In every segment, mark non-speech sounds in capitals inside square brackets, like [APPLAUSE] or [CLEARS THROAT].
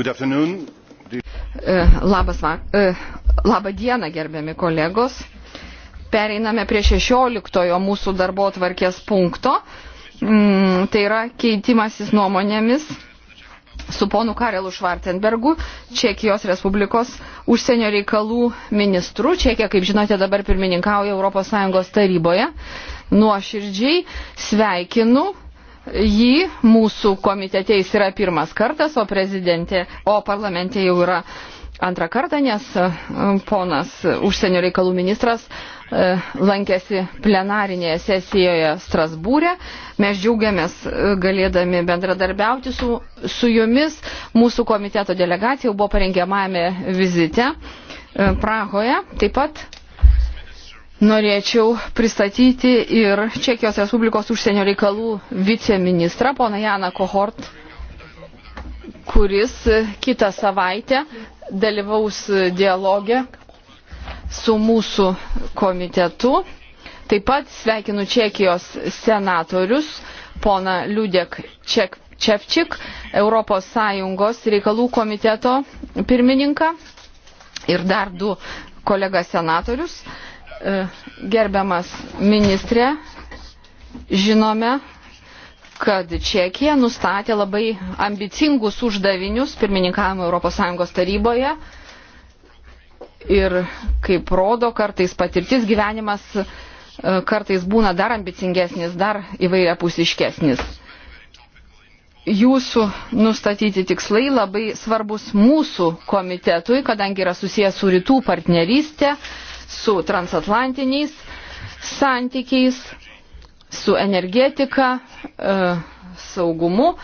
E, labas vak... E, Labą dieną, gerbiami kolegos. Pereiname prie 16 mūsų darbo tvarkės punkto. Mm, tai yra keitimasis nuomonėmis su ponu Karelu Švartenbergu, Čekijos Respublikos užsienio reikalų ministru. Čekija, kaip žinote, dabar pirmininkauja ES taryboje. Nuoširdžiai sveikinu jį mūsų komitete jis yra pirmas kartas, o, o parlamente jau yra antrą kartą, nes e, ponas užsienio reikalų ministras e, lankėsi plenarinėje sesijoje Strasbūrė. Mes džiaugiamės e, galėdami bendradarbiauti su, su jumis. Mūsų komiteto delegacija jau buvo parengiamame vizite Prahoje. Taip pat norėčiau pristatyti ir Čekijos Respublikos užsienio reikalų viceministrą, poną Janą Kohort, kuris kitą savaitę dalyvaus dialogę su mūsų komitetu. Taip pat sveikinu Čekijos senatorius, pona Liudek Ček Čevčik, Europos Sąjungos reikalų komiteto pirmininką ir dar du kolegas senatorius. E, gerbiamas ministrė, žinome, kad Čekija nustatė labai ambicingus uždavinius pirmininkavimo ES taryboje ir kaip rodo kartais patirtis gyvenimas e, kartais būna dar ambicingesnis, dar įvairiapusiškesnis. Jūsų nustatyti tikslai labai svarbus mūsų komitetui, kadangi yra susijęs su rytų partnerystė, su transatlantiniais santykiais, su energetika, e, saugumu,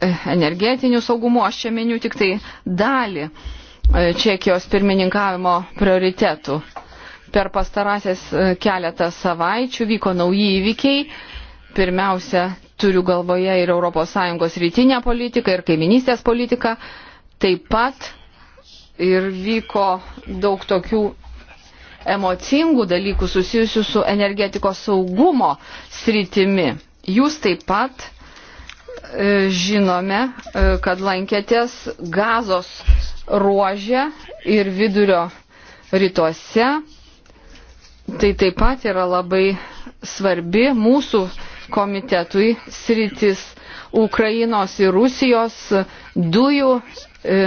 e, energetiniu saugumu. Aš čia meniu tik tai dalį e, Čekijos pirmininkavimo prioritetų. Per pastarąsias keletą savaičių vyko nauji įvykiai. Pirmiausia, turiu galvoje ir ES rytinę politiką, ir kaiminystės politiką. Taip pat ir vyko daug tokių emocingų dalykų susijusių su energetikos saugumo sritimi. Jūs taip pat e, žinome, e, kad lankėtės gazos ruožė ir vidurio rytuose. Tai taip pat yra labai svarbi mūsų komitetui sritis Ukrainos ir Rusijos dujų e,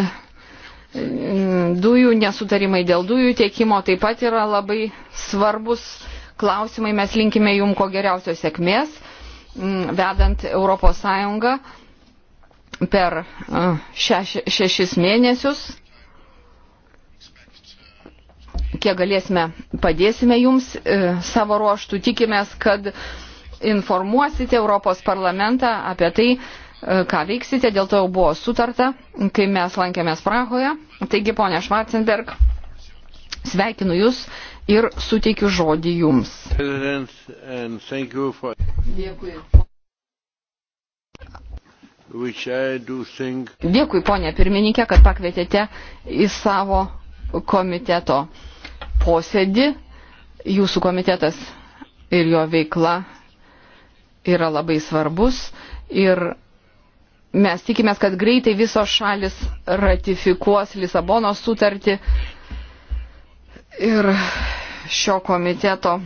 dujų, nesutarimai dėl dujų tiekimo taip pat yra labai svarbus klausimai. Mes linkime jum ko geriausios sėkmės, vedant Europos Sąjungą per šeš, šešis mėnesius. Kiek galėsime, padėsime jums e, savo ruoštų. Tikimės, kad informuosite Europos parlamentą apie tai, E, ką veiksite, dėl to jau buvo sutarta, kai mes lankėmės Prahoje. Taigi, ponia Švarcenberg, sveikinu Jūs ir suteikiu žodį Jums. Dėkui. Dėkui, ponė pirmininkė, kad pakvietėte į savo komiteto posėdį. Jūsų komitetas ir jo veikla yra labai svarbus ir Mes tikimės, kad greitai visos šalis ratifikuos Lisabono sutartį ir šio komiteto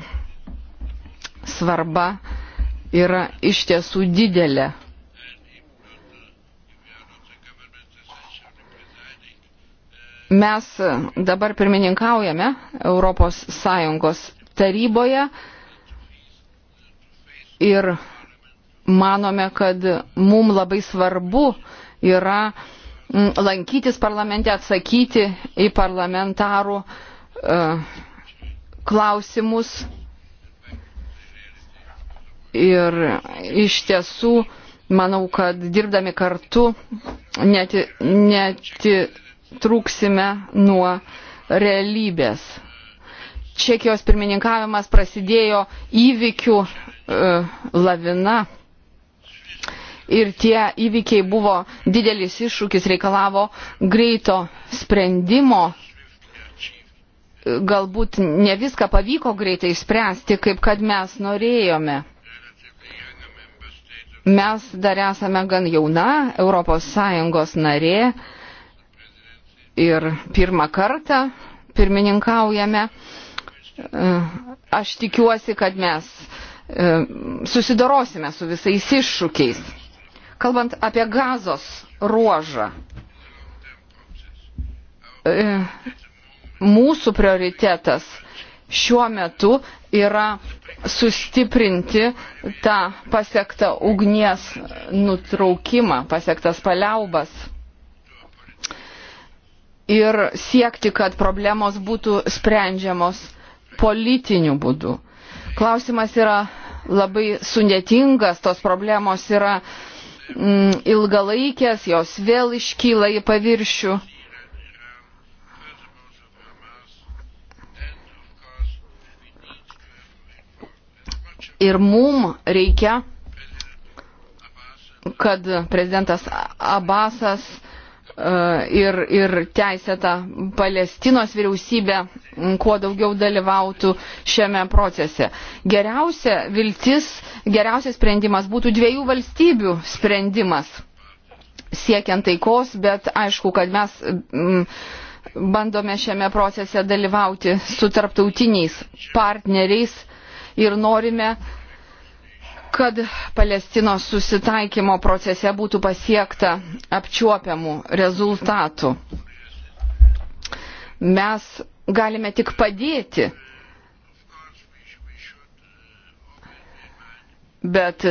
svarba yra iš tiesų didelė. Mes dabar pirmininkaujame Europos Sąjungos taryboje ir manome, kad mums labai svarbu yra mm, lankytis parlamente, atsakyti į parlamentarų e, klausimus. Ir iš tiesų, manau, kad dirbdami kartu neti, netitrūksime nuo realybės. Čekijos pirmininkavimas prasidėjo įvykių e, lavina ir tie įvykiai buvo didelis iššūkis, reikalavo greito sprendimo. Galbūt ne viską pavyko greitai išspręsti, kaip kad mes norėjome. Mes dar esame gan jauna ES narė ir pirmą kartą pirmininkaujame. Aš tikiuosi, kad mes e, susidorosime su visais iššūkiais. Kalbant apie gazos ruožą, e, mūsų prioritetas šiuo metu yra sustiprinti tą pasiektą ugnies nutraukimą, pasiektas paliaubas ir siekti, kad problemos būtų sprendžiamos politiniu būdu. Klausimas yra labai sudėtingas, tos problemos yra uh, Mm, ilgalaikės, jos vėl iškyla į paviršių. Ir mum reikia, kad prezidentas Abasas e, ir, ir teisėta Palestinos vyriausybė mm, kuo daugiau dalyvautų šiame procese. Geriausia viltis geriausias sprendimas būtų dviejų valstybių sprendimas siekiant taikos, bet aišku, kad mes mm, bandome šiame procese dalyvauti su tarptautiniais partneriais ir norime, kad Palestinos susitaikymo procese būtų pasiekta apčiuopiamų rezultatų. Mes galime tik padėti bet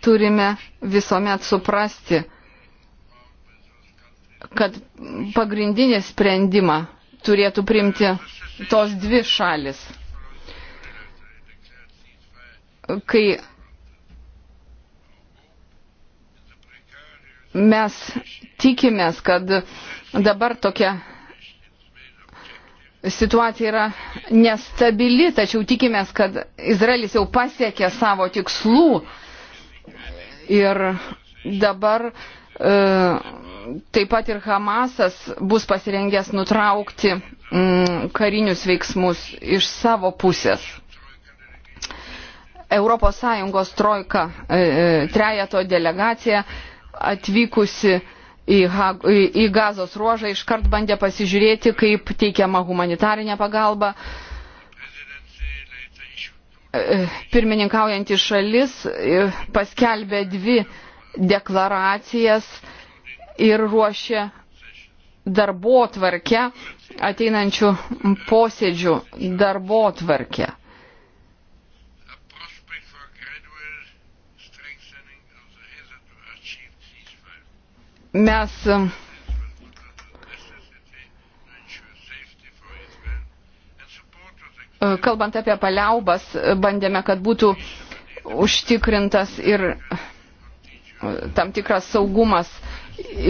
turime visuomet suprasti, kad pagrindinį sprendimą turėtų priimti tos dvi šalis. Kai mes tikimės, kad dabar tokia situacija yra nestabili, tačiau tikimės, kad Izraelis jau pasiekė savo tikslų ir dabar e, taip pat ir Hamasas bus pasirengęs nutraukti mm, karinius veiksmus iš savo pusės. Europos Sąjungos trojka, e, e trejato delegacija atvykusi į, į gazos ruožą, iškart bandė pasižiūrėti, kaip teikiama humanitarinė pagalba. E, Pirmininkaujantį šalis e, paskelbė dvi deklaracijas ir ruošė darbo tvarkę, ateinančių posėdžių darbo tvarkę. mes e, kalbant apie paliaubas, bandėme, kad būtų užtikrintas ir e, tam tikras saugumas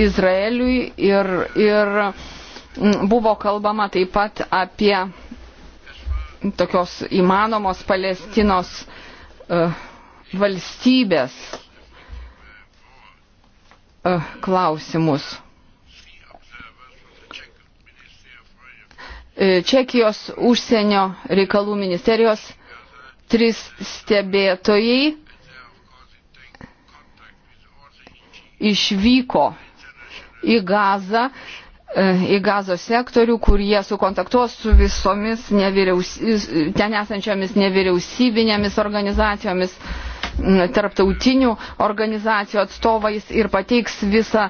Izraeliui ir, ir buvo kalbama taip pat apie tokios įmanomos Palestinos e, valstybės E, klausimus. E, Čekijos užsienio reikalų ministerijos trys stebėtojai išvyko į Gazą, e, į Gazo sektorių, kur jie sukontaktuos su visomis nevyriaus, ten esančiomis nevyriausybinėmis organizacijomis tarptautinių organizacijų atstovais ir pateiks visą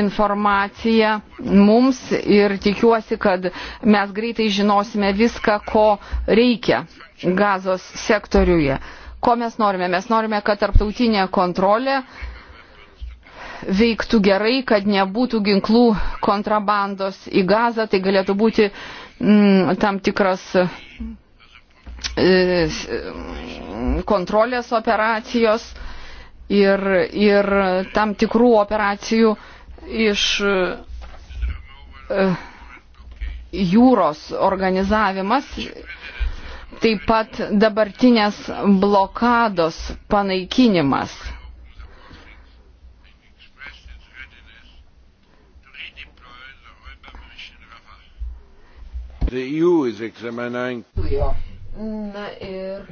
informaciją mums ir tikiuosi, kad mes greitai žinosime viską, ko reikia gazos sektoriuje. Ko mes norime? Mes norime, kad tarptautinė kontrolė veiktų gerai, kad nebūtų ginklų kontrabandos į gazą, tai galėtų būti mm, tam tikras E, kontrolės operacijos ir, ir tam tikrų operacijų iš e, jūros organizavimas, taip pat dabartinės blokados panaikinimas. The EU is examining Na ir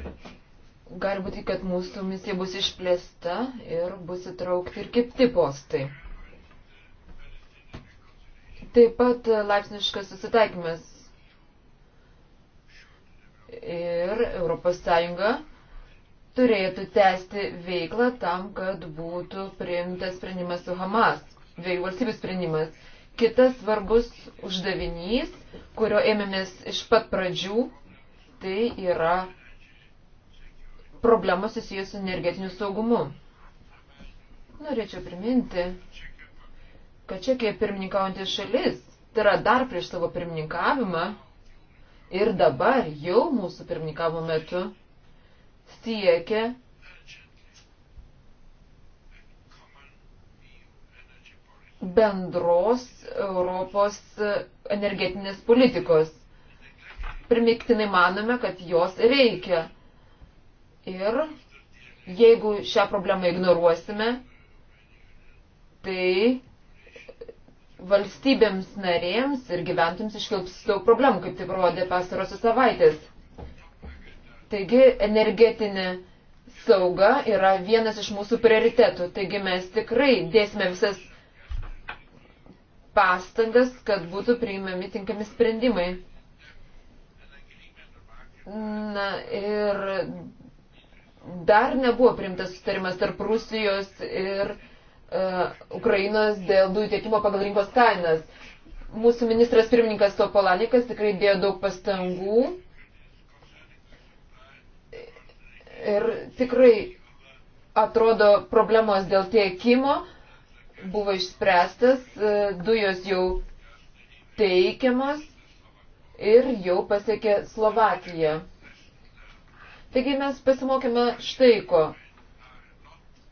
gali būti, kad mūsų misija bus išplėsta ir bus įtraukti ir kiti postai. Taip pat laipsniškas susitaikymas. Ir ES turėtų tęsti veiklą tam, kad būtų priimtas sprendimas su Hamas, dviejų valstybių sprendimas. Kitas svarbus uždavinys, kurio ėmėmės iš pat pradžių tai yra problema susijusi su energetiniu saugumu. Norėčiau priminti, kad Čekija pirmininkaujantis šalis, tai yra dar prieš savo pirmininkavimą ir dabar jau mūsų pirmininkavimo metu siekia bendros Europos energetinės politikos primiktinai manome, kad jos reikia. Ir jeigu šią problemą ignoruosime, tai valstybėms narėms ir gyventojams iškilps daug problemų, kaip tai parodė pastarosios savaitės. Taigi energetinė sauga yra vienas iš mūsų prioritetų. Taigi mes tikrai dėsime visas pastangas, kad būtų priimami tinkami sprendimai. Na ir dar nebuvo primtas sutarimas tarp Rusijos ir uh, Ukrainos dėl dujų tiekimo pagal rinkos kainas. Mūsų ministras pirmininkas Topolanikas tikrai dėjo daug pastangų ir tikrai atrodo problemos dėl tiekimo buvo išspręstas, e, dujos jau teikiamas ir jau pasiekė Slovakiją. Taigi mes pasimokėme štai ko.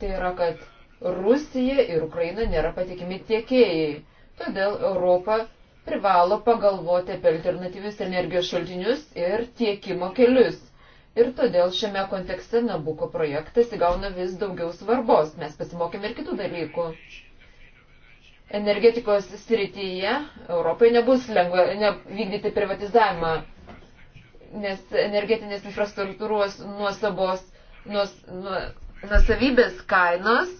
Tai yra, kad Rusija ir Ukraina nėra patikimi tiekėjai. Todėl Europa privalo pagalvoti apie alternatyvius energijos šaltinius ir tiekimo kelius. Ir todėl šiame kontekste Nabuko projektas įgauna vis daugiau svarbos. Mes pasimokėme ir kitų dalykų energetikos srityje Europai nebus lengva ne, vykdyti privatizavimą, nes energetinės infrastruktūros nuostabos nuos, nu, nusavybės kainos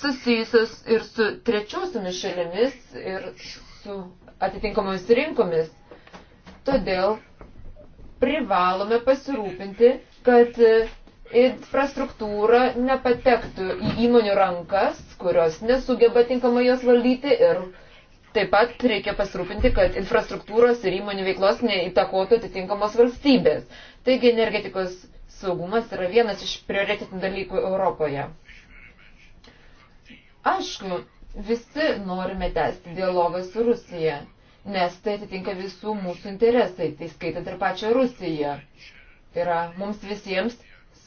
susijusios ir su trečiosiomis šalimis ir su atitinkamomis rinkomis. Todėl privalome pasirūpinti, kad infrastruktūra nepatektų į įmonių rankas, kurios nesugeba tinkamai jos valdyti ir taip pat reikia pasirūpinti, kad infrastruktūros ir įmonių veiklos neįtakotų atitinkamos valstybės. Taigi energetikos saugumas yra vienas iš prioritetinių dalykų Europoje. Aišku, visi norime tęsti dialogą su Rusija, nes tai atitinka visų mūsų interesai, tai skaitant ir pačią Rusiją. Tai yra mums visiems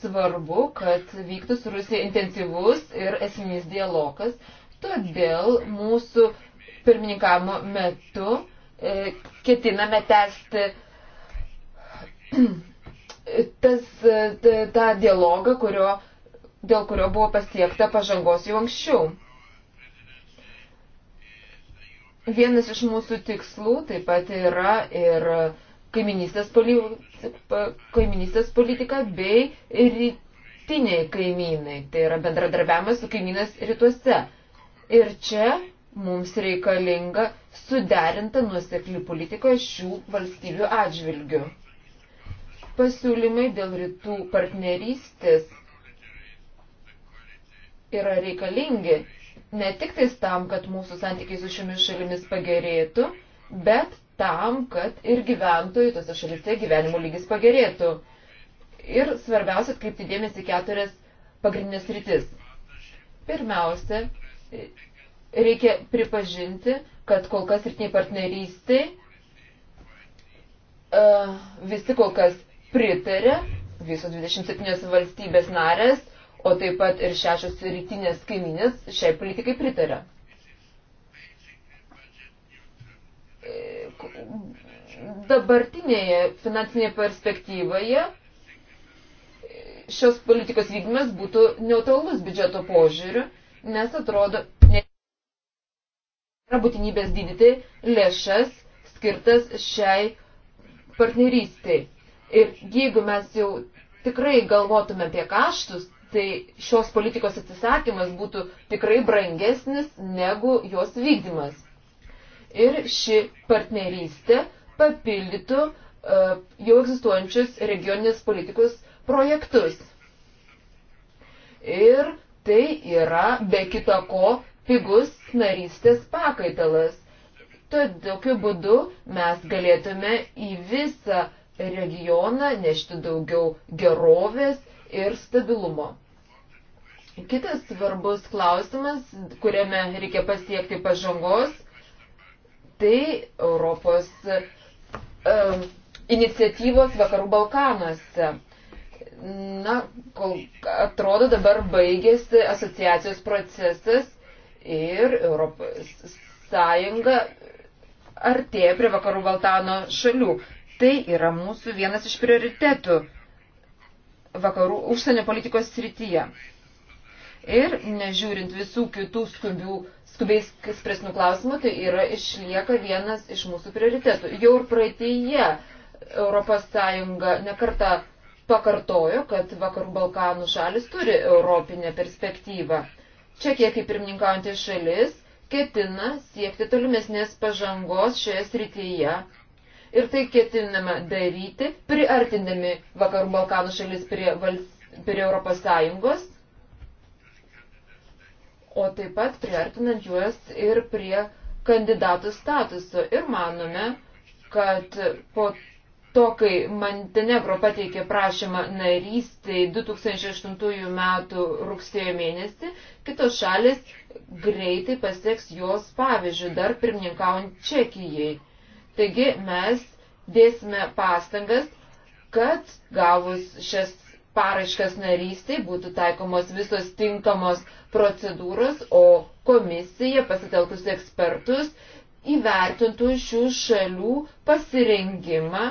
svarbu, kad vyktų su Rusija intensyvus ir esminis dialogas. Todėl mūsų pirmininkavimo metu e, ketiname tęsti [CLEARS THROAT] tas, e, t, tą dialogą, kurio, dėl kurio buvo pasiekta pažangos jau anksčiau. Vienas iš mūsų tikslų taip pat yra ir kaiminystės, poli, kaiminystės politika bei rytiniai kaimynai, tai yra bendradarbiavimas su kaimynas rytuose. Ir čia mums reikalinga suderinta nuosekli politika šių valstybių atžvilgių. Pasiūlymai dėl rytų partnerystės yra reikalingi ne tik tais tam, kad mūsų santykiai su šiomis šalimis pagerėtų, bet tam, kad ir gyventojų tose šalise gyvenimo lygis pagerėtų. Ir svarbiausia atkreipti dėmesį keturias pagrindinės rytis. Pirmiausia, reikia pripažinti, kad kol kas rytiniai partnerystiai uh, visi kol kas pritarė, visos 27 valstybės narės, o taip pat ir šešios rytinės kaiminės šiai politikai pritarė. E, dabartinėje finansinėje perspektyvoje šios politikos vykdymas būtų neutralus biudžeto požiūriu, nes atrodo, nėra būtinybės didyti lėšas skirtas šiai partnerystiai. Ir jeigu mes jau tikrai galvotume apie kaštus, tai šios politikos atsisakymas būtų tikrai brangesnis negu jos vykdymas ir ši partnerystė papildytų e, jau egzistuojančius regioninės politikos projektus. Ir tai yra be kita ko pigus narystės pakaitalas. Tad tokiu būdu mes galėtume į visą regioną nešti daugiau gerovės ir stabilumo. Kitas svarbus klausimas, kuriame reikia pasiekti pažangos, tai Europos um, iniciatyvos Vakarų Balkanuose. Na, kol atrodo dabar baigėsi asociacijos procesas ir Europos Sąjunga artėja prie Vakarų Balkano šalių. Tai yra mūsų vienas iš prioritetų vakarų užsienio politikos srityje. Ir nežiūrint visų kitų skubių skubiai spręsnių klausimų, tai yra išlieka vienas iš mūsų prioritetų. Jau ir praeitėje Europos Sąjunga nekarta pakartojo, kad Vakarų Balkanų šalis turi europinę perspektyvą. Čekija kaip pirmininkaujantė šalis ketina siekti tolimesnės pažangos šioje srityje. Ir tai ketinama daryti, priartindami Vakarų Balkanų šalis prie, vals, prie Europos Sąjungos o taip pat priartinant juos ir prie kandidatų statuso. Ir manome, kad po to, kai Montenegro pateikė prašymą narystai 2008 metų rugsėjo mėnesį, kitos šalis greitai pasieks jos pavyzdžių, dar pirmininkaujant Čekijai. Taigi mes dėsime pastangas, kad gavus šias paraiškas narystiai būtų taikomos visos tinkamos procedūros, o komisija pasitelkus ekspertus įvertintų šių šalių pasirengimą,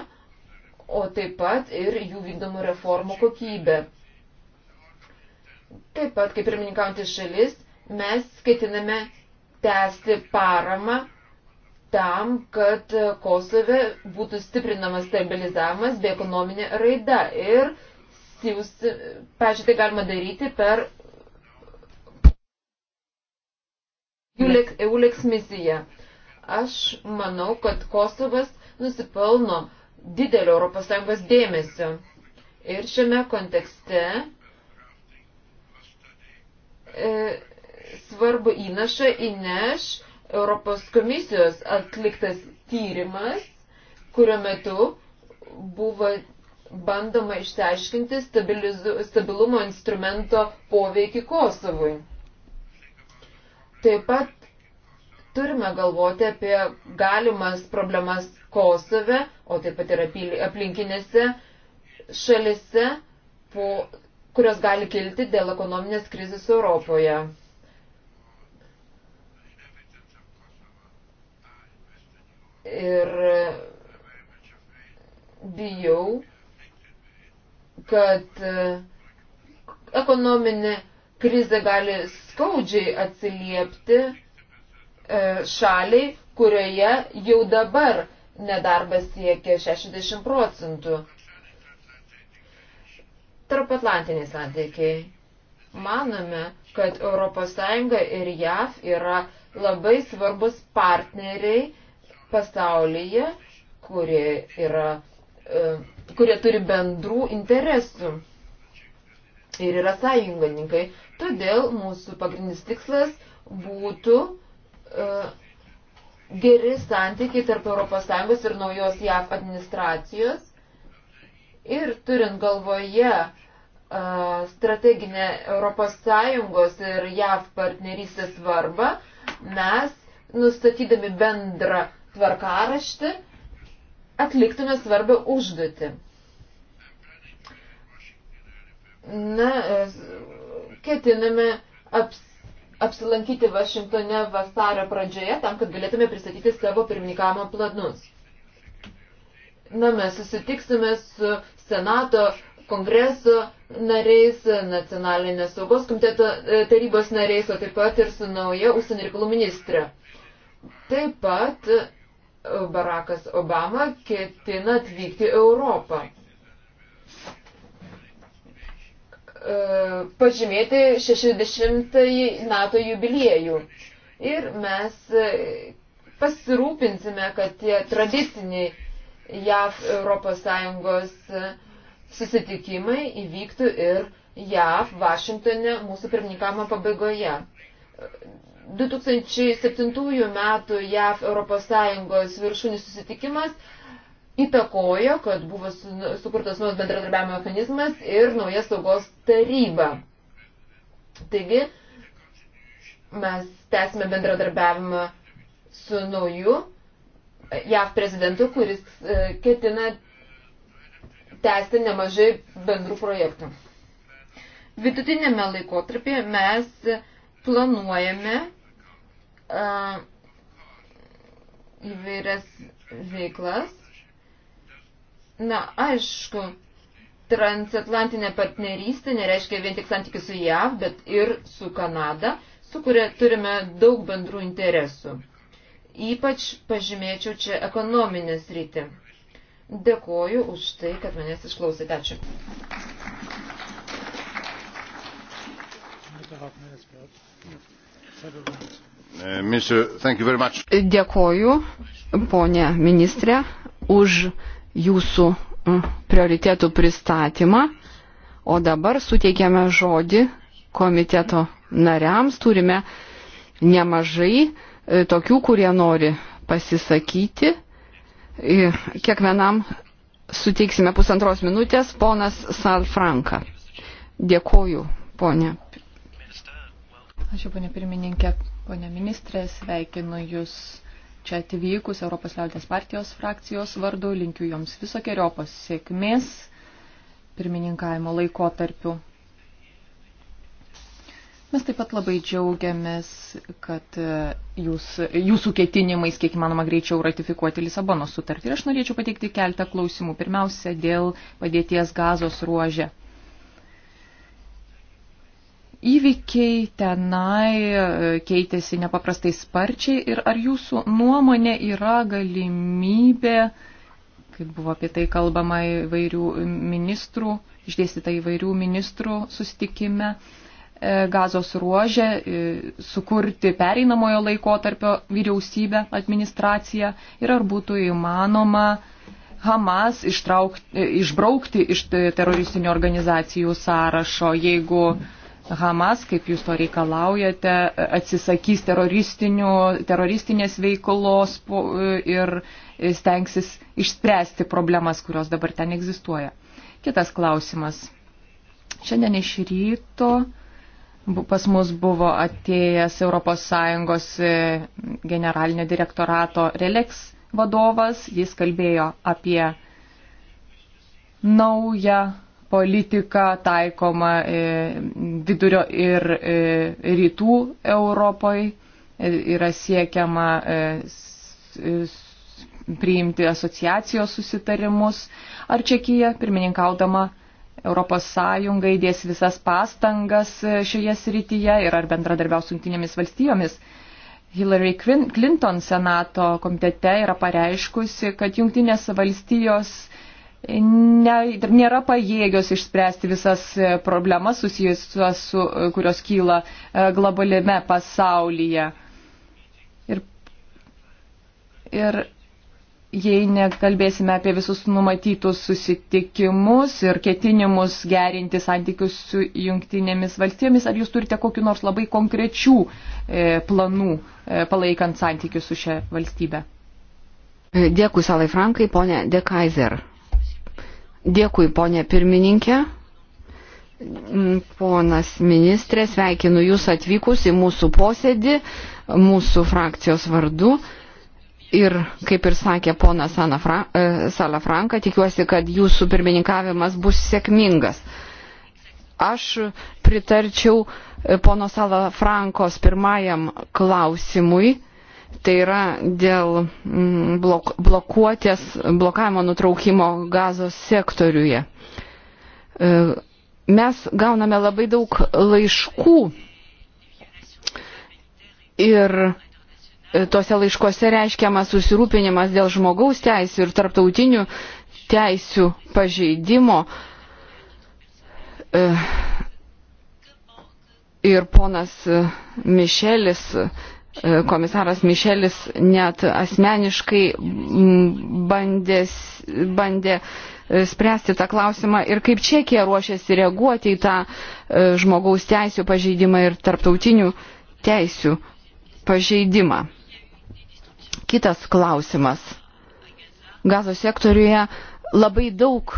o taip pat ir jų vykdomų reformų kokybę. Taip pat, kaip pirmininkaujantis šalis, mes ketiname tęsti paramą tam, kad Kosove būtų stiprinamas stabilizavimas bei ekonominė raida ir jūs, pažiūrėjau, tai galima daryti per EULEX misiją. Aš manau, kad Kosovas nusipelno didelio ES dėmesio. Ir šiame kontekste e, svarbu įnašą įneš Europos komisijos atliktas tyrimas, kurio metu buvo bandoma išsiaiškinti stabilumo instrumento poveikį Kosovui. Taip pat turime galvoti apie galimas problemas Kosove, o taip pat ir aplinkinėse šalise, po, kurios gali kilti dėl ekonominės krizės Europoje. Ir bijau, kad e, ekonominė krizė gali skaudžiai atsiliepti e, šaliai, kurioje jau dabar nedarbas siekia 60 procentų. Tarp Atlantiniai santykiai. Manome, kad ES ir JAV yra labai svarbus partneriai pasaulyje, kurie yra e, kurie turi bendrų interesų ir yra sąjungininkai. Todėl mūsų pagrindinis tikslas būtų uh, geri santykiai tarp ES ir naujos JAF administracijos. Ir turint galvoje uh, strateginę ES ir JAF partnerystės svarbą, mes, nustatydami bendrą tvarkaraštį, atliktume svarbę užduotį. Na, e, ketiname apsirūpinti apsilankyti Vašingtone vasario pradžioje, tam, kad galėtume pristatyti savo pirmininkavimo planus. Na, mes susitiksime su Senato, Kongreso nariais, nacionalinės saugos komiteto e, tarybos nariais, o taip pat ir su nauja užsienio reikalų ministrė. Taip pat Barakas Obama ketina atvykti Europą. E, pažymėti 60-ąjį NATO jubiliejų. Ir mes e, pasirūpinsime, kad tie tradiciniai JAV ES e, susitikimai įvyktų ir JAV Vašingtone mūsų pirmininkamo pabaigoje. 2007 metų JAV ES viršūnis susitikimas įtakojo, kad buvo sukurtas nuos bendradarbiavimo mechanizmas ir nauja saugos taryba. Taigi, mes tęsime bendradarbiavimą su nauju JAV prezidentu, kuris e, ketina tęsti nemažai bendrų projektų. Vidutinėme laikotarpyje mes planuojame įvairias veiklas. Na, aišku, transatlantinė partnerystė nereiškia vien tik santykių su JAV, bet ir su Kanada, su kuria turime daug bendrų interesų. Ypač pažymėčiau čia ekonominę sritį. Dėkoju už tai, kad manęs išklausėte. Ačiū. Mr. Hoffman has built several rounds. Uh, Dėkoju, ponė ministrė, už jūsų mm, prioritėtų pristatymą. O dabar suteikiame žodį komiteto nariams. Turime nemažai e, tokių, kurie nori pasisakyti. E, kiekvienam suteiksime pusantros minutės. Ponas Salfranka. Dėkoju, ponė. Ačiū, ponė pirmininkė. Pone ministrė, sveikinu Jūs čia atvykus Europos liaudės partijos frakcijos vardu. Linkiu Jums visokiojopos sėkmės pirmininkavimo laikotarpiu. Mes taip pat labai džiaugiamės, kad e, jūs, jūsų ketinimais, kiek įmanoma greičiau, ratifikuoti Lisabono sutartį. Ir aš norėčiau pateikti keltą klausimų. Pirmiausia, dėl padėties gazos ruožė. Įvykiai tenai e, keitėsi nepaprastai sparčiai ir ar jūsų nuomonė yra galimybė, kaip buvo apie tai kalbama įvairių ministrų, išdėstyta įvairių ministrų sustikime, e, gazos ruožę, e, sukurti pereinamojo laikotarpio vyriausybę, administraciją ir ar būtų įmanoma Hamas ištraukti, išbraukti iš teroristinių organizacijų sąrašo, jeigu mm Hamas, kaip jūs to reikalaujate, atsisakys teroristinės veiklos ir stengsis išspręsti problemas, kurios dabar ten egzistuoja. Kitas klausimas. Šiandien iš ryto pas mus buvo atėjęs ES e, generalinio direktorato Relex vadovas. Jis kalbėjo apie naują politika taikoma e, vidurio ir e, rytų Europoje. Yra siekiama e, priimti asociacijos susitarimus. Ar Čekija, pirmininkaudama Europos Sąjunga, įdės visas pastangas šioje srityje ir ar bendradarbiaus su jungtinėmis valstijomis? Hillary Clinton Senato komitete yra pareiškusi, kad jungtinės valstijos ne, nėra pajėgios išspręsti visas e, problemas susijusios su, e, kurios kyla e, globaliame pasaulyje. Ir, ir jei nekalbėsime apie visus numatytus susitikimus ir ketinimus gerinti santykius su jungtinėmis valstybėmis, ar jūs turite kokiu nors labai konkrečių planų palaikant santykius su šia valstybe? Dėkui Salai Frankai, ponė De Kaiser. Dėkui, ponė pirmininkė. Mm, ponas ministrė, sveikinu Jūs atvykus į mūsų posėdį, mūsų frakcijos vardu. Ir, kaip ir sakė ponas e, Salafranka, tikiuosi, kad Jūsų pirmininkavimas bus sėkmingas. Aš pritarčiau e, pono Salafrankos pirmajam klausimui Tai yra dėl mm, blok, blokuotės, blokavimo nutraukimo gazos sektoriuje. E, mes gauname labai daug laiškų ir e, tuose laiškuose reiškiamas susirūpinimas dėl žmogaus teisų ir tarptautinių teisų pažeidimo. E, ir ponas Mišelis E, komisaras Mišelis net asmeniškai bandės, bandė e, spręsti tą klausimą ir kaip Čekija ruošiasi reaguoti į tą e, žmogaus teisų pažeidimą ir tarptautinių teisų pažeidimą. Kitas klausimas. Gazo sektoriuje labai daug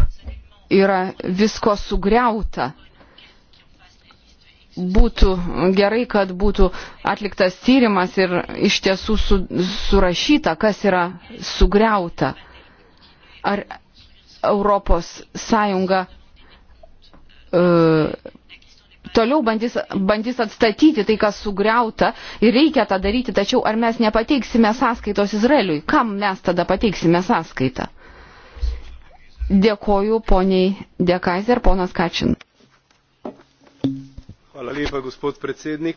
yra visko sugriauta būtų gerai, kad būtų atliktas tyrimas ir iš tiesų su, surašyta, kas yra sugriauta. Ar Europos Sąjunga e, toliau bandys, bandys atstatyti tai, kas sugriauta ir reikia tą daryti, tačiau ar mes nepateiksime sąskaitos Izraeliui? Kam mes tada pateiksime sąskaitą? Dėkoju poniai Dekaiser, ponas Kačin. Lepa, gospod predsednik,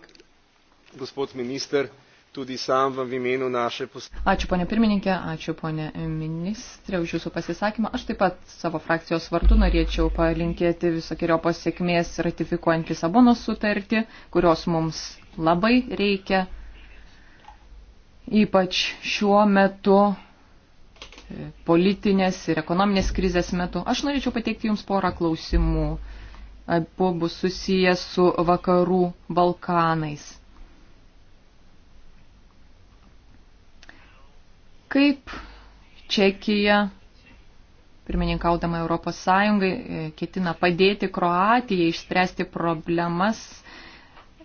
gospod minister, tudi sam vam v imenu naše poslanke. Ačiū, ponė pirmininkė, ačiū, ponė ministrė, už jūsų pasisakymą. Aš taip pat savo frakcijos vardu norėčiau palinkėti visokiojo pasiekmės ratifikuojant Lisabonos sutartį, kurios mums labai reikia, ypač šiuo metu politinės ir ekonominės krizės metu. Aš norėčiau pateikti Jums porą klausimų abu bus susijęs su vakarų Balkanais. Kaip Čekija, pirmininkaudama Europos Sąjungai, e, ketina padėti Kroatijai išspręsti problemas,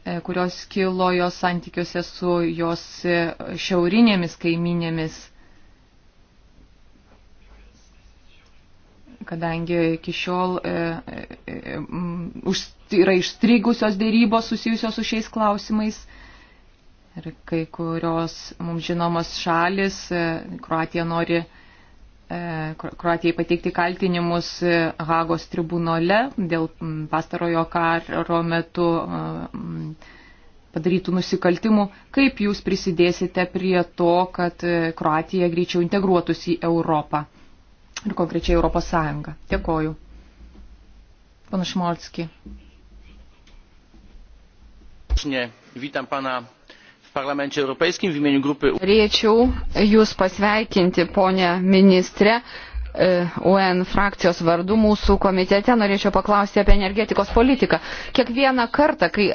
e, kurios kilo jos santykiuose su jos e, šiaurinėmis kaiminėmis kadangi iki šiol e, e, e už, yra išstrigusios dėrybos susijusios su šiais klausimais. Ir kai kurios mums žinomos šalis, e, Kroatija nori e, Kroatijai pateikti kaltinimus e, Hagos tribunole dėl pastarojo karo metu e, padarytų nusikaltimų. Kaip jūs prisidėsite prie to, kad Kroatija greičiau integruotųsi į Europą? ir konkrečiai Europos Sąjungą. Dėkoju. Pana Šmolski. Witam pana w Parlamencie Europejskim w imieniu grupy. Norėčiau Jūs pasveikinti, ponia ministrė. E, UN frakcijos vardu mūsų komitete norėčiau paklausti apie energetikos politiką. Kiekvieną kartą, kai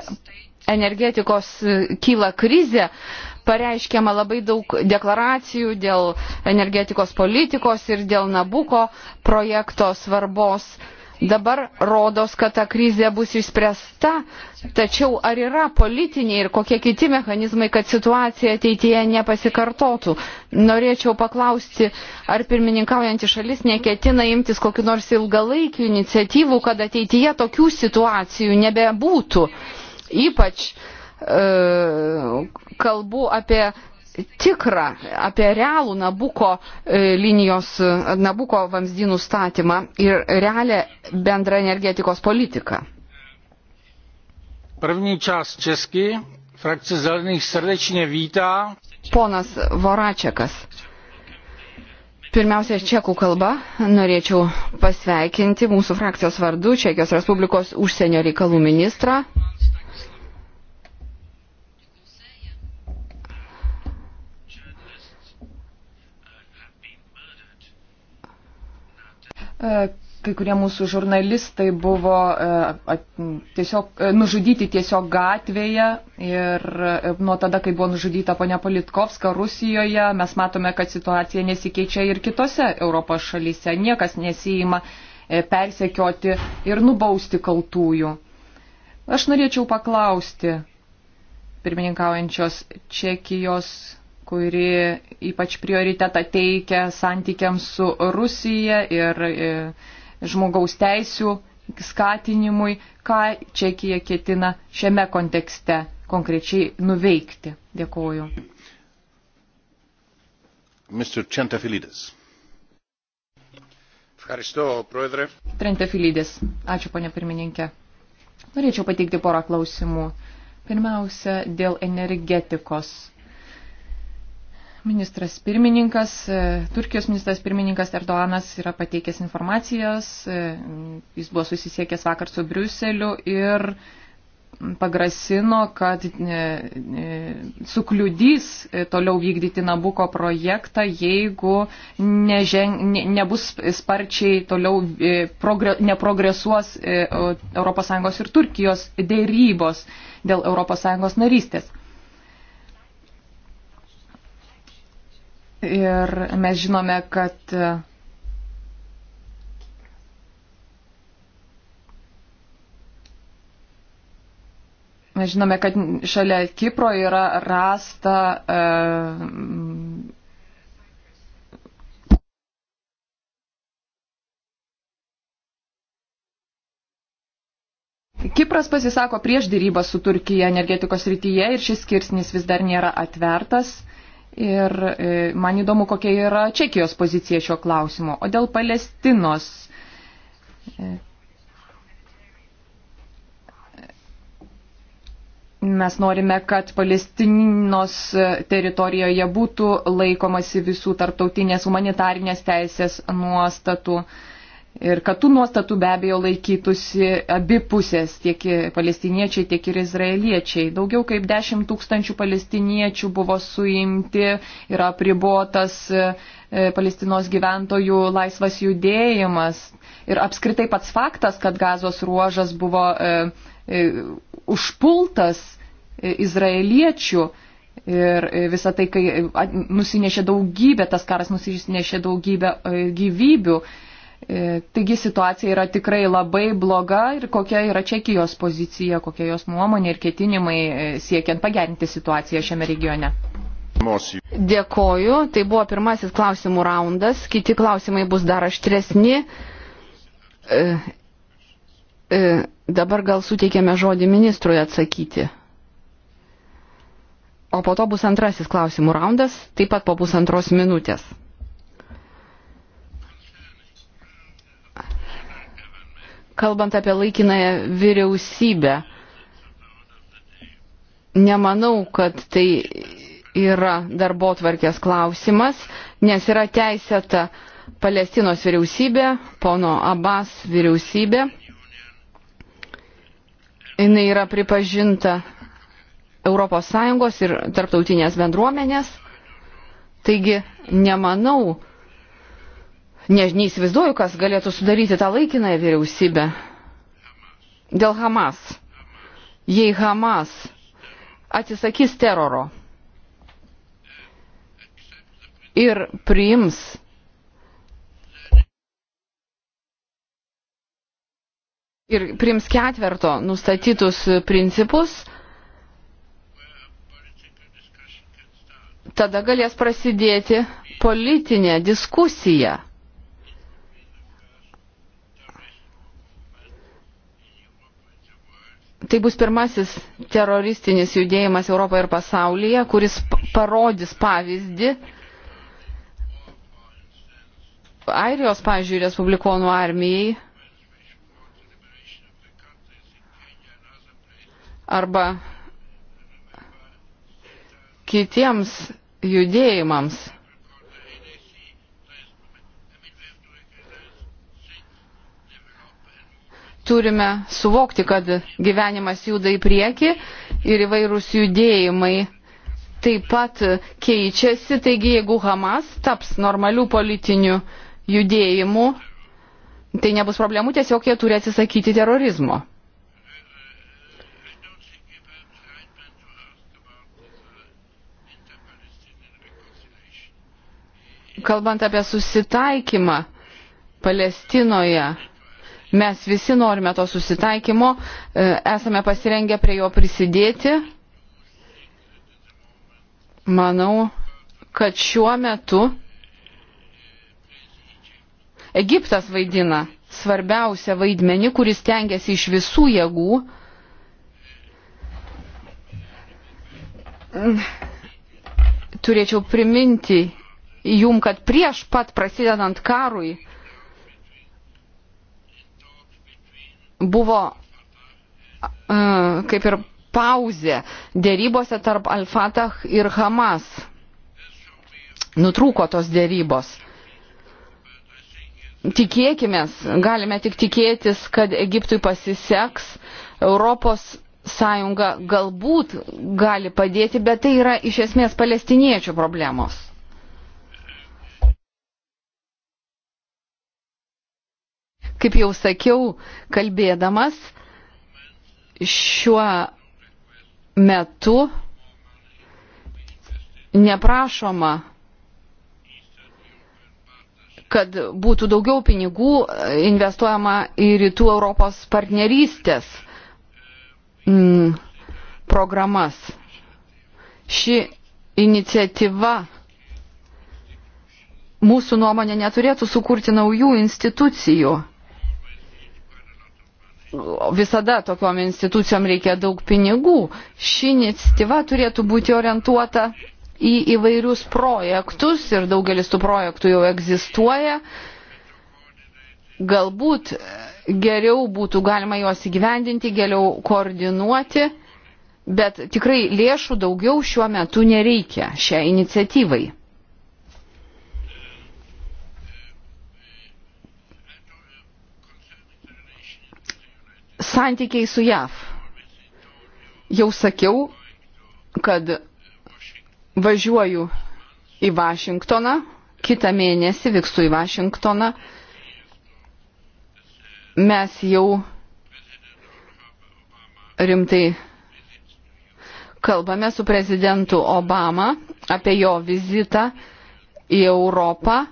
energetikos e, kyla krizė, pareiškiama labai daug deklaracijų dėl energetikos politikos ir dėl Nabuko projekto svarbos. Dabar rodos, kad ta krizė bus išspręsta, tačiau ar yra politiniai ir kokie kiti mechanizmai, kad situacija ateityje nepasikartotų? Norėčiau paklausti, ar pirmininkaujantį šalis neketina imtis kokiu nors ilgalaikiu iniciatyvų, kad ateityje tokių situacijų nebebūtų. Ypač e, kalbu apie tikrą, apie realų Nabuko e, linijos, Nabuko vamzdynų statymą ir realią bendrą energetikos politiką. První čas Česky, frakce Zelených srdečně vítá. Ponas Voračekas. Pirmiausia, čekų kalba norėčiau pasveikinti mūsų frakcijos vardu Čekijos Respublikos užsienio reikalų ministrą E, kai kurie mūsų žurnalistai buvo e, tiesiog, e, nužudyti tiesiog gatvėje ir nuo tada, kai buvo nužudyta ponia Politkovska Rusijoje, mes matome, kad situacija nesikeičia ir kitose Europos šalyse. Niekas nesijima persekioti ir nubausti kaltųjų. Aš norėčiau paklausti pirmininkaujančios Čekijos kuri ypač prioritetą teikia santykiams su Rusija ir e, žmogaus teisų skatinimui, ką Čekija ketina šiame kontekste konkrečiai nuveikti. Dėkuoju. Trentefilidis. Ačiū, ponė pirmininkė. Norėčiau pateikti porą klausimų. Pirmiausia, dėl energetikos Ministras pirmininkas, e, Turkijos ministras pirmininkas Erdoanas yra pateikęs informacijos, e, jis buvo susisiekęs vakar su Briuseliu ir pagrasino, kad e, sukliudys toliau vykdyti Nabuko projektą, jeigu nežen, ne, nebus sparčiai toliau progre, neprogresuos ES ir Turkijos dėrybos dėl ES narystės. Ir mes žinome, kad Mes žinome, kad šalia Kipro yra rasta e, Kipras pasisako prieš dėrybą su Turkija energetikos rytyje ir šis skirsnis vis dar nėra atvertas. Ir e, man įdomu, kokia yra Čekijos pozicija šio klausimo. O dėl Palestinos. E, mes norime, kad Palestinos teritorijoje būtų laikomasi visų tarptautinės humanitarinės teisės nuostatų. E, ir kad tų nuostatų be abejo laikytųsi abi pusės, tiek palestiniečiai, tiek ir izraeliečiai. Daugiau kaip 10 tūkstančių palestiniečių buvo suimti, yra pribuotas e, e, Palestinos gyventojų laisvas judėjimas. Ir apskritai pats faktas, kad gazos ruožas buvo e, e, užpultas e, izraeliečių, Ir e, visą tai, kai nusinešė daugybę, tas karas nusinešė daugybę gyvybių, E, taigi situacija yra tikrai labai bloga ir kokia yra Čekijos pozicija, kokia jos nuomonė ir ketinimai e, siekiant pagerinti situaciją šiame regione. Dėkoju, tai buvo pirmasis klausimų raundas, kiti klausimai bus dar aštresni. E, e, dabar gal suteikėme žodį ministrui atsakyti. O po to bus antrasis klausimų raundas, taip pat po pusantros minutės. kalbant apie laikinąją vyriausybę, nemanau, kad tai yra darbo tvarkės klausimas, nes yra teisėta Palestinos vyriausybė, pono Abbas vyriausybė. Jis yra pripažinta ES ir tarptautinės bendruomenės. Taigi nemanau, ne, neįsivaizduoju, kas galėtų sudaryti tą laikinąją vyriausybę. Dėl Hamas. Jei Hamas atsisakys teroro ir priims ir priims ketverto nustatytus principus, tada galės prasidėti politinė diskusija. tai bus pirmasis teroristinis judėjimas Europoje ir pasaulyje, kuris parodys pavyzdį. Airijos, pavyzdžiui, Respublikonų armijai arba kitiems judėjimams. turime suvokti, kad gyvenimas juda į priekį ir įvairūs judėjimai taip pat keičiasi. Taigi, jeigu Hamas taps normalių politinių judėjimų, tai nebus problemų, tiesiog jie turi atsisakyti terorizmo. Kalbant apie susitaikymą Palestinoje, Mes visi norime to susitaikymo, e, esame pasirengę prie jo prisidėti. Manau, kad šiuo metu Egiptas vaidina svarbiausią vaidmenį, kuris tengiasi iš visų jėgų turėčiau priminti jum, kad prieš pat prasidedant karui buvo kaip ir pauzė dėrybose tarp Al-Fatah ir Hamas. Nutrūko tos dėrybos. Tikėkime, galime tik tikėtis, kad Egiptui pasiseks. Europos sąjunga galbūt gali padėti, bet tai yra iš esmės palestiniečių problemos. Kaip jau sakiau, kalbėdamas, šiuo metu neprašoma, kad būtų daugiau pinigų investuojama į rytų Europos partnerystės mm, programas. Ši iniciatyva mūsų nuomonė neturėtų sukurti naujų institucijų visada tokiom institucijom reikia daug pinigų. Ši iniciatyva turėtų būti orientuota į įvairius projektus ir daugelis tų projektų jau egzistuoja. Galbūt geriau būtų galima juos įgyvendinti, geriau koordinuoti, bet tikrai lėšų daugiau šiuo metu nereikia šiai iniciatyvai. santykiai su JAV. Jau sakiau, kad važiuoju į Vašingtoną, kitą mėnesį vykstu į Vašingtoną. Mes jau rimtai kalbame su prezidentu Obama apie jo vizitą į Europą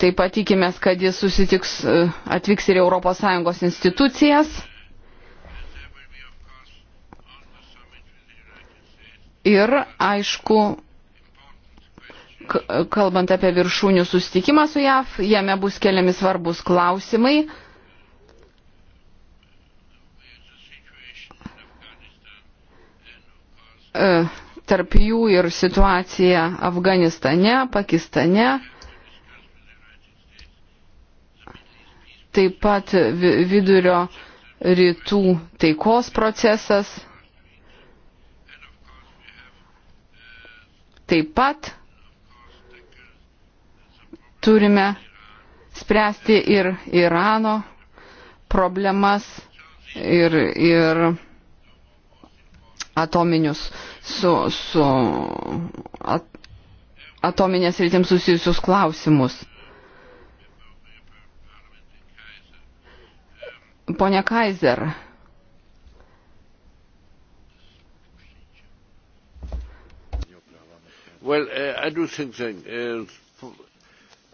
Taip pat tikimės, kad jis susitiks, e, atvyks ir ES institucijas. Ir, aišku, kalbant apie viršūnių susitikimą su JAV, jame bus keliami svarbus klausimai. E, tarp jų ir situacija Afganistane, Pakistane. taip pat vidurio rytų taikos procesas. Taip pat turime spręsti ir Irano problemas ir, ir atominius su, su at, atominės rytim susijusius klausimus. Pone Kaiser, Well, uh, I do think that, uh,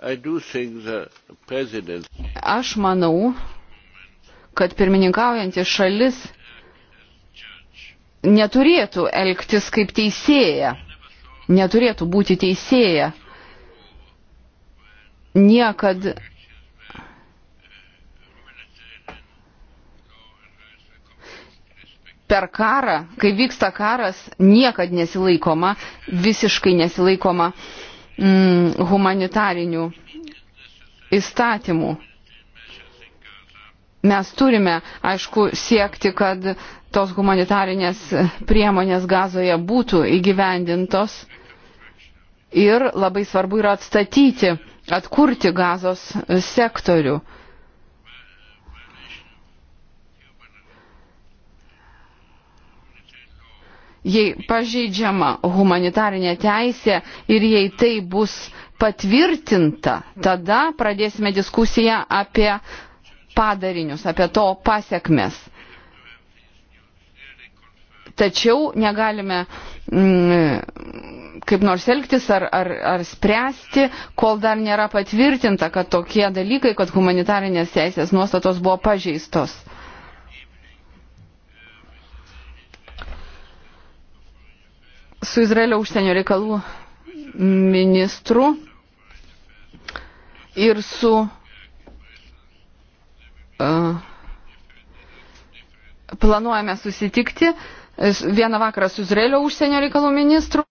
I do think that president... Aš manau, kad pirmininkaujantis šalis neturėtų elgtis kaip teisėja, neturėtų būti teisėja. Niekad per karą, kai vyksta karas, niekad nesilaikoma, visiškai nesilaikoma mm, humanitarinių įstatymų. Mes turime, aišku, siekti, kad tos humanitarinės priemonės gazoje būtų įgyvendintos ir labai svarbu yra atstatyti, atkurti gazos sektorių. jei pažeidžiama humanitarinė teisė ir jei tai bus patvirtinta, tada pradėsime diskusiją apie padarinius, apie to pasiekmes. Tačiau negalime mm, kaip nors elgtis ar, ar, ar spręsti, kol dar nėra patvirtinta, kad tokie dalykai, kad humanitarinės teisės nuostatos buvo pažeistos. su Izraelio užsienio reikalų ministru ir su uh, planuojame susitikti e, vieną vakarą su Izraelio užsienio reikalų ministru,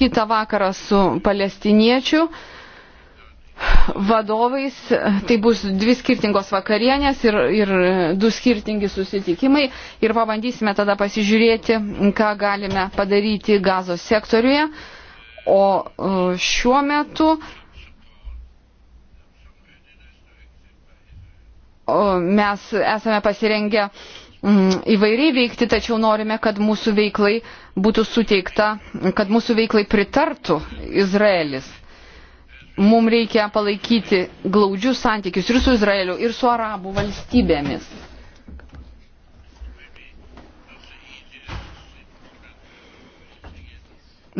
kitą vakarą su palestiniečiu. Uh, vadovais. Tai bus dvi skirtingos vakarienės ir, ir du skirtingi susitikimai. Ir pabandysime tada pasižiūrėti, ką galime padaryti gazos sektoriuje. O e, šiuo metu mes esame pasirengę įvairiai veikti, tačiau norime, kad mūsų veiklai būtų suteikta, kad mūsų veiklai pritartų Izraelis mums reikia palaikyti glaudžius santykius ir su Izraeliu, ir su arabų valstybėmis.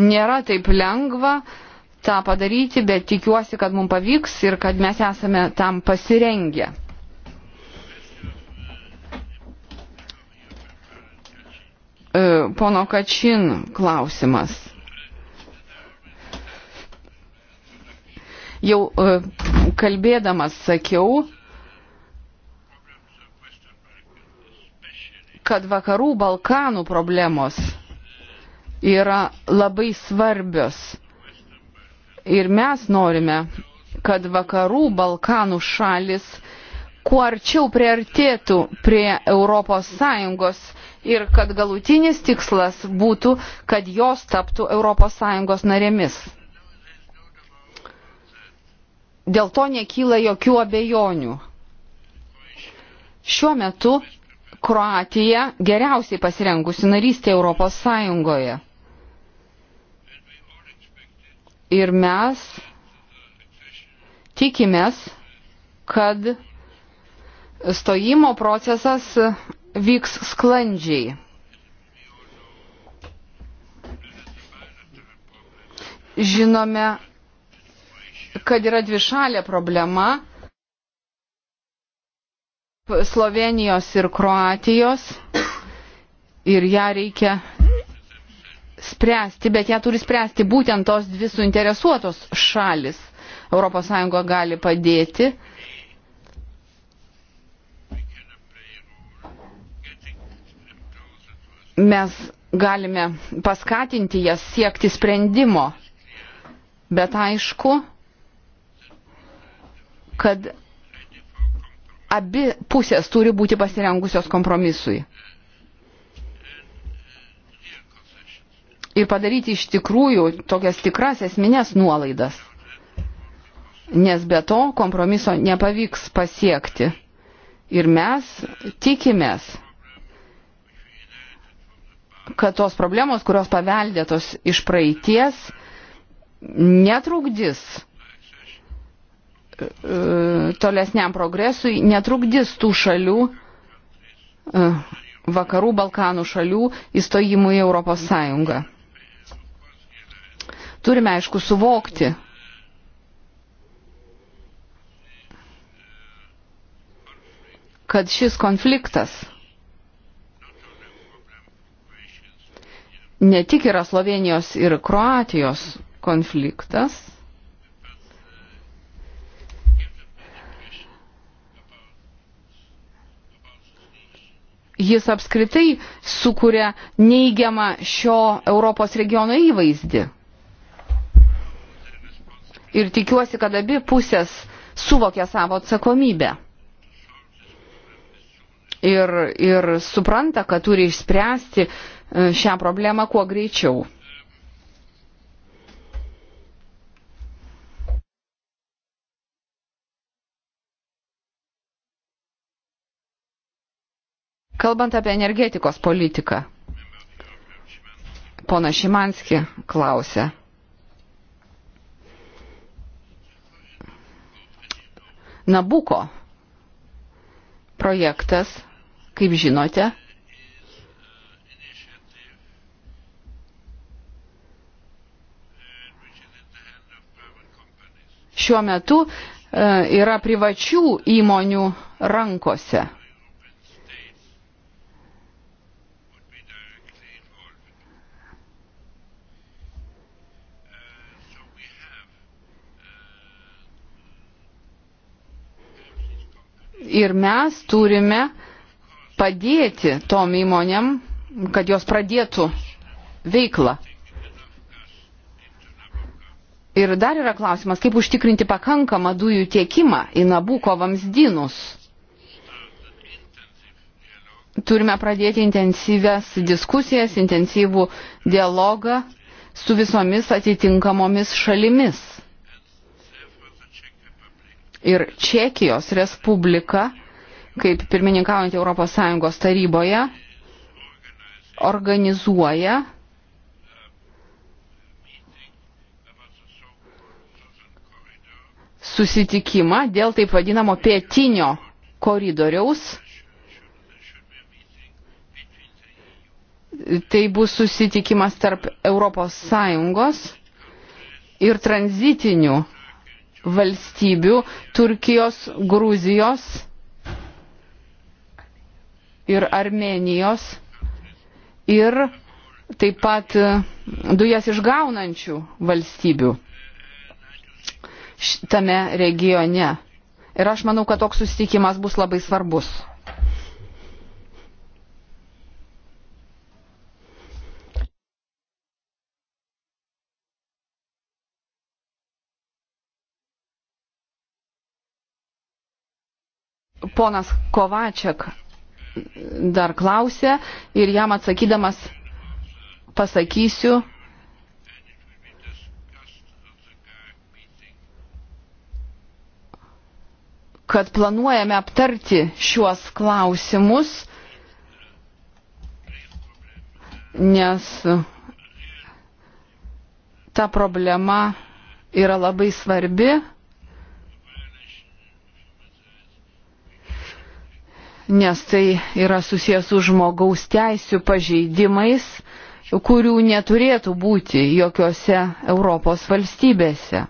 Nėra taip lengva tą padaryti, bet tikiuosi, kad mums pavyks ir kad mes esame tam pasirengę. E, pono Kačin klausimas. jau e, kalbėdamas sakiau, kad vakarų Balkanų problemos yra labai svarbios. Ir mes norime, kad vakarų Balkanų šalis kuo arčiau priartėtų prie Europos Sąjungos ir kad galutinis tikslas būtų, kad jos taptų Europos Sąjungos narėmis. Dėl to nekyla jokių abejonių. Šiuo metu Kroatija geriausiai pasirengusi narystė Europos Sąjungoje. Ir mes tikimės, kad stojimo procesas vyks sklandžiai. Žinome, kad yra dvišalė problema Slovenijos ir Kroatijos ir ją reikia spręsti, bet ją turi spręsti būtent tos dvi suinteresuotos šalis. ES gali padėti. Mes galime paskatinti jas siekti sprendimo, bet aišku, kad abi pusės turi būti pasirengusios kompromisui. Ir padaryti iš tikrųjų tokias tikras esminės nuolaidas. Nes be to kompromiso nepavyks pasiekti. Ir mes tikimės, kad tos problemos, kurios paveldėtos iš praeities, netrukdys E, tolesniam progresui netrukdys tų šalių, e, vakarų Balkanų šalių įstojimui į Europos Sąjungą. Turime, aišku, suvokti, kad šis konfliktas ne tik yra Slovenijos ir Kroatijos konfliktas, jis apskritai sukuria neigiamą šio Europos regiono įvaizdį. Ir tikiuosi, kad abi pusės suvokia savo atsakomybę. Ir, ir supranta, kad turi išspręsti e, šią problemą kuo greičiau. Kalbant apie energetikos politiką, pona Šimanski klausė. Nabuko projektas, kaip žinote, šiuo metu e, yra privačių įmonių rankose. ir mes turime padėti tom įmonėm, kad jos pradėtų veiklą. Ir dar yra klausimas, kaip užtikrinti pakankamą dujų tiekimą į Nabuko vamzdynus. Turime pradėti intensyves diskusijas, intensyvų dialogą su visomis atitinkamomis šalimis ir Čekijos Respublika, kaip pirmininkaujant ES taryboje, organizuoja susitikimą dėl taip vadinamo pietinio koridoriaus. Tai bus susitikimas tarp ES ir tranzitinių valstybių - Turkijos, Gruzijos ir Armenijos ir taip pat e, dujas išgaunančių valstybių tame regione. Ir aš manau, kad toks susitikimas bus labai svarbus. ponas Kovačiak dar klausė ir jam atsakydamas pasakysiu, kad planuojame aptarti šiuos klausimus, nes ta problema yra labai svarbi. nes tai yra susijęs su žmogaus teisų pažeidimais, kurių neturėtų būti jokiose Europos valstybėse.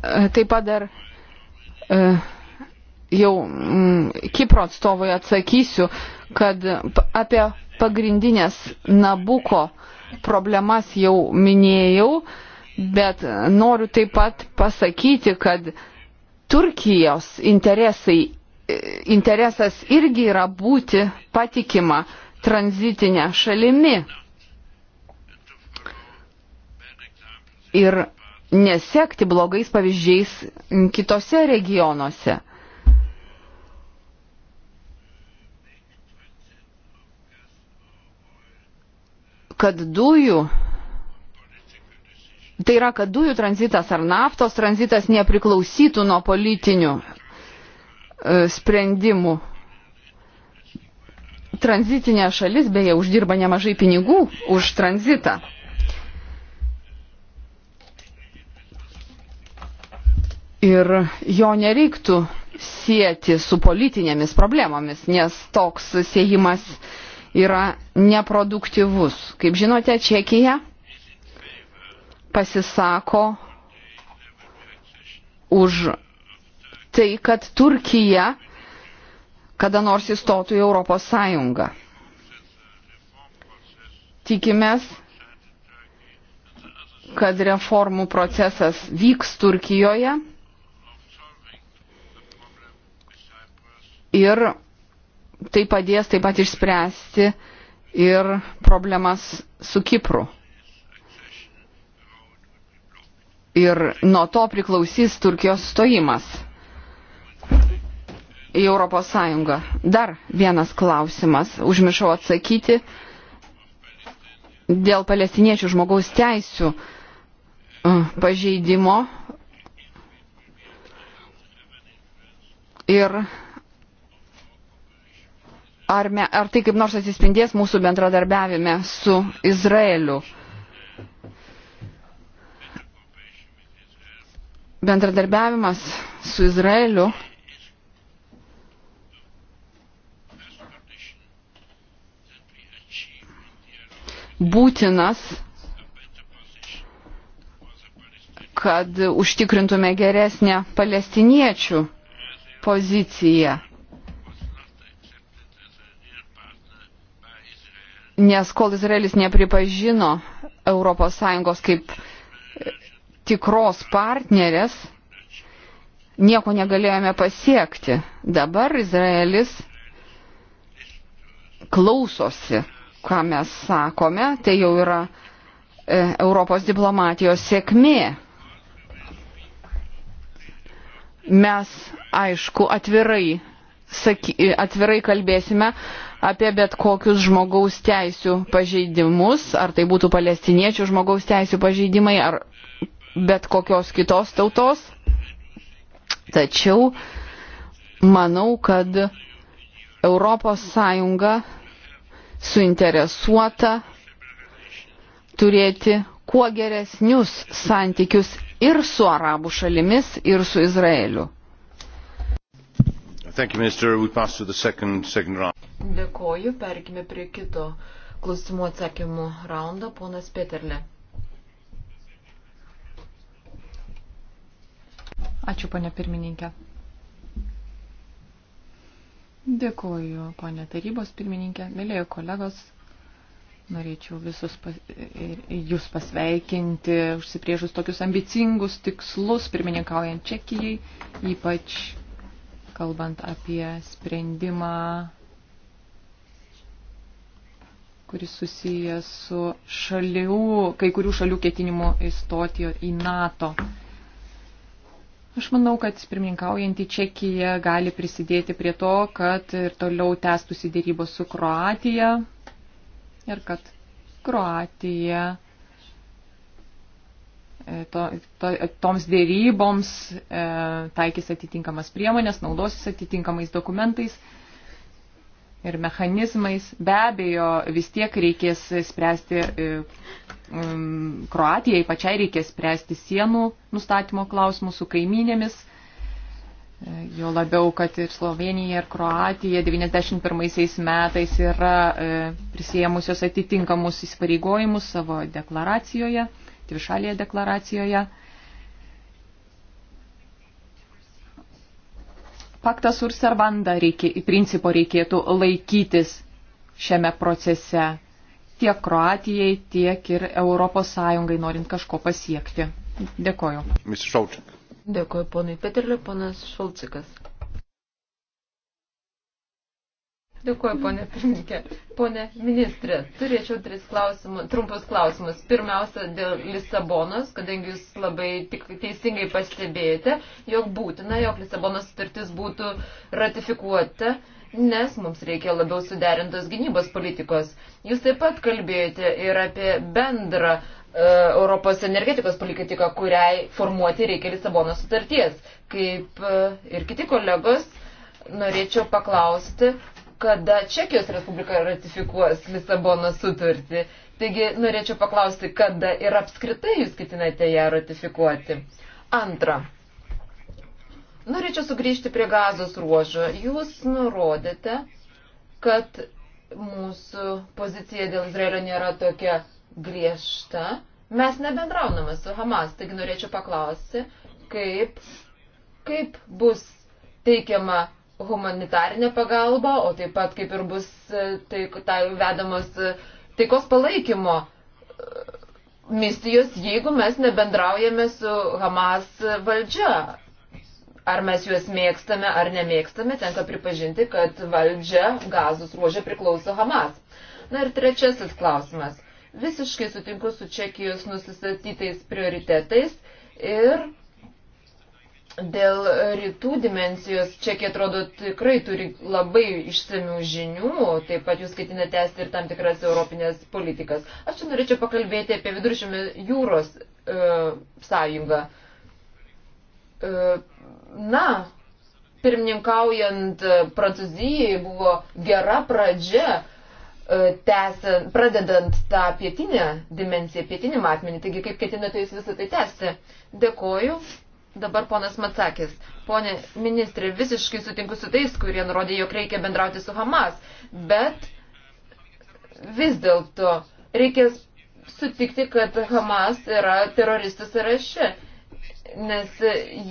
E, taip pat dar e, jau mm, Kipro atstovui atsakysiu, kad apie pagrindinės Nabuko problemas jau minėjau, bet noriu taip pat pasakyti, kad Turkijos interesai, e, interesas irgi yra būti patikima tranzitinė šalimi. Ir nesekti blogais pavyzdžiais kitose regionuose. Kad dujų, tai yra, kad dujų tranzitas ar naftos tranzitas nepriklausytų nuo politinių e, sprendimų. Tranzitinė šalis beje uždirba nemažai pinigų už tranzitą. ir jo nereiktų sieti su politinėmis problemomis, nes toks siejimas yra neproduktyvus. Kaip žinote, Čekija pasisako už tai, kad Turkija kada nors įstotų į Europos Sąjungą. Tikimės, kad reformų procesas vyks Turkijoje ir tai padės taip pat išspręsti ir problemas su Kipru. Ir nuo to priklausys Turkijos stojimas į Europos Sąjungą. Dar vienas klausimas, užmiršau atsakyti, dėl palestiniečių žmogaus teisių uh, pažeidimo ir ar, me, ar tai kaip nors atsispindės mūsų bendradarbiavime su Izraeliu. Bendradarbiavimas su Izraeliu būtinas, kad užtikrintume geresnę palestiniečių poziciją. nes kol Izraelis nepripažino ES kaip e, tikros partnerės, nieko negalėjome pasiekti. Dabar Izraelis klausosi, ką mes sakome, tai jau yra e, Europos diplomatijos sėkmė. Mes, aišku, atvirai, saky, atvirai kalbėsime apie bet kokius žmogaus teisų pažeidimus, ar tai būtų palestiniečių žmogaus teisų pažeidimai, ar bet kokios kitos tautos. Tačiau manau, kad Europos Sąjunga suinteresuota turėti kuo geresnius santykius ir su arabų šalimis, ir su Izraeliu. Dėkoju, perkime prie kito klausimų atsakymų raundą, ponas Peterle. Ačiū, ponė pirmininkė. Dėkoju, ponė tarybos pirmininkė, mėlėjo kolegos. Norėčiau visus pas, jūs pasveikinti, užsipriežus tokius ambicingus tikslus, pirmininkaujant Čekijai, ypač kalbant apie sprendimą, kuris susijęs su šalių, kai kurių šalių ketinimu įstoti į NATO. Aš manau, kad pirmininkaujantį Čekiją gali prisidėti prie to, kad ir toliau tęstųsi dėrybos su Kroatija ir kad Kroatija E, to, to, toms dėryboms e, taikys atitinkamas priemonės, naudosis atitinkamais dokumentais ir mechanizmais. Be abejo, vis tiek reikės spręsti, e, um, Kroatijai pačiai reikės spręsti sienų nustatymo klausimus su kaiminėmis. E, jo labiau, kad ir Slovenija, ir Kroatija 91 metais yra e, prisėmusios atitinkamus įsipareigojimus savo deklaracijoje trišalėje deklaracijoje. Paktas ur servanda reikia, principo reikėtų laikytis šiame procese tiek Kroatijai, tiek ir Europos Sąjungai, norint kažko pasiekti. Dėkoju. Dėkoju ponui Peterliu, ponas Šulcikas. Dėkuoju, ponė pirmininkė. Pone ministrė, turėčiau tris klausimus, trumpus klausimus. Pirmiausia, dėl Lisabonos, kadangi jūs labai tik, teisingai pastebėjote, jog būtina, jog Lisabonos sutartis būtų ratifikuota, nes mums reikia labiau suderintos gynybos politikos. Jūs taip pat kalbėjote ir apie bendrą e, Europos energetikos politiką, kuriai formuoti reikia Lisabonos sutarties. Kaip e, ir kiti kolegos, norėčiau paklausti, kada Čekijos Respublika ratifikuos Lisabono sutartį. Taigi norėčiau paklausti, kada ir apskritai jūs ketinate ją ratifikuoti. Antra. Norėčiau sugrįžti prie gazos ruožo. Jūs nurodėte, kad mūsų pozicija dėl Izraelio nėra tokia griežta. Mes nebendrauname su Hamas, taigi norėčiau paklausti, kaip, kaip bus teikiama humanitarinę pagalbą, o taip pat kaip ir bus e, tai, tai vedamos e, taikos palaikymo e, misijos, jeigu mes nebendraujame su Hamas valdžia. Ar mes juos mėgstame ar nemėgstame, tenka pripažinti, kad valdžia gazos ruožė priklauso Hamas. Na ir trečiasis klausimas. Visiškai sutinku su Čekijos nusistatytais prioritetais ir Dėl e, rytų dimensijos Čekija atrodo tikrai turi labai išsamių žinių, taip pat jūs ketina tęsti ir tam tikras europinės politikas. Aš čia norėčiau pakalbėti apie viduršimį jūros e, sąjungą. E, na, pirmininkaujant e, Prancūzijai buvo gera pradžia, e, tęsiant, pradedant tą pietinę dimensiją, pietinį matmenį. Taigi, kaip ketinate jūs visą tai tęsti? Dėkoju. Dabar ponas Matsakis. Pone ministrė, visiškai sutinku su tais, kurie nurodė, jog reikia bendrauti su Hamas, bet vis dėlto reikia sutikti, kad Hamas yra teroristų sąraše, nes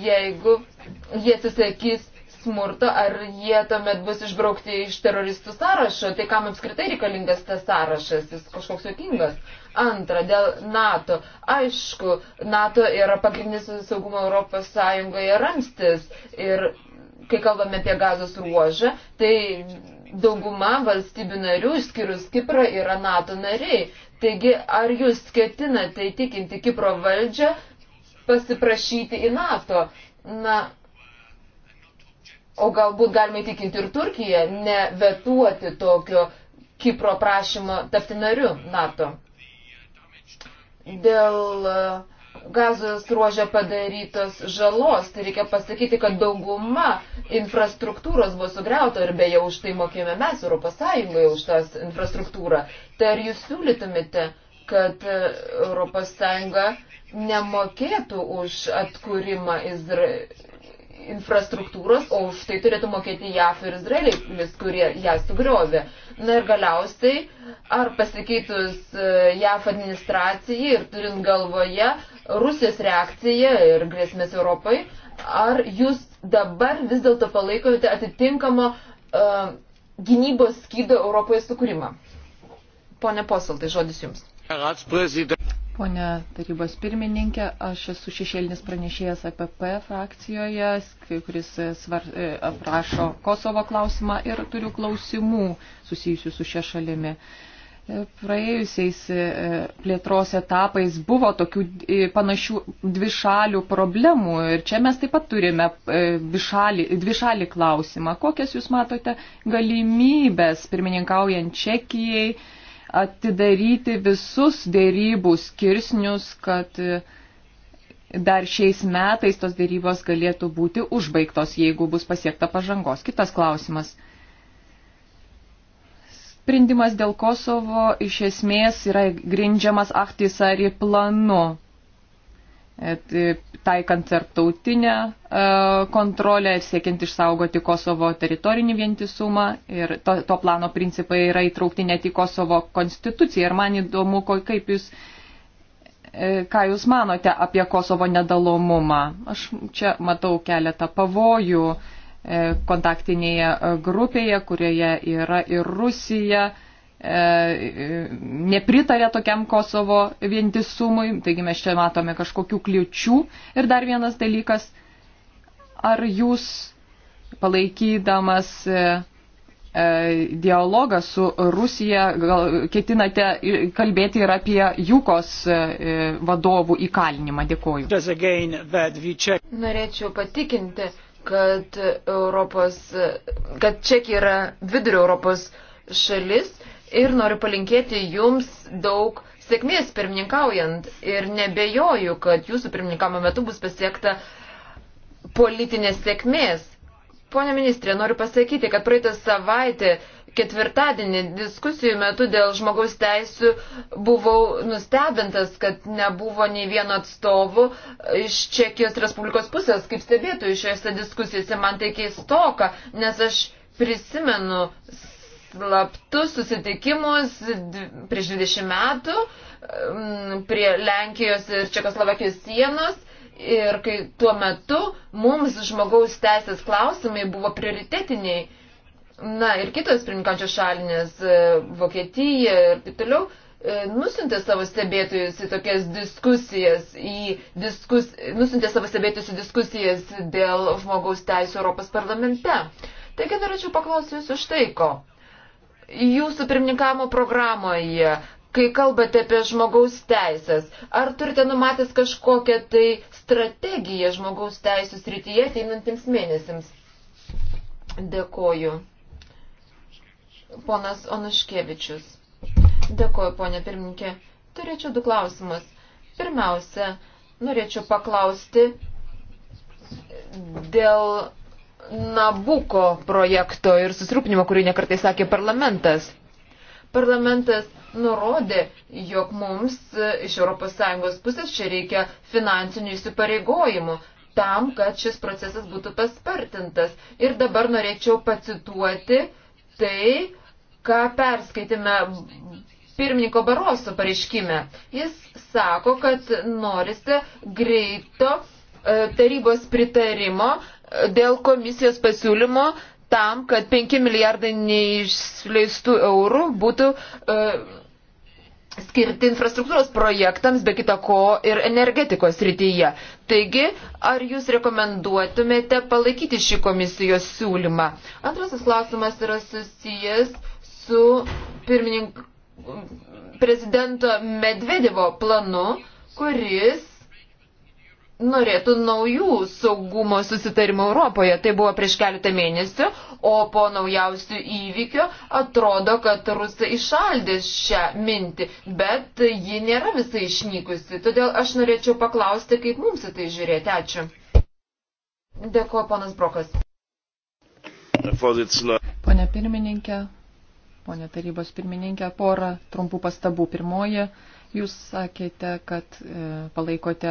jeigu jie atsisakys smurto, ar jie tuomet bus išbraukti iš teroristų sąrašo, tai kam apskritai reikalingas tas sąrašas, jis kažkoks jokingas. Antra, dėl NATO. Aišku, NATO yra pagrindinis saugumo Europos Sąjungoje ramstis ir kai kalbame apie gazos ruožą, tai dauguma valstybių narių, išskyrus Kiprą, yra NATO nariai. Taigi, ar jūs ketinate įtikinti Kipro valdžią pasiprašyti į NATO? Na, O galbūt galima įtikinti ir Turkiją nevetuoti tokio Kipro prašymo tapti nariu NATO. Dėl e, gazos ruožė padarytos žalos, tai reikia pasakyti, kad dauguma infrastruktūros buvo sugriauta ir beje už tai mokėjome mes Europos Sąjungoje už tas infrastruktūrą. Tai ar jūs siūlytumėte, kad e, Europos Sąjunga nemokėtų už atkūrimą Izra infrastruktūros, o už tai turėtų mokėti JAF ir Izraelis, kurie ją sugriovė. Na ir galiausiai, ar pasikeitus e, JAF administracijai ir turint galvoje Rusijos reakciją ir grėsmės Europai, ar jūs dabar vis dėlto palaikote atitinkamą uh, gynybos skydo Europoje sukūrimą? Pone Posel, tai žodis jums. Pone tarybos pirmininkė, aš esu šešėlinis pranešėjas APP frakcijoje, kuris e, svar, e, aprašo Kosovo klausimą ir turiu klausimų susijusių su šia šalimi. E, praėjusiais plėtros etapais buvo tokių panašių dvišalių problemų ir čia mes taip pat turime dvišalį, dvišalį klausimą. Kokias jūs matote galimybės pirmininkaujant Čekijai? atidaryti visus dėrybų skirsnius, kad dar šiais metais tos dėrybos galėtų būti užbaigtos, jeigu bus pasiekta pažangos. Kitas klausimas. Sprendimas dėl Kosovo iš esmės yra grindžiamas Ahtisari planu. E, taikant tarptautinę e, kontrolę ir siekiant išsaugoti Kosovo teritorinį vientisumą. Ir to, to plano principai yra įtraukti net į Kosovo konstituciją. Ir man įdomu, kaip jūs, e, ką jūs manote apie Kosovo nedalomumą. Aš čia matau keletą pavojų kontaktinėje grupėje, kurioje yra ir Rusija E, nepritarė tokiam Kosovo vientisumui, taigi mes čia matome kažkokių kliučių. Ir dar vienas dalykas, ar jūs palaikydamas e, e, dialogą su Rusija gal, ketinate kalbėti ir apie Jukos vadovų įkalinimą. Dėkuoju. Norėčiau patikinti, kad, Europos, kad Čekija yra vidurio Europos šalis ir noriu palinkėti jums daug sėkmės pirmininkaujant ir nebejoju, kad jūsų pirmininkamo metu bus pasiekta politinės sėkmės. Pone ministrė, noriu pasakyti, kad praeitą savaitę ketvirtadienį diskusijų metu dėl žmogaus teisų buvau nustebintas, kad nebuvo nei vieno atstovų iš Čekijos Respublikos pusės, kaip stebėtų šiuose diskusijose. Man tai keistoka, nes aš prisimenu slaptus susitikimus prieš 20 metų mm, prie Lenkijos ir Čekoslovakijos sienos. Ir kai tuo metu mums žmogaus teisės klausimai buvo prioritetiniai, na ir kitos pirmininkančios šalinės, e, Vokietija ir taip toliau, e, nusintė savo stebėtojus į tokias diskusijas, į diskus, nusintė savo stebėtojus į diskusijas dėl žmogaus teisų Europos parlamente. Taigi norėčiau paklausyti jūsų štai ko jūsų pirmininkavimo programoje, kai kalbate apie žmogaus teisės, ar turite numatęs kažkokią tai strategiją žmogaus teisų srityje ateinantiems mėnesiams? Dėkoju. Ponas Onuškevičius. Dėkoju, ponė pirmininkė. Turėčiau du klausimus. Pirmiausia, norėčiau paklausti dėl Nabuko projekto ir susirūpinimo, kurį nekartai sakė parlamentas. Parlamentas nurodė, jog mums iš ES pusės čia reikia finansinių įsipareigojimų tam, kad šis procesas būtų paspartintas. Ir dabar norėčiau pacituoti tai, ką perskaitėme pirmininko Baroso pareiškime. Jis sako, kad norisi greito e, tarybos pritarimo dėl komisijos pasiūlymo tam, kad 5 milijardai neišleistų eurų būtų uh, skirti infrastruktūros projektams, be kita ko ir energetikos rytyje. Taigi, ar jūs rekomenduotumėte palaikyti šį komisijos siūlymą? Antrasis klausimas yra susijęs su pirminink... prezidento Medvedevo planu, kuris norėtų naujų saugumo susitarimų Europoje. Tai buvo prieš keletą mėnesių, o po naujausių įvykių atrodo, kad rusai išaldys šią mintį, bet ji nėra visai išnykusi. Todėl aš norėčiau paklausti, kaip mums į tai žiūrėti. Ačiū. Dėkuoju, ponas Brokas. Pone pirmininkė, pone tarybos pirmininkė, porą trumpų pastabų. Pirmoji Jūs sakėte, kad e, palaikote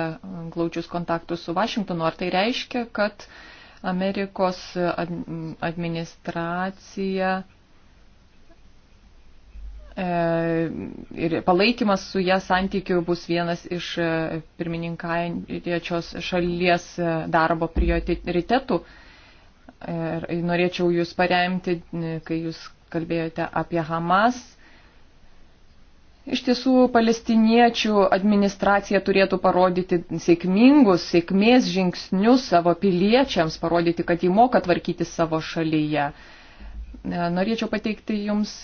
glaučius kontaktus su Vašingtonu. Ar tai reiškia, kad Amerikos administracija e, ir palaikymas su ją santykiu bus vienas iš e, pirmininkaujančios šalies darbo prioritetų. Ir norėčiau jūs paremti, kai jūs kalbėjote apie Hamas Iš tiesų, palestiniečių administracija turėtų parodyti sėkmingus, sėkmės žingsnius savo piliečiams, parodyti, kad jį moka tvarkyti savo šalyje. E, norėčiau pateikti Jums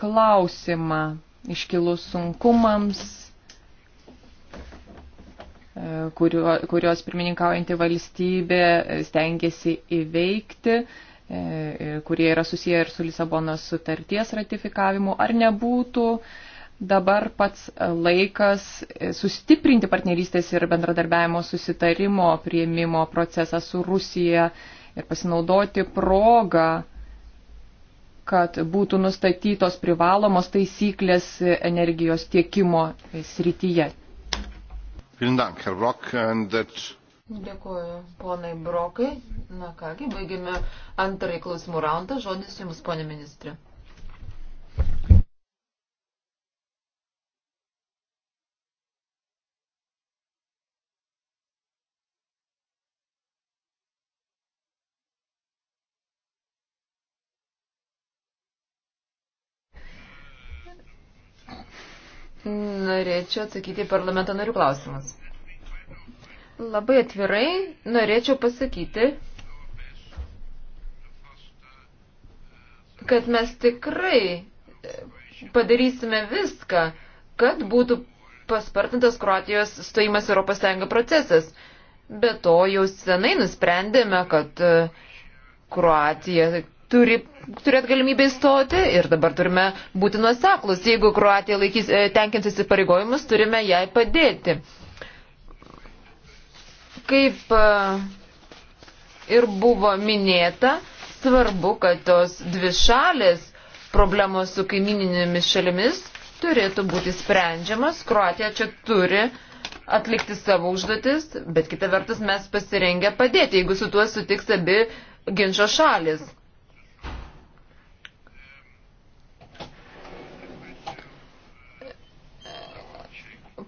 klausimą iškilus sunkumams, e, kurio, kurios pirmininkaujantį valstybė stengiasi įveikti e, kurie yra susiję ir su Lisabonos sutarties ratifikavimu, ar nebūtų uh, dabar pats laikas sustiprinti partnerystės ir bendradarbiavimo susitarimo prieimimo procesą su Rusija ir pasinaudoti progą, kad būtų nustatytos privalomos taisyklės energijos tiekimo srityje. Dėkuoju, ponai Brokai. Na kągi, baigėme antrąjį klausimų raundą. Žodis Jums, ponė ministrė. Norėčiau atsakyti parlamento narių klausimus. Labai atvirai norėčiau pasakyti, kad mes tikrai e, padarysime viską, kad būtų paspartintas Kroatijos stojimas Europos Sąjunga procesas. Be to jau senai nusprendėme, kad e, Kroatija turi turėti galimybę įstoti ir dabar turime būti nuoseklus. Jeigu Kroatija laikys, e, tenkins įsipareigojimus, turime jai padėti. Kaip e, ir buvo minėta, svarbu, kad tos dvi šalės problemos su kaimininėmis šalimis turėtų būti sprendžiamas. Kroatija čia turi atlikti savo užduotis, bet kita vertus mes pasirengę padėti, jeigu su tuo sutiks abi ginčio šalis.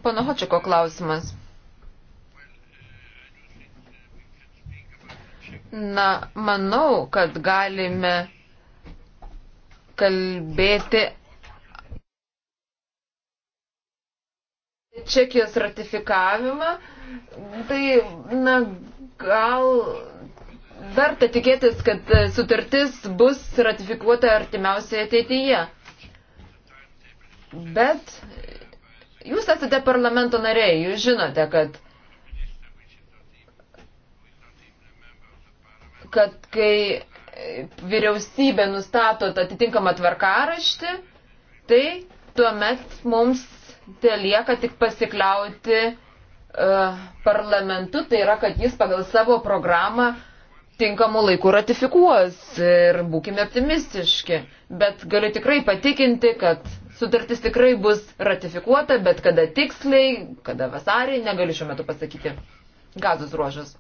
Pana Hočiko klausimas. Na, manau, kad galime kalbėti Čekijos ratifikavimą. Tai, na, gal verta tikėtis, kad sutartis bus ratifikuota artimiausioje ateityje. Bet Jūs esate parlamento nariai, jūs žinote, kad, kad kai vyriausybė nustato atitinkamą tvarkaraštį, tai tuomet mums telieka tik pasikliauti uh, parlamentu, tai yra, kad jis pagal savo programą tinkamų laikų ratifikuos ir būkime optimistiški bet galiu tikrai patikinti, kad sutartis tikrai bus ratifikuota, bet kada tiksliai, kada vasarį, negaliu šiuo metu pasakyti. Gazos ruožas.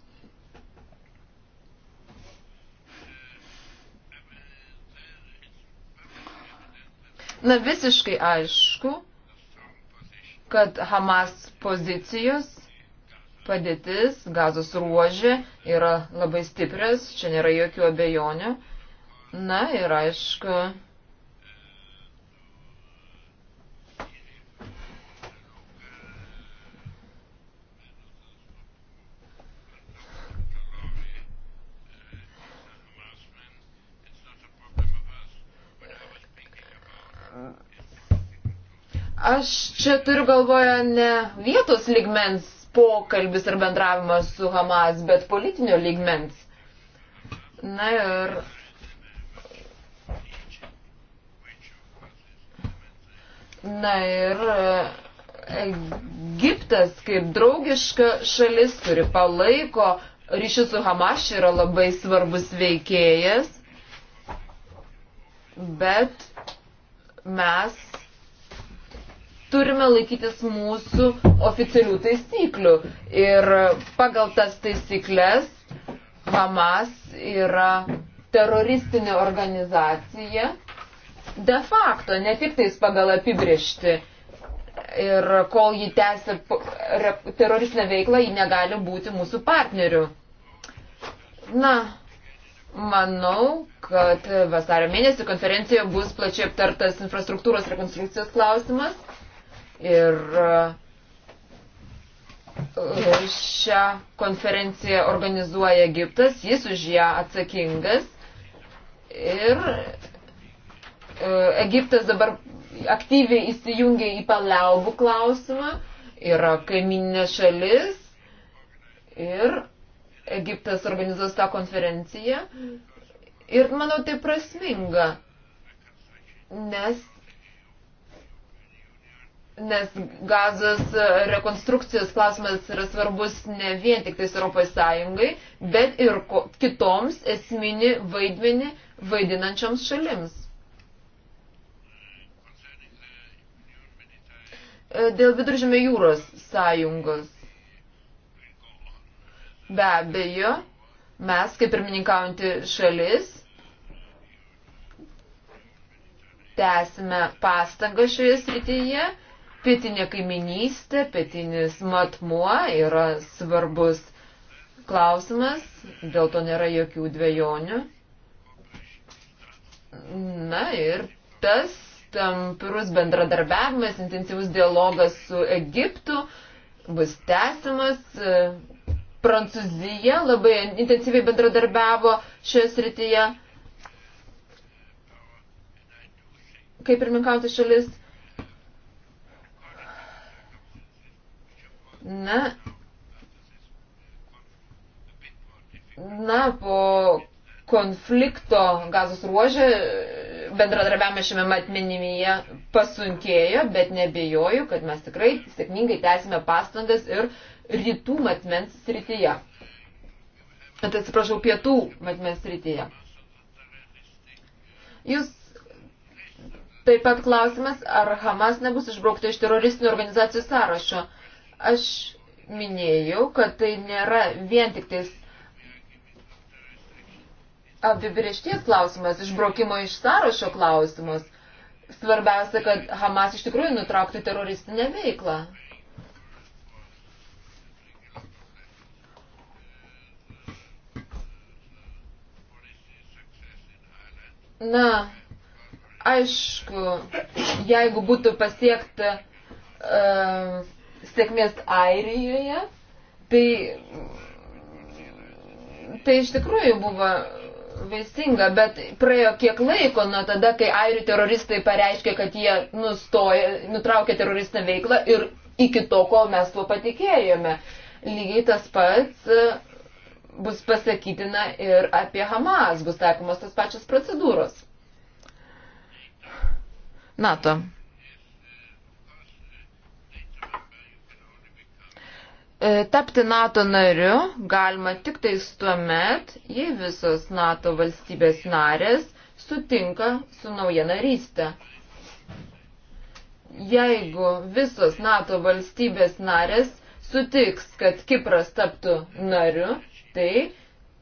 Na visiškai aišku, kad Hamas pozicijos padėtis gazos ruožė yra labai stiprias, čia nėra jokių abejonių. Na ir aišku. Aš čia turiu galvoje ne vietos ligmens pokalbis ar bendravimas su Hamas, bet politinio ligmens. Na ir Na ir e, Egiptas kaip draugiška šalis, kuri palaiko ryšius su Hamas, yra labai svarbus veikėjas, bet mes turime laikytis mūsų oficialių taisyklių. Ir pagal tas taisyklės Hamas yra teroristinė organizacija de facto, ne tik tais pagal apibriešti. Ir kol ji tęsia teroristinę veiklą, ji negali būti mūsų partneriu. Na, manau, kad vasario mėnesį konferencijoje bus plačiai aptartas infrastruktūros rekonstrukcijos klausimas. Ir e, šią konferenciją organizuoja Egiptas, jis už ją atsakingas. Ir E, Egiptas dabar aktyviai įsijungia į paliaubų klausimą, yra kaiminė šalis ir Egiptas organizuos tą konferenciją. Ir manau, tai prasminga, nes, nes gazos rekonstrukcijos klausimas yra svarbus ne vien tik tais Europos Sąjungai, bet ir kitoms esminį vaidmenį vaidinančioms šalims. E, dėl viduržėmio jūros sąjungos. Be abejo, mes, kaip pirmininkaujanti šalis, tęsime pastangą šioje srityje. Pietinė kaiminystė, pietinis matmuo yra svarbus klausimas, dėl to nėra jokių dviejonių. Na ir tas tamprus bendradarbiavimas, intensyvus dialogas su Egiptu bus tęsimas. Prancūzija labai intensyviai bendradarbiavo šioje srityje. Kaip pirminkauti šalis. Na, na, po konflikto gazos ruožė bendradarbiavimas šiame matmeninyje pasunkėjo, bet nebejoju, kad mes tikrai sėkmingai tęsime pastangas ir rytų matmens srityje. Bet atsiprašau, pietų matmens srityje. Jūs taip pat klausimas, ar Hamas nebus išbraukta iš teroristinių organizacijų sąrašo. Aš minėjau, kad tai nėra vien tik tais apibriešties klausimas, išbraukimo iš sąrašo klausimas. Svarbiausia, kad Hamas iš tikrųjų nutrauktų teroristinę veiklą. Na, aišku, jeigu būtų pasiekta uh, sėkmės Airijoje, tai, tai iš tikrųjų buvo vaisinga, bet praėjo kiek laiko nuo tada, kai airių teroristai pareiškė, kad jie nustoja, nutraukė teroristinę veiklą ir iki to, kol mes tuo patikėjome. Lygiai tas pats e, bus pasakytina ir apie Hamas, bus taikomos tas pačios procedūros. NATO. E, tapti NATO nariu galima tik tais tuo met, jei visos NATO valstybės narės sutinka su nauja narystė. Jeigu visos NATO valstybės narės sutiks, kad Kipras taptų nariu, tai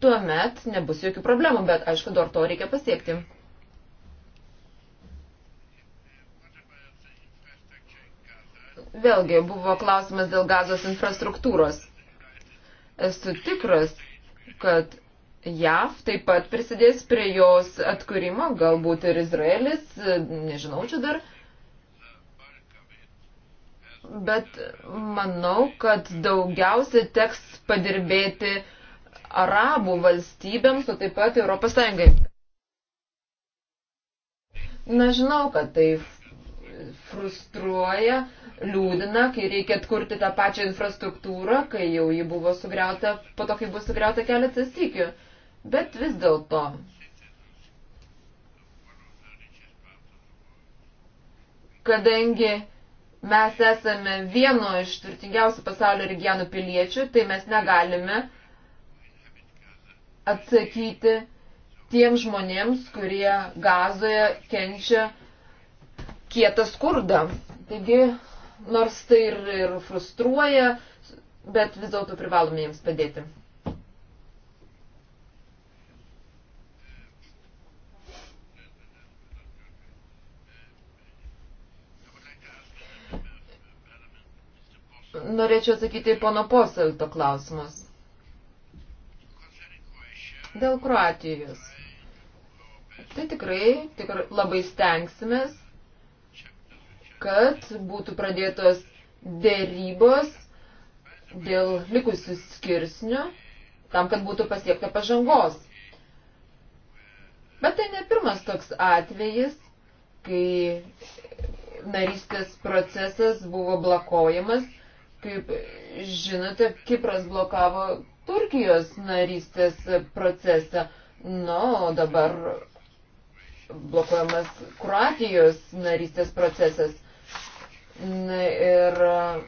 tuo met nebus jokių problemų, bet aišku, dar to reikia pasiekti. Vėlgi buvo klausimas dėl gazos infrastruktūros. Esu tikras, kad JAV taip pat prisidės prie jos atkūrimo, galbūt ir Izraelis, nežinau čia dar. Bet manau, kad daugiausia teks padirbėti arabų valstybėms, o taip pat Europos Sąjungai. Na, žinau, kad tai frustruoja liūdina, kai reikia atkurti tą pačią infrastruktūrą, kai jau ji buvo sugriauta, po to, kai buvo sugriauta keletas tikių. Bet vis dėlto. Kadangi mes esame vieno iš turtingiausių pasaulio regionų piliečių, tai mes negalime atsakyti tiem žmonėms, kurie gazoje kenčia kietą skurdą. Taigi nors tai ir, ir frustruoja, bet vis dėlto privalome jiems padėti. Norėčiau atsakyti į pono poselto klausimus. Dėl Kroatijos. Tai tikrai, tikrai labai stengsimės kad būtų pradėtos dėrybos dėl likusių skirsnių, tam, kad būtų pasiekta pažangos. Bet tai ne pirmas toks atvejis, kai narystės procesas buvo blokuojamas. Kaip žinote, Kipras blokavo Turkijos narystės procesą. Nu, dabar blokuojamas Kroatijos narystės procesas. Ir e,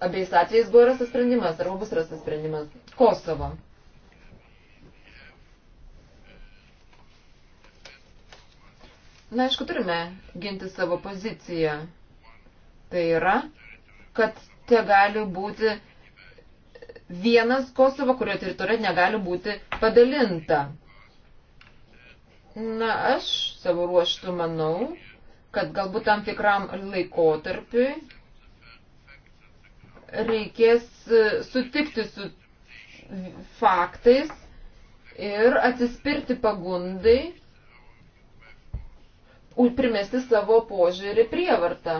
abiejais atvejais buvo rastas sprendimas, arba bus rastas sprendimas. Kosovo. Na, aišku, turime ginti savo poziciją. Tai yra, kad te gali būti vienas Kosovo, kurio teritorija negali būti padalinta. Na, aš savo ruoštų manau, kad galbūt tam tikram laikotarpiui reikės e, sutikti su faktais ir atsispirti pagundai primesti savo požiūrį prievartą.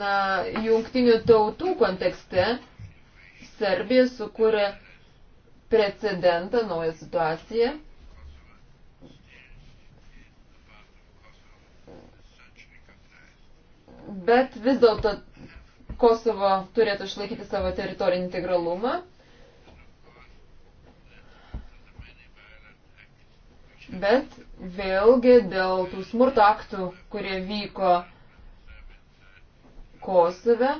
Na, jungtinių tautų kontekste Serbija sukūrė precedentą, naują situaciją. bet vis dėlto Kosovo turėtų išlaikyti savo teritorinį integralumą. Bet vėlgi dėl tų smurto aktų, kurie vyko Kosove,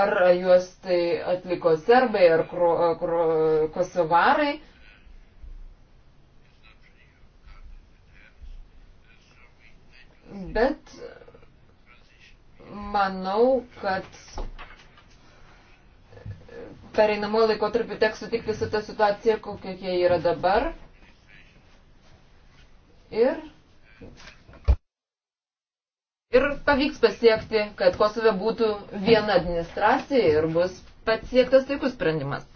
ar juos tai atliko serbai ar kro, kro, kosovarai, bet manau, kad pereinamojo laikotarpiu teks sutikti su ta situacija, kokia jie yra dabar. Ir, ir pavyks pasiekti, kad Kosove būtų viena administracija ir bus pasiektas taikus sprendimas.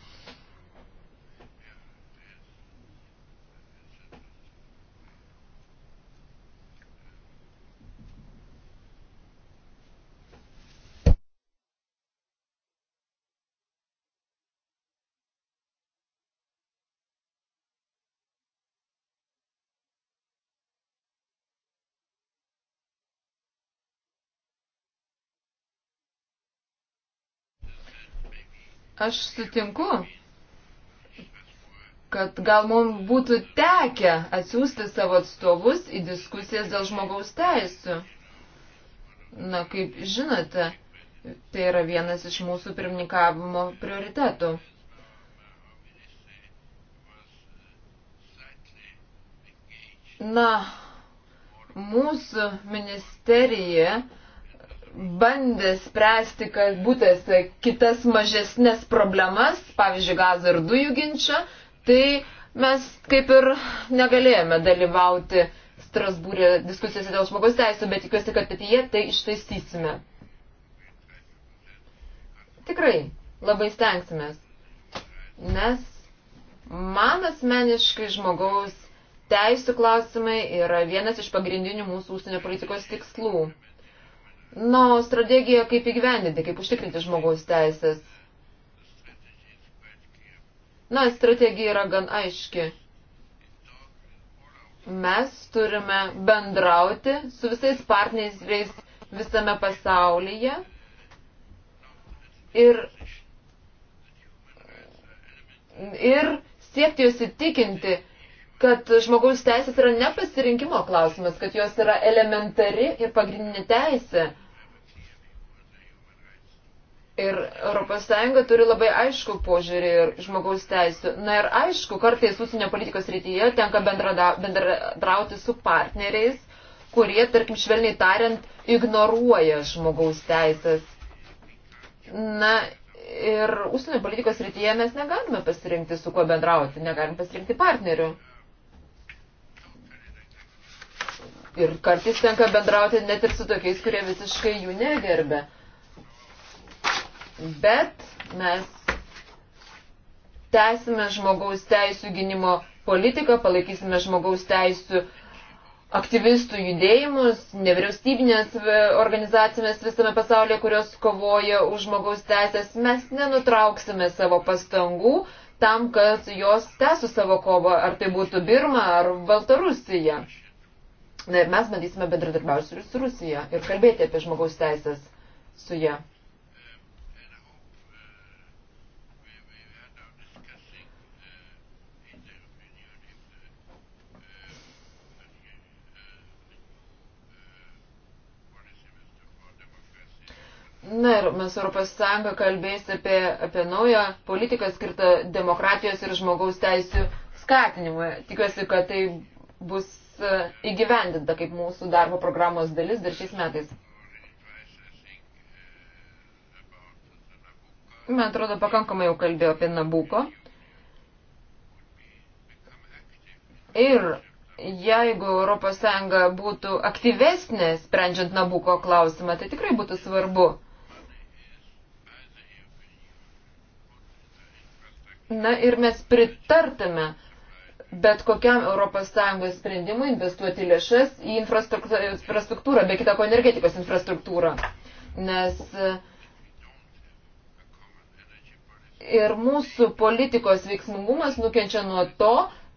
Aš sutinku, kad gal mums būtų tekę atsiųsti savo atstovus į diskusijas dėl žmogaus teisų. Na, kaip žinote, tai yra vienas iš mūsų pirmininkavimo prioritetų. Na, mūsų ministerija bandė spręsti kabutėse tai kitas mažesnės problemas, pavyzdžiui, gazą ir dujų ginčą, tai mes kaip ir negalėjome dalyvauti Strasbūrė diskusijose dėl žmogaus teisų, bet tikiuosi, kad ateityje tai ištaisysime. Tikrai, labai stengsimės, nes man asmeniškai žmogaus teisų klausimai yra vienas iš pagrindinių mūsų užsienio politikos tikslų. Na, o strategija kaip įgyvendinti, kaip užtikrinti žmogaus teisės. Na, strategija yra gan aiški. Mes turime bendrauti su visais partneriais visame pasaulyje ir, ir siekti juos įtikinti, kad žmogaus teisės yra ne pasirinkimo klausimas, kad jos yra elementari ir pagrindinė teisė. Ir ES turi labai aišku požiūrį ir žmogaus teisų. Na ir aišku, kartais užsienio politikos rytyje tenka bendradrauti su partneriais, kurie, tarkim, švelniai tariant, ignoruoja žmogaus teisės. Na ir užsienio politikos rytyje mes negalime pasirinkti, su kuo bendrauti, negalime pasirinkti partnerių. Ir kartais tenka bendrauti net ir su tokiais, kurie visiškai jų negerbė. Bet mes tęsime žmogaus teisų gynimo politiką, palaikysime žmogaus teisų aktyvistų judėjimus, nevyriausybinės e, organizacijas visame pasaulyje, kurios kovoja už žmogaus teisės. Mes nenutrauksime savo pastangų tam, kad jos tęsų savo kovą, ar tai būtų Birma ar Baltarusija. Na ir mes bandysime bendradarbiauti su Rusija ir kalbėti apie žmogaus teisės su ją. Na ir mes Europos Sąjunga kalbės apie, apie naują politiką skirtą demokratijos ir žmogaus teisų skatinimui. Tikiuosi, kad tai bus E, įgyvendinta kaip mūsų darbo programos dalis dar šiais metais. Man atrodo, pakankamai jau kalbėjau apie Nabuko. Ir jeigu ES būtų aktyvesnė sprendžiant Nabuko klausimą, tai tikrai būtų svarbu. Na ir mes pritartume bet kokiam ES sprendimui investuoti lėšas į infrastruktūrą, be kitako energetikos infrastruktūrą. Nes e, ir mūsų politikos veiksmingumas nukenčia nuo to,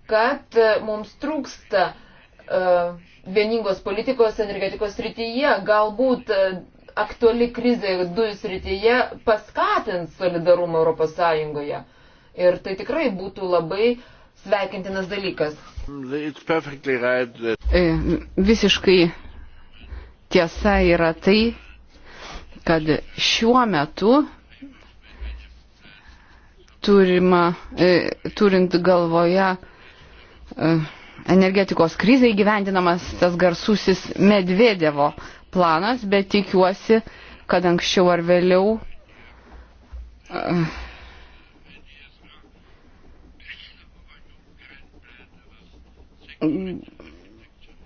kad e, mums trūksta uh, vieningos politikos energetikos srityje. Galbūt uh, aktuali krizė dujų srityje paskatins solidarumą Europos Sąjungoje. Ir tai tikrai būtų labai uh, sveikintinas dalykas. Right that... E, visiškai tiesa yra tai, kad šiuo metu turima, e, turint galvoje e, energetikos krizę įgyvendinamas tas garsusis Medvedevo planas, bet tikiuosi, kad anksčiau ar vėliau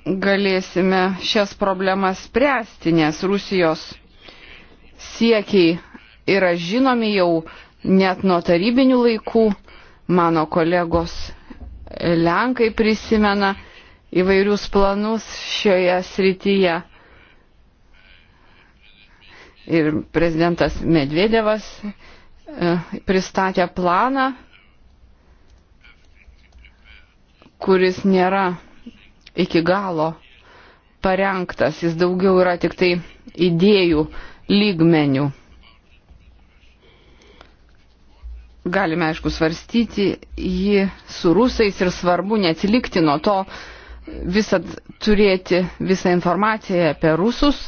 galėsime šias problemas spręsti, nes Rusijos siekiai yra žinomi jau net nuo tarybinių laikų. Mano kolegos Lenkai prisimena įvairius planus šioje srityje. Ir prezidentas Medvedevas e, pristatė planą kuris nėra iki galo parengtas, jis daugiau yra tik tai idėjų lygmenių. Galime, aišku, svarstyti jį su rusais ir svarbu neatsilikti nuo to, visat turėti visą informaciją apie rusus,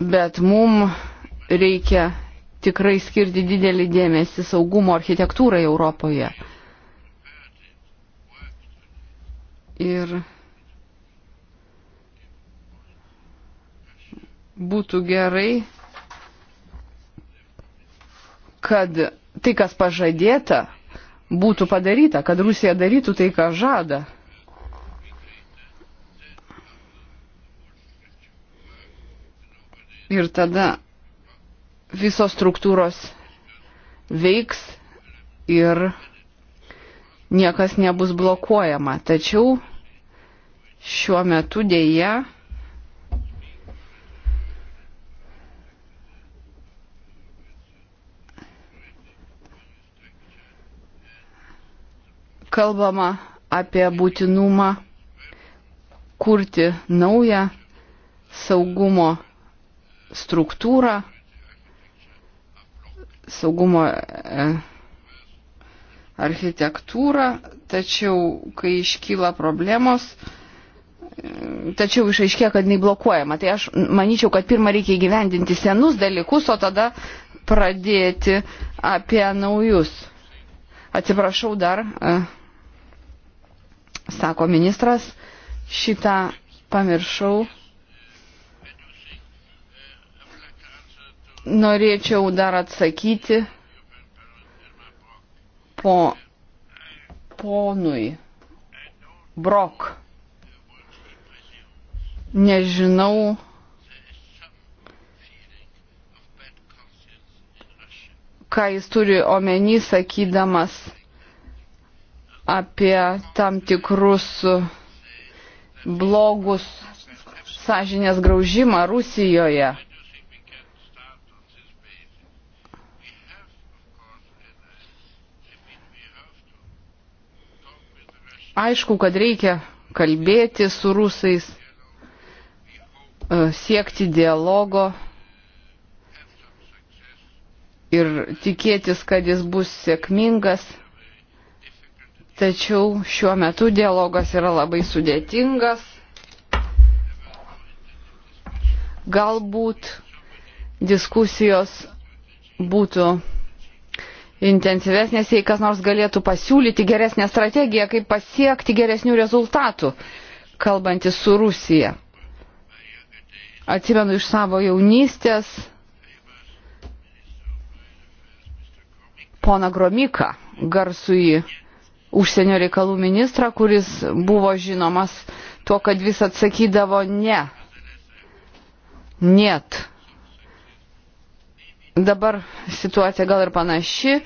bet mum reikia tikrai skirti didelį dėmesį saugumo architektūrai Europoje. Ir būtų gerai, kad tai, kas pažadėta, būtų padaryta, kad Rusija darytų tai, ką žada. Ir tada visos struktūros veiks ir niekas nebus blokuojama. Tačiau šiuo metu dėja kalbama apie būtinumą kurti naują saugumo struktūrą, saugumo. E, architektūrą, tačiau kai iškyla problemos, tačiau išaiškė, kad jinai blokuojama. Tai aš manyčiau, kad pirmą reikia įgyvendinti senus dalykus, o tada pradėti apie naujus. Atsiprašau dar, e, sako ministras, šitą pamiršau. Norėčiau dar atsakyti po, ponui Brok. Nežinau. ką jis turi omeny, sakydamas apie tam tikrus blogus sąžinės graužimą Rusijoje. Aišku, kad reikia kalbėti su rusais, e, siekti dialogo ir tikėtis, kad jis bus sėkmingas. Tačiau šiuo metu dialogas yra labai sudėtingas. Galbūt diskusijos būtų intensyvesnės, jei kas nors galėtų pasiūlyti geresnę strategiją, kaip pasiekti geresnių rezultatų, kalbantis su Rusija. Atsimenu iš savo jaunystės pona Gromika, garsųjį užsienio reikalų ministrą, kuris buvo žinomas tuo, kad vis atsakydavo ne. Net. Dabar situacija gal ir panaši,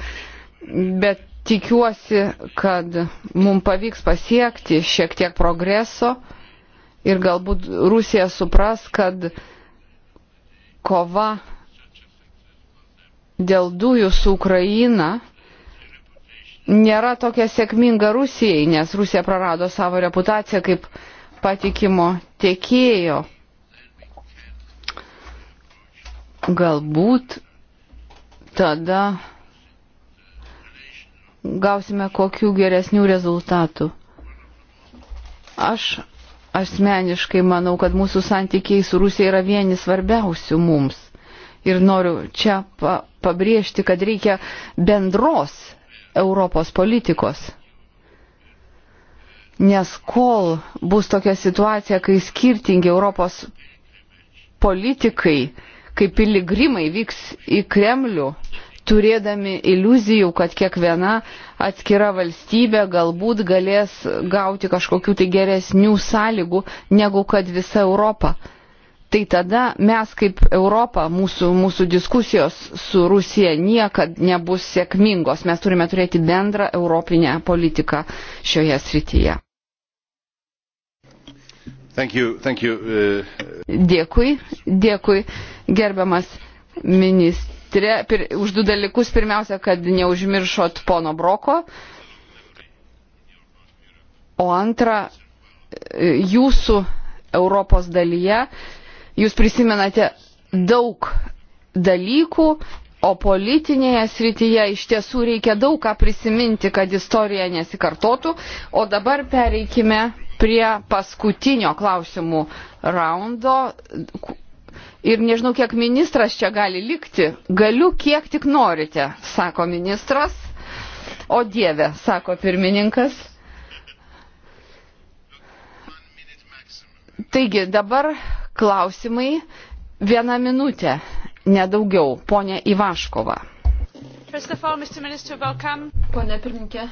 bet tikiuosi, kad mums pavyks pasiekti šiek tiek progreso ir galbūt Rusija supras, kad kova dėl dujų su Ukraina nėra tokia sėkminga Rusijai, nes Rusija prarado savo reputaciją kaip patikimo tiekėjo. Galbūt tada gausime kokių geresnių rezultatų. Aš asmeniškai manau, kad mūsų santykiai su Rusija yra vieni svarbiausių mums. Ir noriu čia pa pabrėžti, kad reikia bendros Europos politikos. Nes kol bus tokia situacija, kai skirtingi Europos politikai, kaip piligrimai vyks į Kremlių, turėdami iliuzijų, kad kiekviena atskira valstybė galbūt galės gauti kažkokių tai geresnių sąlygų negu kad visa Europa. Tai tada mes kaip Europa, mūsų, mūsų diskusijos su Rusija niekad nebus sėkmingos. Mes turime turėti bendrą europinę politiką šioje srityje. Thank you, thank you, uh... Dėkui, dėkui, gerbiamas ministrė, pir, už du dalykus. Pirmiausia, kad neužmiršot pono Broko. O antra, jūsų Europos dalyje jūs prisimenate daug dalykų O politinėje srityje iš tiesų reikia daug ką prisiminti, kad istorija nesikartotų. O dabar pereikime prie paskutinio klausimų raundo. Ir nežinau, kiek ministras čia gali likti. Galiu, kiek tik norite, sako ministras. O dieve, sako pirmininkas. Taigi dabar klausimai vieną minutę nedaugiau. Pone Ivaškova. Pone pirmininkė,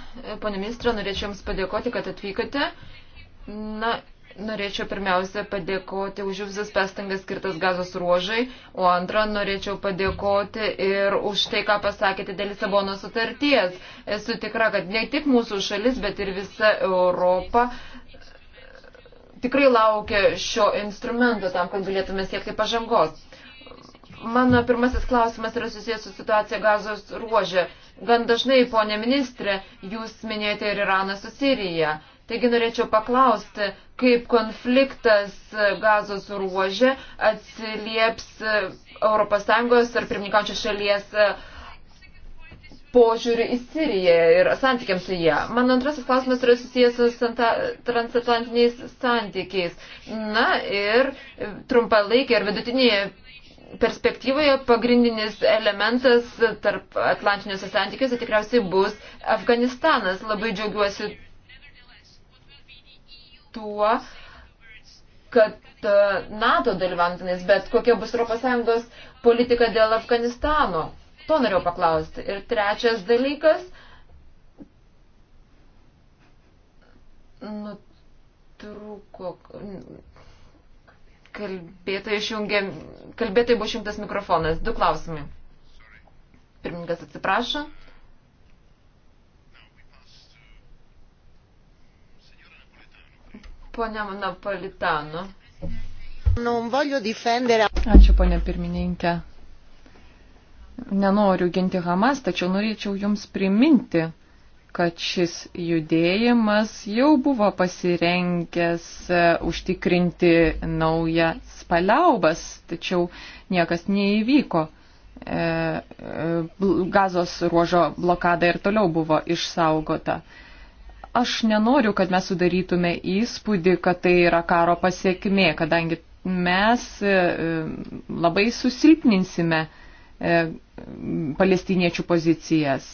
pone ministrė, norėčiau Jums padėkoti, kad atvykote. Na, Norėčiau pirmiausia padėkoti už visas pastangas skirtas gazos ruožai, o antra, norėčiau padėkoti ir už tai, ką pasakėte dėl Lisabono sutarties. Esu tikra, kad ne tik mūsų šalis, bet ir visa Europa tikrai laukia šio instrumento tam, kad galėtume siekti pažangos. Mano pirmasis klausimas yra susijęs su situacija gazos ruožė. Gan dažnai, ponė ministrė, jūs minėjote ir Iraną su Sirija. Taigi norėčiau paklausti, kaip konfliktas gazos ruožė atsilieps ES ar pirmininkančio šalies požiūrį į Siriją ir santykiams su ją. Mano antrasis klausimas yra susijęs su transatlantiniais santykiais. Na ir trumpalaikė ir vidutinėje perspektyvoje pagrindinis elementas tarp atlantiniuose santykiuose tikriausiai bus Afganistanas. Labai džiaugiuosi tuo, kad e, NATO dalyvantinis, bet kokia bus ES politika dėl Afganistano. To norėjau paklausti. Ir trečias dalykas. Nutrūko Kalbėtojai išjungė, kalbėtojai buvo šimtas mikrofonas. Du klausimai. Pirmininkas atsiprašo. Pone Napolitano. Ačiū, ponė pirmininkė. Nenoriu ginti Hamas, tačiau norėčiau Jums priminti, kad šis judėjimas jau buvo pasirengęs e, užtikrinti naują spaliaubas, tačiau niekas neįvyko. E, e, gazos ruožo blokada ir toliau buvo išsaugota. Aš nenoriu, kad mes sudarytume įspūdį, kad tai yra karo pasiekmė, kadangi mes labai susilpninsime palestiniečių pozicijas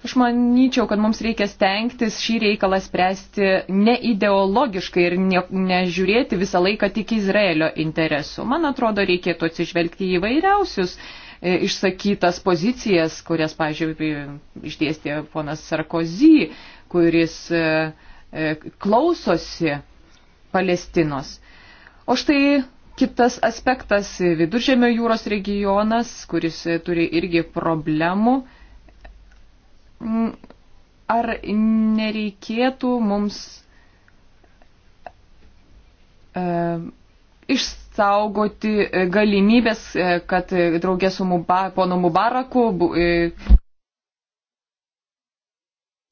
Aš manyčiau, kad mums reikia stengtis šį reikalą spręsti ne ideologiškai ir ne, nežiūrėti visą laiką tik Izraelio interesų. Man atrodo, reikėtų atsižvelgti į vairiausius e, išsakytas pozicijas, kurias, pažiūrėjau, išdėstė ponas Sarkozy, kuris e, e, klausosi Palestinos. O štai kitas aspektas - viduržėmio jūros regionas, kuris e, turi irgi problemų. E, Mm, ar nereikėtų mums e, išsaugoti e, galimybės, e, kad e, draugė su Muba, ponu Mubaraku e,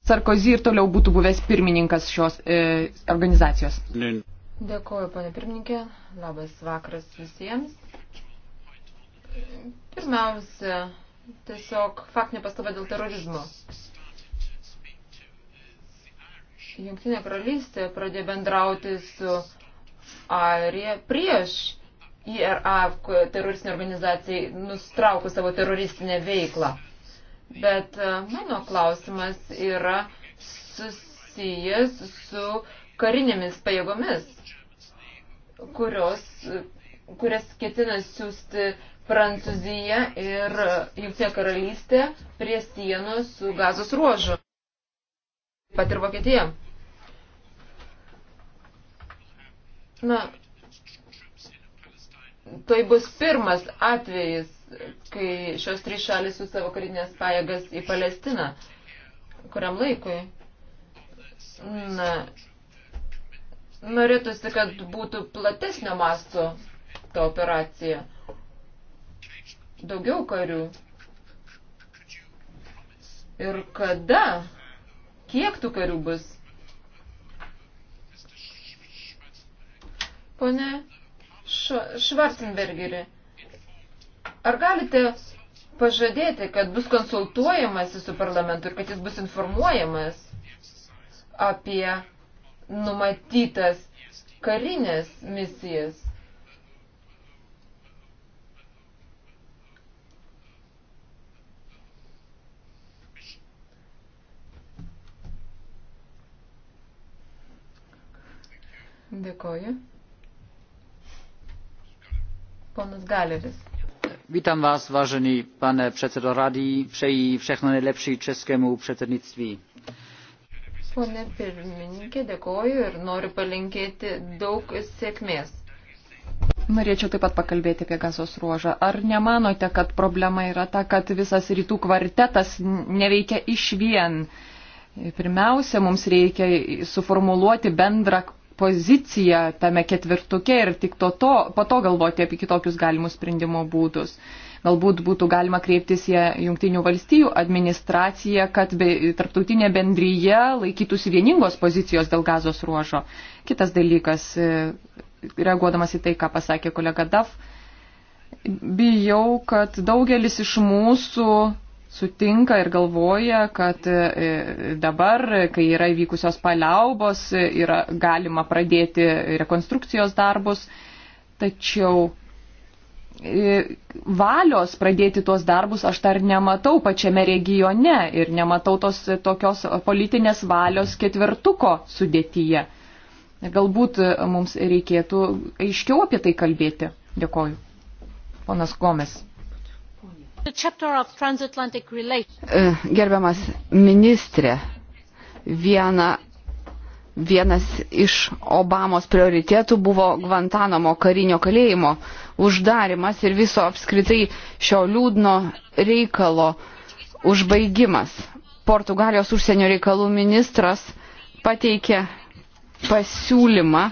Sarkozy ir toliau būtų buvęs pirmininkas šios e, organizacijos. Dėkuoju, pane pirmininkė. Labas vakaras visiems. Pirmiausia, Tiesiog faktinė pastaba dėl terorizmo. Jungtinė karalystė pradėjo bendrauti su Airija prieš IRA teroristinė organizacija nustraukų savo teroristinę veiklą. Bet e, mano klausimas yra susijęs su karinėmis pajėgomis, kurios kurias ketina siūsti Prancūzija ir Jungtinė karalystė prie sienos su gazos ruožu. Taip pat ir Vokietija. Na, tai bus pirmas atvejis, kai šios trys šalis su savo karinės pajėgas į Palestiną. Kuriam laikui? Na, norėtųsi, kad būtų platesnio masto tą operaciją. Daugiau karių. Ir kada? Kiek tų karių bus? Pone Švarcenbergeri, ar galite pažadėti, kad bus konsultuojamas su parlamentu ir kad jis bus informuojamas apie numatytas karinės misijas? Dėkoju. Ponas Galeris. Witam Was, ważny Panie Przewodniczący Rady. Przej wszechno najlepszej czeskiemu przewodnictwi. Pone pirmininkė, dėkoju ir noriu palinkėti daug sėkmės. Norėčiau taip pat pakalbėti apie gazos ruožą. Ar nemanote, kad problema yra ta, kad visas rytų kvartetas neveikia iš vien? Pirmiausia, mums reikia suformuluoti bendrą poziciją tame ketvirtuke ir tik to, to, po to galvoti apie kitokius galimus sprendimo būdus. Galbūt būtų galima kreiptis į Junktinių valstijų administraciją, kad be, tarptautinė bendryje laikytųsi vieningos pozicijos dėl gazos ruožo. Kitas dalykas, e, reaguodamas į tai, ką pasakė kolega Daf, bijau, kad daugelis iš mūsų sutinka ir galvoja, kad e, dabar, kai yra įvykusios paliaubos, e, yra galima pradėti rekonstrukcijos darbus, tačiau e, valios pradėti tuos darbus aš dar nematau pačiame regione ir nematau tos tokios politinės valios ketvirtuko sudėtyje. Galbūt mums reikėtų aiškiau apie tai kalbėti. Dėkoju. Ponas Gomes. E, gerbiamas ministrė, viena, vienas iš Obamos prioritėtų buvo Guantanamo karinio kalėjimo uždarimas ir viso apskritai šio liūdno reikalo užbaigimas. Portugalijos užsienio reikalų ministras pateikė pasiūlymą,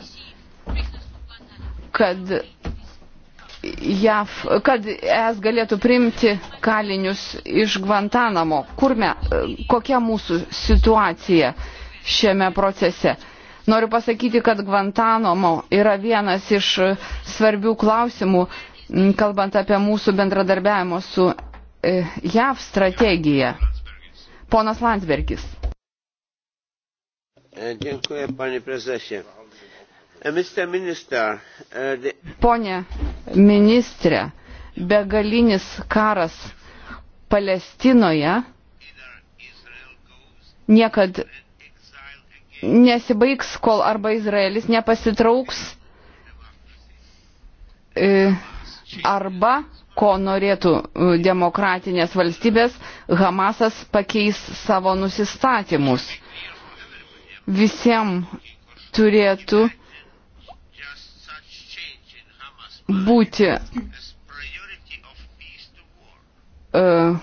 kad JAF, kad ES galėtų priimti kalinius iš Guantanamo. Kurme, kokia mūsų situacija šiame procese? Noriu pasakyti, kad Guantanamo yra vienas iš svarbių klausimų, kalbant apie mūsų bendradarbiavimo su e, JAV strategiją. Ponas Landsbergis. E, Dėkuoju, panie prezesė. E, Pone ministrė, begalinis karas Palestinoje niekad nesibaigs, kol arba Izraelis nepasitrauks, e, arba, ko norėtų e, demokratinės valstybės, Hamasas pakeis savo nusistatymus. Visiems turėtų būti uh,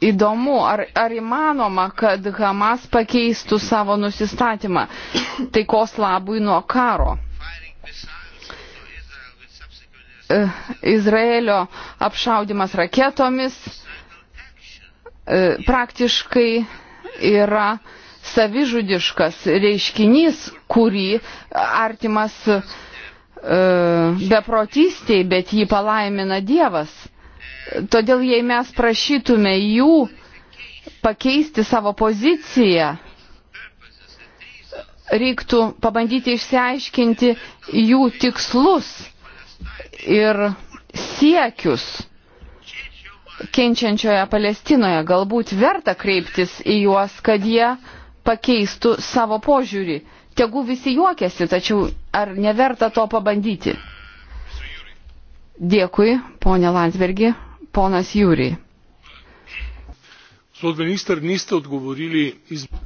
įdomu, ar, ar įmanoma, kad Hamas pakeistų savo nusistatymą taikos labui nuo karo. Uh, Izraelio apšaudimas raketomis uh, praktiškai yra savižudiškas reiškinys, kurį artimas uh, E, beprotystiai, bet jį palaimina Dievas. Todėl jei mes prašytume jų pakeisti savo poziciją, reiktų pabandyti išsiaiškinti jų tikslus ir siekius kenčiančioje Palestinoje. Galbūt verta kreiptis į juos, kad jie pakeistų savo požiūrį Tegu visi juokiasi, tačiau ar neverta to pabandyti? Dėkui, ponė Landsbergi, ponas Jūri.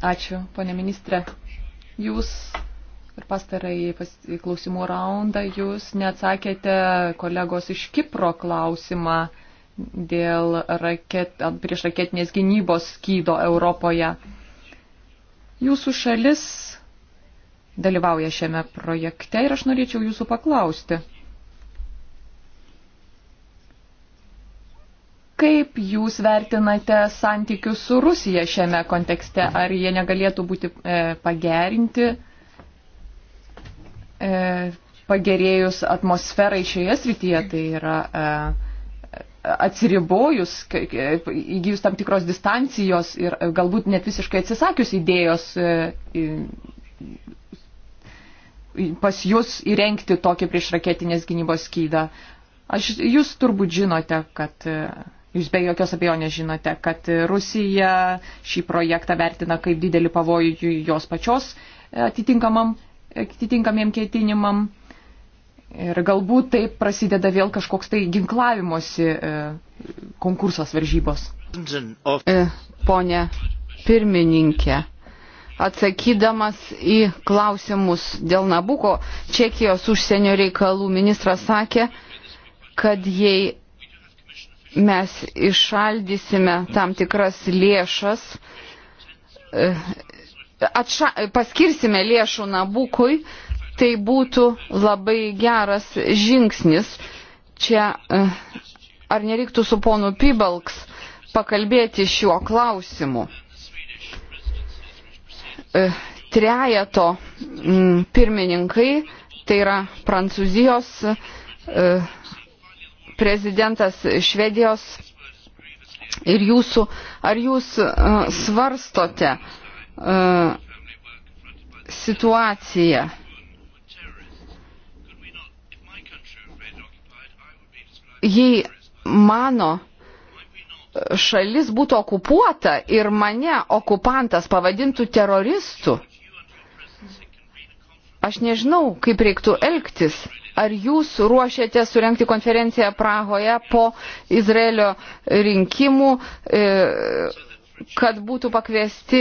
Ačiū, ponė ministrė. Jūs ir pastarąjį klausimų raundą jūs neatsakėte kolegos iš Kipro klausimą dėl raket, prieš raketinės gynybos skydo Europoje. Jūsų šalis dalyvauja šiame projekte ir aš norėčiau jūsų paklausti. Kaip jūs vertinate santykius su Rusija šiame kontekste? Ar jie negalėtų būti e, pagerinti, e, pagerėjus atmosferai šioje srityje, tai yra e, atsiribojus, įgyjus tam tikros distancijos ir e, galbūt net visiškai atsisakius idėjos e, pas jūs įrengti tokį priešraketinės gynybos skydą. Aš, jūs turbūt žinote, kad, jūs be jokios abejonės žinote, kad Rusija šį projektą vertina kaip didelį pavojų jos pačios atitinkamiem ketinimam. Ir galbūt taip prasideda vėl kažkoks tai ginklavimosi e, konkursas varžybos. E, Pone pirmininkė, atsakydamas į klausimus dėl Nabuko, Čekijos užsienio reikalų ministras sakė, kad jei mes išaldysime tam tikras lėšas, e, atša, paskirsime lėšų Nabukui, tai būtų labai geras žingsnis. Čia e, ar nereiktų su ponu Pibalks pakalbėti šiuo klausimu? E, trejato pirmininkai, tai yra Prancūzijos e, prezidentas Švedijos ir jūsų, ar jūs e, svarstote situaciją? Jei mano šalis būtų okupuota ir mane okupantas pavadintų teroristu, aš nežinau, kaip reiktų elgtis. Ar jūs ruošiate surenkti konferenciją Prahoje po Izraelio rinkimų, e, kad būtų pakviesti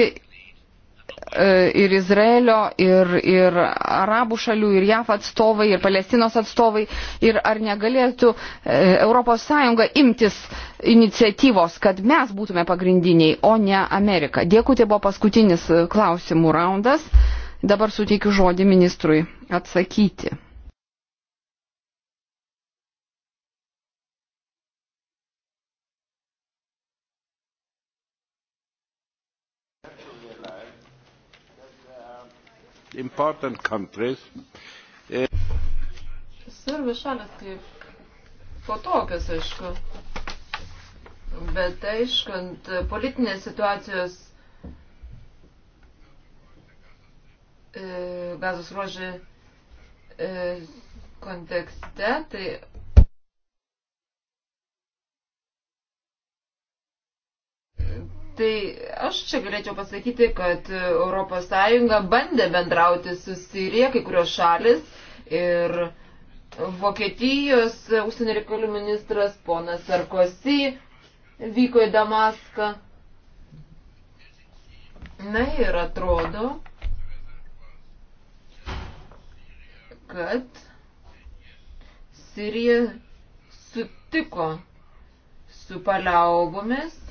E, ir Izraelio, ir, ir arabų šalių, ir JAF atstovai, ir Palestinos atstovai, ir ar negalėtų ES imtis iniciatyvos, kad mes būtume pagrindiniai, o ne Amerika. Dėkui, tai buvo paskutinis e, klausimų raundas. Dabar suteikiu žodį ministrui atsakyti. important countries. Svarbios šalis kaip po tokios, aišku. Bet aišku, ant politinės situacijos e, gazos ruožė e, kontekste, tai Tai aš čia galėčiau pasakyti, kad ES bandė bendrauti su Sirija, kai kurios šalis ir Vokietijos užsienio reikalų ministras ponas Sarkozy vyko į Damaską. Na ir atrodo, kad Sirija sutiko su paliaubomis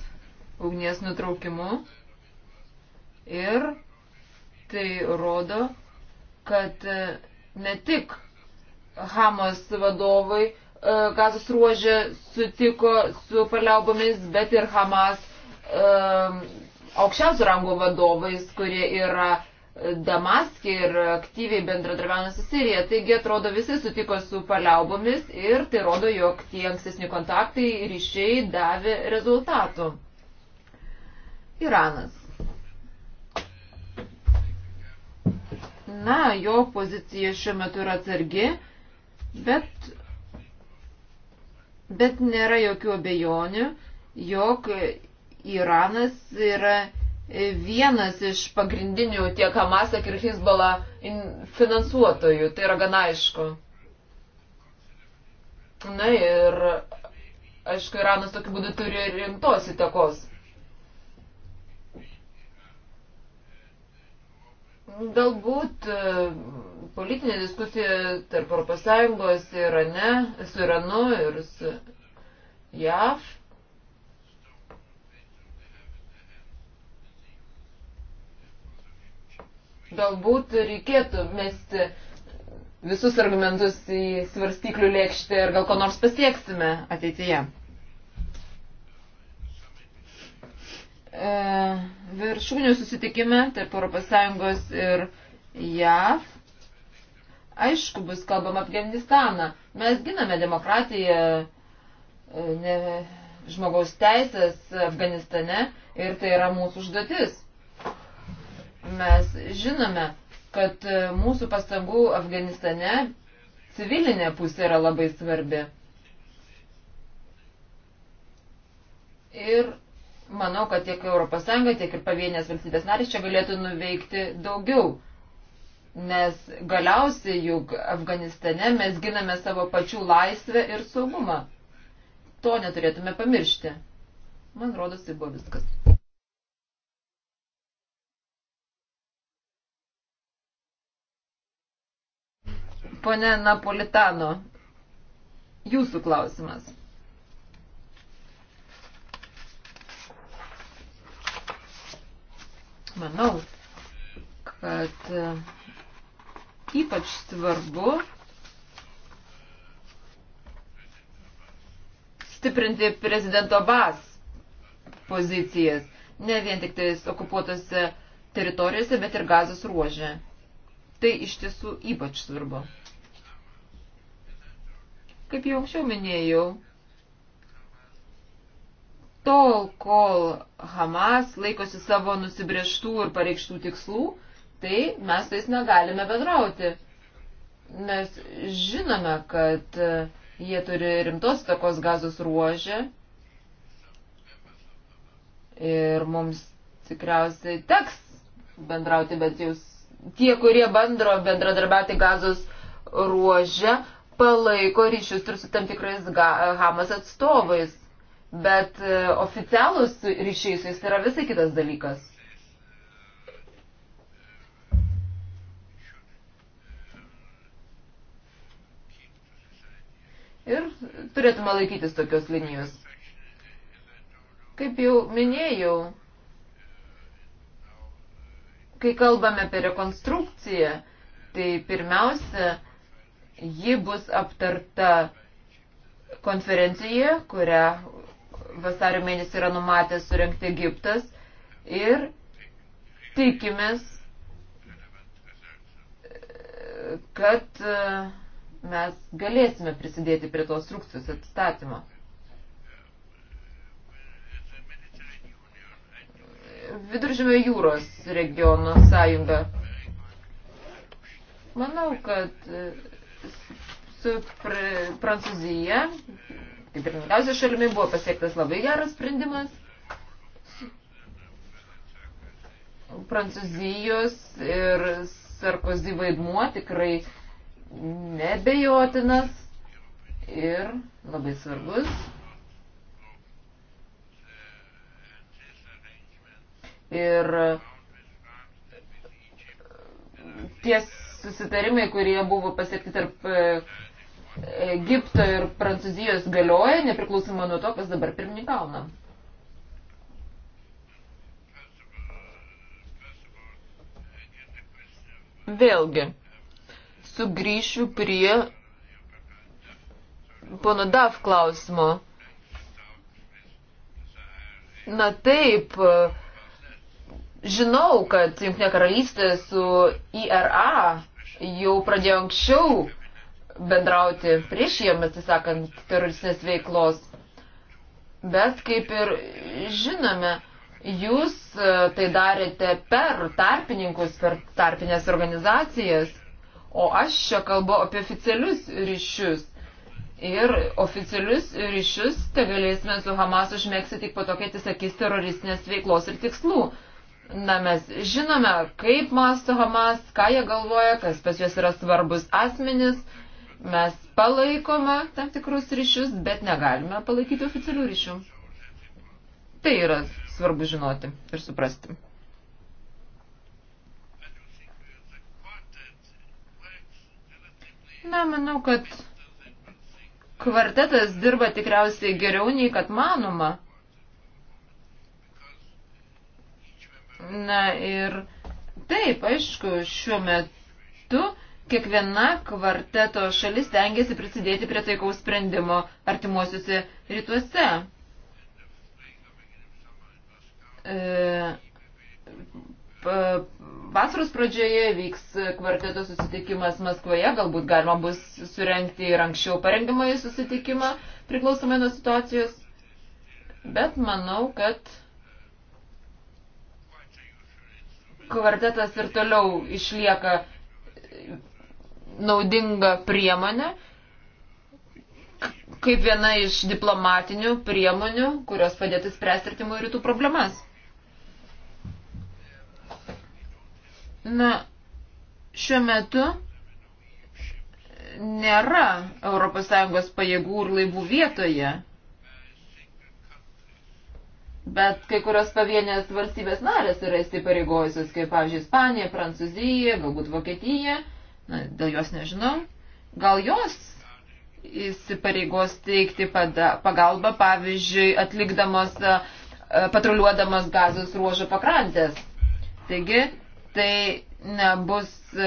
ugnies nutraukimu. Ir tai rodo, kad e, ne tik Hamas vadovai e, gazos ruožė sutiko su paliaubomis, bet ir Hamas e, aukščiausių rangų vadovais, kurie yra Damaskį ir aktyviai bendradarbiavome su Sirija. Taigi atrodo visi sutiko su paliaubomis ir tai rodo, jog tie ankstesni kontaktai ryšiai davė rezultatų. Iranas. Na, jo pozicija šiuo metu yra atsargi, bet, bet nėra jokių abejonių, jog Iranas yra vienas iš pagrindinių tiek Hamas, tiek ir Hezbollah finansuotojų. Tai yra gana aišku. Na ir, aišku, Iranas tokiu būdu turi rimtos įtakos. Galbūt e, politinė diskusija tarp ES Irane, su Iranu ir su JAV galbūt reikėtų mesti visus argumentus į svarstyklių lėkštę ir gal ko nors pasieksime ateityje. E, viršūnių susitikime tarp ES ir JAV. Aišku, bus kalbama apie Afganistaną. Mes giname demokratiją, e, ne, žmogaus teisės Afganistane ir tai yra mūsų užduotis. Mes žinome, kad e, mūsų pastangų Afganistane civilinė pusė yra labai svarbi. Ir Manau, kad tiek ES, tiek ir pavienės valstybės narys čia galėtų nuveikti daugiau. Nes galiausiai juk Afganistane mes giname savo pačių laisvę ir saugumą. To neturėtume pamiršti. Man rodos, tai buvo viskas. Pone Napolitano, jūsų klausimas. Manau, kad e, ypač svarbu stiprinti prezidento Bas pozicijas, ne vien tik tais okupuotose teritorijose, bet ir gazos ruožė. Tai iš tiesų ypač svarbu. Kaip jau anksčiau minėjau, tol, kol Hamas laikosi savo nusibrieštų ir pareikštų tikslų, tai mes tais negalime bendrauti. Mes žinome, kad e, jie turi rimtos takos gazos ruožę ir mums tikriausiai teks bendrauti, bet jūs tie, kurie bandro bendradarbiauti gazos ruožę, palaiko ryšius ir su tam tikrais Hamas atstovais bet e, oficialūs ryšiai su jais yra visai kitas dalykas. Ir turėtume laikytis tokios linijos. Kaip jau minėjau, kai kalbame apie rekonstrukciją, tai pirmiausia, ji bus aptarta konferencijoje, kurią vasario mėnesį yra numatęs surenkti Egiptas ir tikimės, kad e, mes galėsime prisidėti prie tos rūkcijos atstatymo. Viduržymio jūros regiono sąjunga. Manau, kad e, su pr Prancūzija kaip ir pirmiausia šalimi buvo pasiektas labai geras sprendimas. Prancūzijos ir Sarkozy vaidmuo tikrai nebejotinas ir labai svarbus. Ir tie susitarimai, kurie buvo pasiekti tarp Egipto ir Prancūzijos galioja, nepriklausomai nuo to, kas dabar pirmininkauna. Vėlgi, sugrįšiu prie pono DAF klausimo. Na taip, žinau, kad Junktinė karalystė su IRA jau pradėjo anksčiau bendrauti prieš jiem, atsisakant teroristinės veiklos. Bet kaip ir žinome, jūs e, tai darėte per tarpininkus, per tarpinės organizacijas, o aš čia kalbu apie oficialius ryšius. Ir oficialius ryšius te galėsime su Hamas užmėgsi tik po to, kai atsisakys teroristinės veiklos ir tikslų. Na, mes žinome, kaip masto Hamas, ką jie galvoja, kas pas juos yra svarbus asmenis, Mes palaikome tam tikrus ryšius, bet negalime palaikyti oficialių ryšių. Tai yra svarbu žinoti ir suprasti. Na, manau, kad kvartetas dirba tikriausiai geriau nei kad manoma. Na ir taip, aišku, šiuo metu kiekviena kvarteto šalis tengiasi prisidėti prie taikaus sprendimo artimuosiuose rytuose. E, vasaros pradžioje vyks kvarteto susitikimas Maskvoje, galbūt galima bus surenkti ir anksčiau parengimąjį susitikimą, priklausomai nuo situacijos. Bet manau, kad kvartetas ir toliau išlieka naudinga priemonė, kaip viena iš diplomatinių priemonių, kurios padėtų spręsti artimų rytų problemas. Na, šiuo metu nėra ES pajėgų ir laivų vietoje. Bet kai kurios pavienės valstybės narės yra įsipareigojusios, kaip pavyzdžiui, Ispanija, Prancūzija, galbūt Vokietija. Na, dėl jos nežinau. Gal jos įsipareigos teikti pagalbą, pavyzdžiui, atlikdamos, patruliuodamos gazos ruožo pakrantės. Taigi, tai nebus e,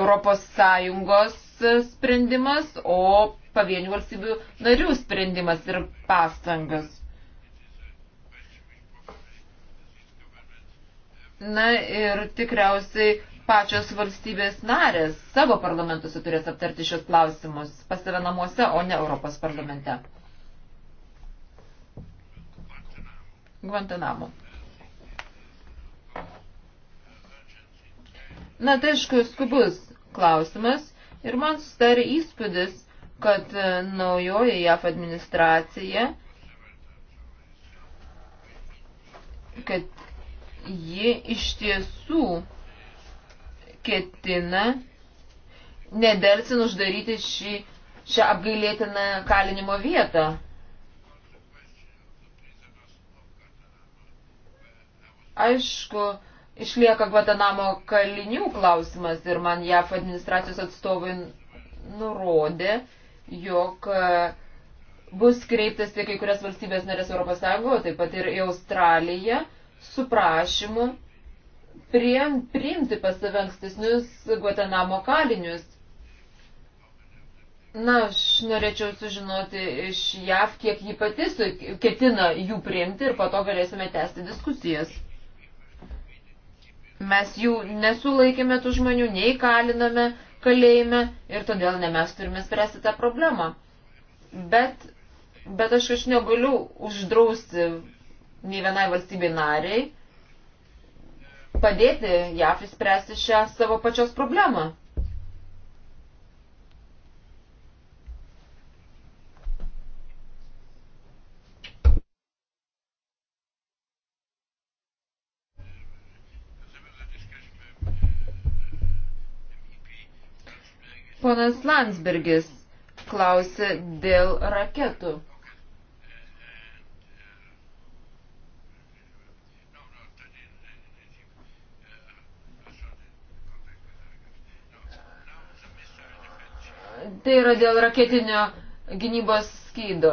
Europos Sąjungos sprendimas, o pavienių valstybių narių sprendimas ir pastangas. Na ir tikriausiai pačios valstybės narės savo parlamentuose turės aptarti šios klausimus pas save namuose, o ne Europos parlamente. Guantanamo. Na, tai aišku, skubus klausimas ir man susidarė įspūdis, kad e, naujoji JAF administracija, kad ji iš tiesų ketina nedersin uždaryti šį, šią apgailėtiną kalinimo vietą. Aišku, išlieka Gvatanamo kalinių klausimas ir man JAF administracijos atstovai nurodė, jog e, bus kreiptas tiek kai kurias valstybės narės Europos Sąjungoje, taip pat ir į Australiją, su prašymu priim, priimti pas save ankstesnius Guantanamo kalinius. Na, aš norėčiau sužinoti iš JAV, kiek jį pati su, ketina jų priimti ir po to galėsime tęsti diskusijas. Mes jų nesulaikėme tų žmonių, nei kaliname kalėjime ir todėl ne mes turime spręsti tą problemą. Bet, bet aš aš negaliu uždrausti nei vienai valstybei nariai padėti JAF įspręsti šią savo pačios problemą. Ponas Landsbergis klausė dėl raketų. Tai yra dėl raketinio gynybos skydo.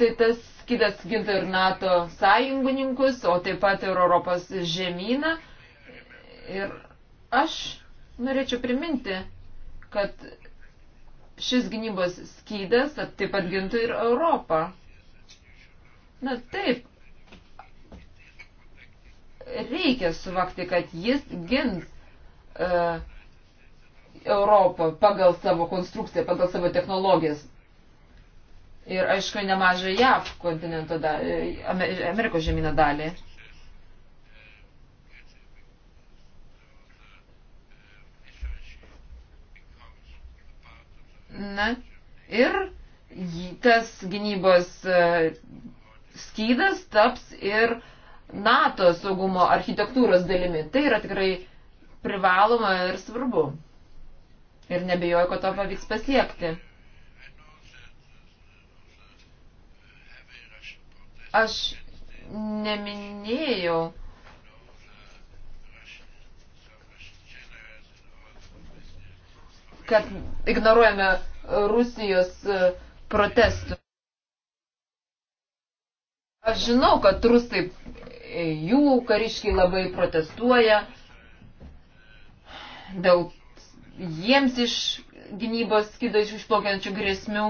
Tai tas skydas gintų ir NATO sąjungininkus, o taip pat ir Europos žemyną. Ir aš norėčiau priminti, kad šis gynybos skydas taip pat gintų ir Europą. Na taip, reikia suvokti, kad jis gins uh, Europą pagal savo konstrukciją, pagal savo technologijas. Ir aišku, nemažą JAV kontinento dalį, Amerikos žemyną dalį. Na, ir tas gynybos e, skydas taps ir NATO saugumo architektūros dalimi. Tai yra tikrai privaloma ir svarbu ir nebejoju, kad to pavyks pasiekti. Aš neminėjau kad ignoruojame Rusijos e, protestų. Aš žinau, kad rusai, e, jų kariškiai labai protestuoja dėl jiems iš gynybos skido iš išplaukiančių grėsmių.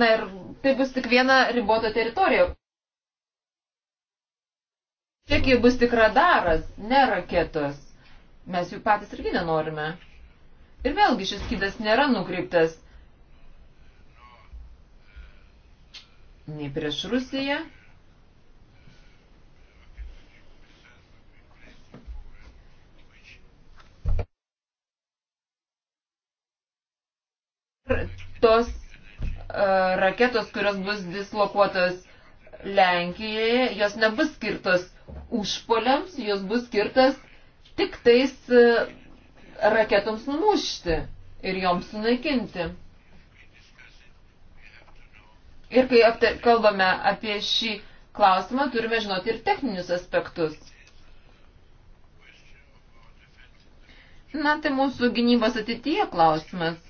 Na ir tai bus tik viena ribota teritorija. Čekija bus tik radaras, ne raketos. Mes jų patys irgi nenorime. Ir vėlgi šis skydas nėra nukreiptas nei prieš Rusiją, tos e, raketos, kurios bus dislokuotos Lenkijoje, jos nebus skirtos užpoliams, jos bus skirtas tik tais e, raketoms numušti ir joms sunaikinti. Ir kai apte, kalbame apie šį klausimą, turime žinoti ir techninius aspektus. Na, tai mūsų gynybos ateityje klausimas.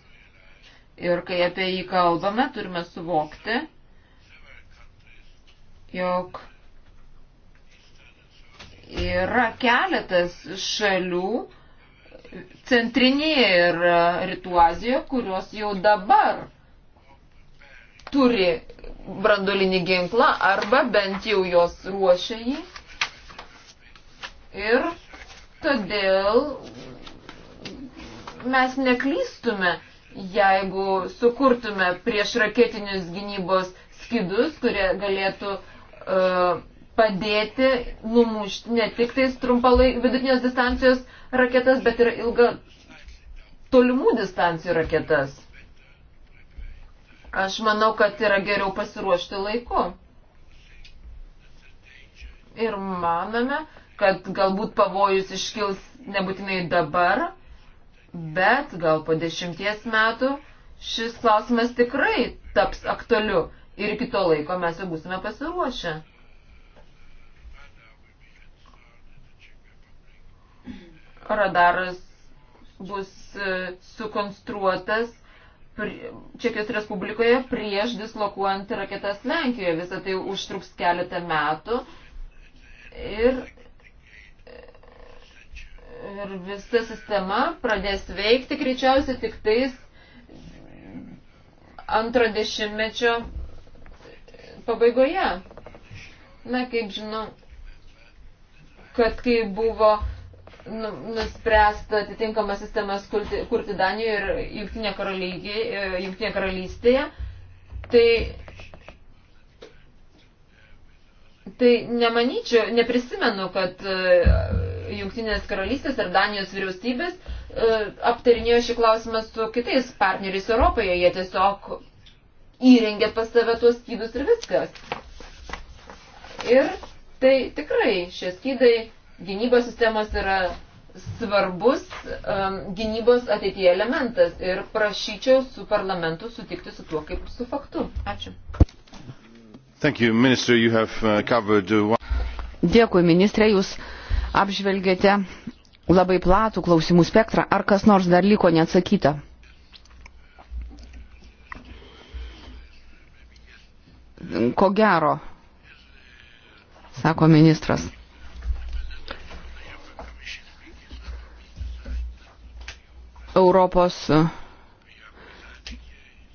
Ir kai apie jį kalbame, turime suvokti, jog yra keletas šalių centrinėje ir rytų Azijoje, kurios jau dabar turi brandolinį ginklą arba bent jau jos ruošia jį. Ir todėl mes neklystume jeigu sukurtume prieš raketinius gynybos skydus, kurie galėtų uh, padėti numušti ne tik tais trumpalai vidutinės distancijos raketas, bet ir ilga tolimų distancijų raketas. Aš manau, kad yra geriau pasiruošti laiku. Ir manome, kad galbūt pavojus iškils nebūtinai dabar, bet gal po dešimties metų šis klausimas tikrai taps aktualiu ir iki to laiko mes jau būsime pasiruošę. Radaras bus e, sukonstruotas Čekijos Respublikoje prieš dislokuojant raketas Lenkijoje. Visą tai užtruks keletą metų ir ir visa sistema pradės veikti greičiausiai tik tais antro dešimtmečio pabaigoje. Na, kaip žinau, kad kai buvo nu, nuspręsta atitinkamas sistemas kurti, kurti Danijoje ir Junktinė karalystėje, e, karalystėje, tai Tai nemanyčiau, neprisimenu, kad e, Junktinės karalystės ar Danijos vyriausybės e, aptarinėjo šį klausimą su kitais partneriais Europoje. Jie tiesiog įrengė pas save tuos skydus ir viskas. Ir tai tikrai šie skydai gynybos sistemos yra svarbus um, gynybos ateityje elementas ir prašyčiau su parlamentu sutikti su tuo kaip su faktu. Ačiū. Thank you, Minister, you have, uh, covered, uh, Dėkui, ministrė, jūs apžvelgėte labai platų klausimų spektrą. Ar kas nors dar liko neatsakyta? Ko gero, sako ministras. Europos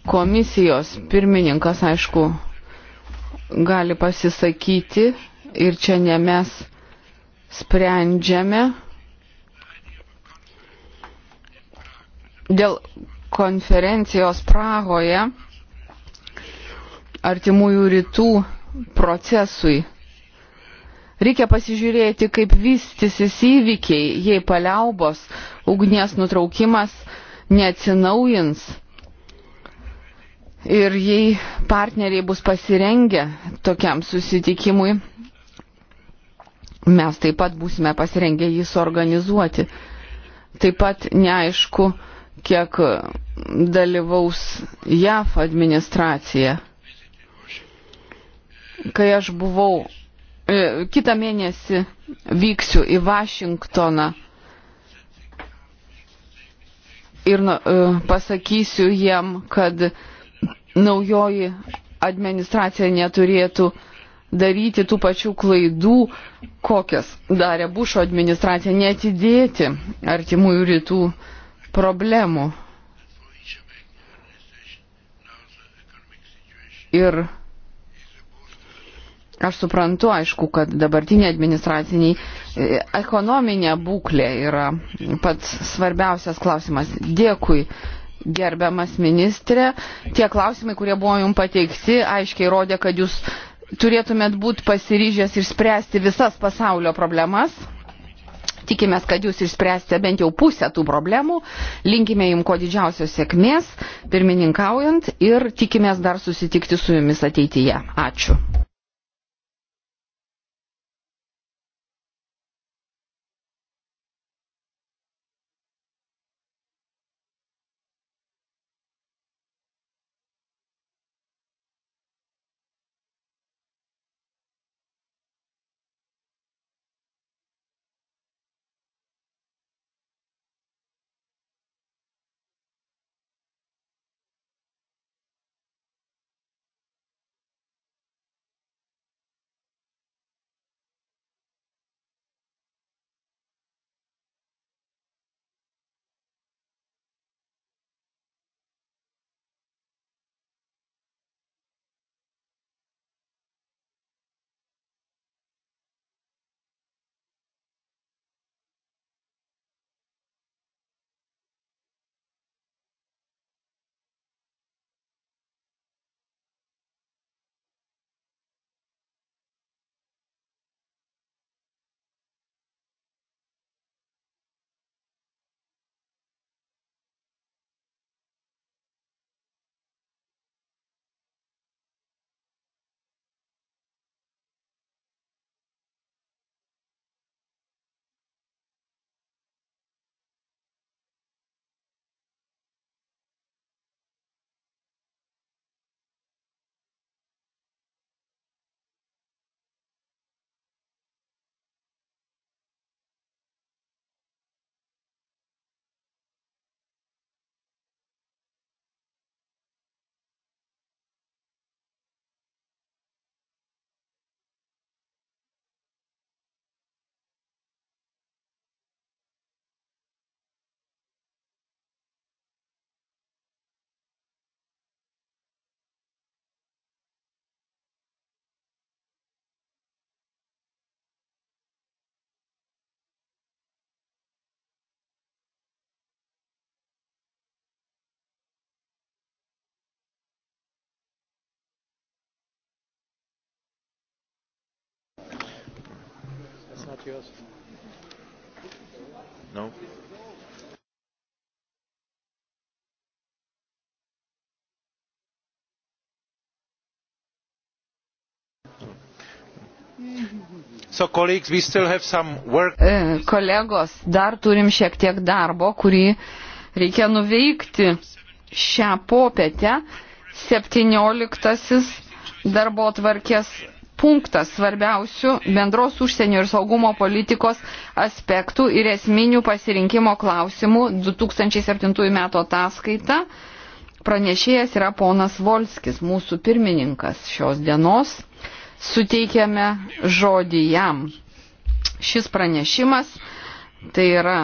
komisijos pirmininkas, aišku, gali pasisakyti ir čia ne mes sprendžiame dėl konferencijos Prahoje artimųjų rytų procesui. Reikia pasižiūrėti, kaip vystysis įvykiai, jei paliaubos, ugnies nutraukimas neatsinaujins ir jei partneriai bus pasirengę tokiam susitikimui mes taip pat būsime pasirengę jį suorganizuoti. Taip pat neaišku, kiek dalyvaus JAF administracija. Kai aš buvau, e, kitą mėnesį vyksiu į Vašingtoną ir e, pasakysiu jiem, kad naujoji administracija neturėtų uh, daryti tų pačių klaidų, kokias darė Bušo administracija, netidėti artimųjų rytų problemų. Ir aš suprantu, aišku, kad dabartinė administraciniai e, ekonominė būklė yra pats svarbiausias klausimas. Dėkui gerbiamas ministrė, tie klausimai, kurie buvo jums pateikti, aiškiai rodė, kad jūs turėtumėt būti pasiryžęs išspręsti visas pasaulio problemas. Tikimės, kad jūs išspręsite bent jau pusę tų problemų. Linkime jums kuo didžiausios sėkmės, pirmininkaujant ir tikimės dar susitikti su jumis ateityje. Ačiū. Turkijos? No. So, e, Kolegos, dar turim šiek tiek darbo, kurį reikia nuveikti šią popietę. 17 darbo tvarkės punktas svarbiausių bendros užsienio ir saugumo politikos aspektų ir esminių pasirinkimo klausimų 2007 metų ataskaita. Pranešėjas yra ponas Volskis, mūsų pirmininkas šios dienos. Suteikėme žodį jam. Šis pranešimas tai yra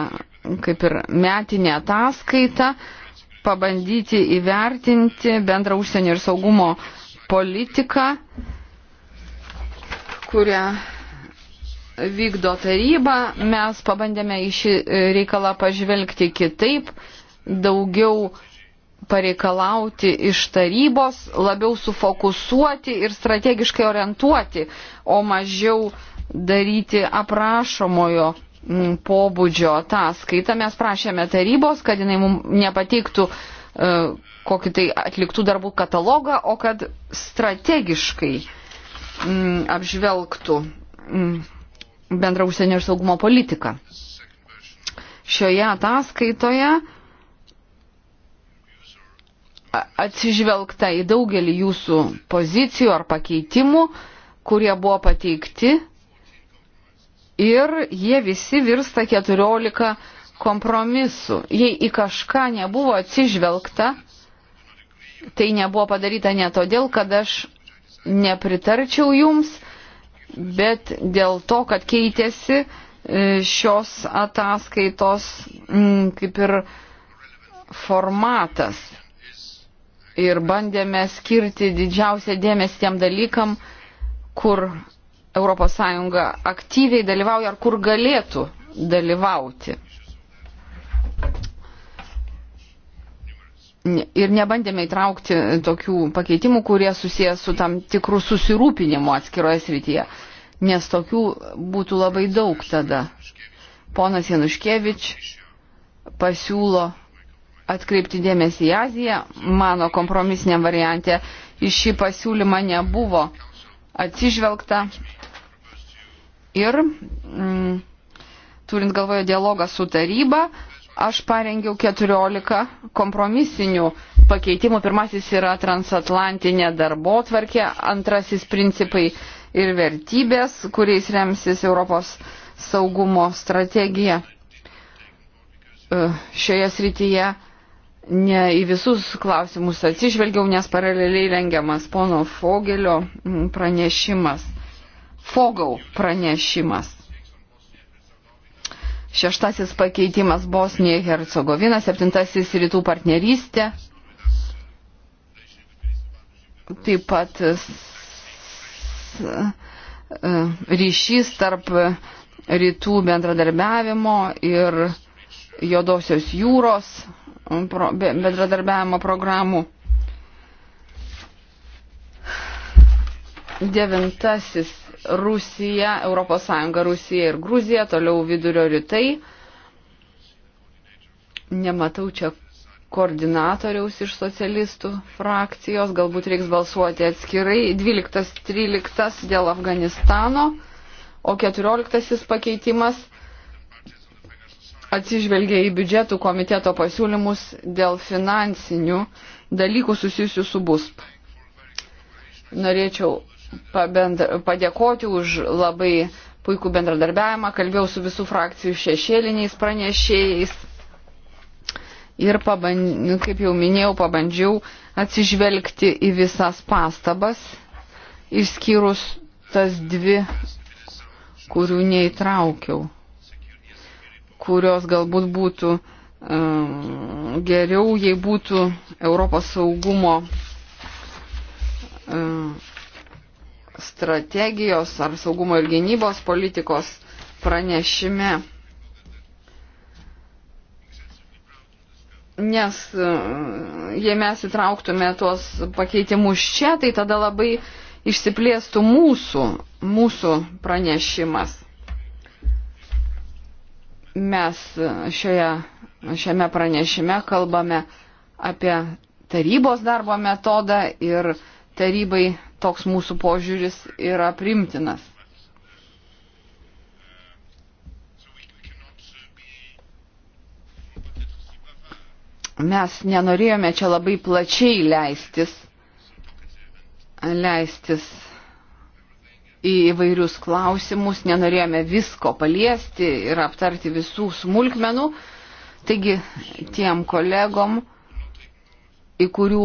kaip ir metinė ataskaita, pabandyti įvertinti bendrą užsienio ir saugumo politiką kurią vykdo taryba, mes pabandėme į šį e, reikalą pažvelgti kitaip, daugiau pareikalauti iš tarybos, labiau sufokusuoti ir strategiškai orientuoti, o mažiau daryti aprašomojo pobūdžio ataskaitą. Mes prašėme tarybos, kad jinai mums nepateiktų e, kokį tai atliktų darbų katalogą, o kad strategiškai uh, m, mm, apžvelgtų m, mm, bendra užsienio ir saugumo politiką. Šioje ataskaitoje atsižvelgta į daugelį jūsų pozicijų ar pakeitimų, kurie buvo pateikti ir jie visi virsta 14 kompromisų. Jei į kažką nebuvo atsižvelgta, tai nebuvo padaryta ne todėl, kad aš nepritarčiau jums, bet dėl to, kad keitėsi e, šios ataskaitos mm, kaip ir formatas ir bandėme skirti didžiausią dėmesį tiem dalykam, kur ES aktyviai dalyvauja ar kur galėtų dalyvauti. ir nebandėme įtraukti tokių pakeitimų, kurie susijęs su tam tikrų susirūpinimu atskiroje srityje, nes tokių būtų labai daug tada. Ponas Januškevič pasiūlo atkreipti dėmesį į Aziją. Mano kompromisiniam variantė į šį pasiūlymą nebuvo atsižvelgta. Ir mm, turint galvoje dialogą su taryba, Aš parengiau 14 kompromisinių pakeitimų. Pirmasis yra transatlantinė darbo tvarkė, antrasis principai ir vertybės, kuriais remsis Europos saugumo strategija. E, šioje srityje ne į visus klausimus atsižvelgiau, nes paraleliai rengiamas pono Fogelio pranešimas. Fogau pranešimas. Šeštasis pakeitimas Bosnija Hercegovina, septintasis rytų partnerystė. Taip pat e, ryšys tarp rytų bendradarbiavimo ir Jodosios jūros bendradarbiavimo programų. Devintasis Rusija, ES, Rusija ir Gruzija, toliau vidurio rytai. Nematau čia koordinatoriaus iš socialistų frakcijos, galbūt reiks balsuoti atskirai. 12-13 dėl Afganistano, o 14 pakeitimas atsižvelgia į biudžetų komiteto pasiūlymus dėl finansinių dalykų susijusių su BUSP. Norėčiau padėkoti už labai puikų bendradarbiavimą, kalbėjau su visų frakcijų šešėliniais pranešėjais ir, paban, kaip jau minėjau, pabandžiau atsižvelgti į visas pastabas, išskyrus tas dvi, kurių neįtraukiau, kurios galbūt būtų um, geriau, jei būtų Europos saugumo um, strategijos ar saugumo ir gynybos politikos pranešime. Nes e, jei mes įtrauktume tuos pakeitimus čia, tai tada labai išsiplėstų mūsų, mūsų pranešimas. Mes šioje, šiame pranešime kalbame apie tarybos darbo metodą ir tarybai toks mūsų požiūris yra primtinas. Mes nenorėjome čia labai plačiai leistis, leistis į įvairius klausimus, nenorėjome visko paliesti ir aptarti visų smulkmenų. Taigi tiem kolegom, į kurių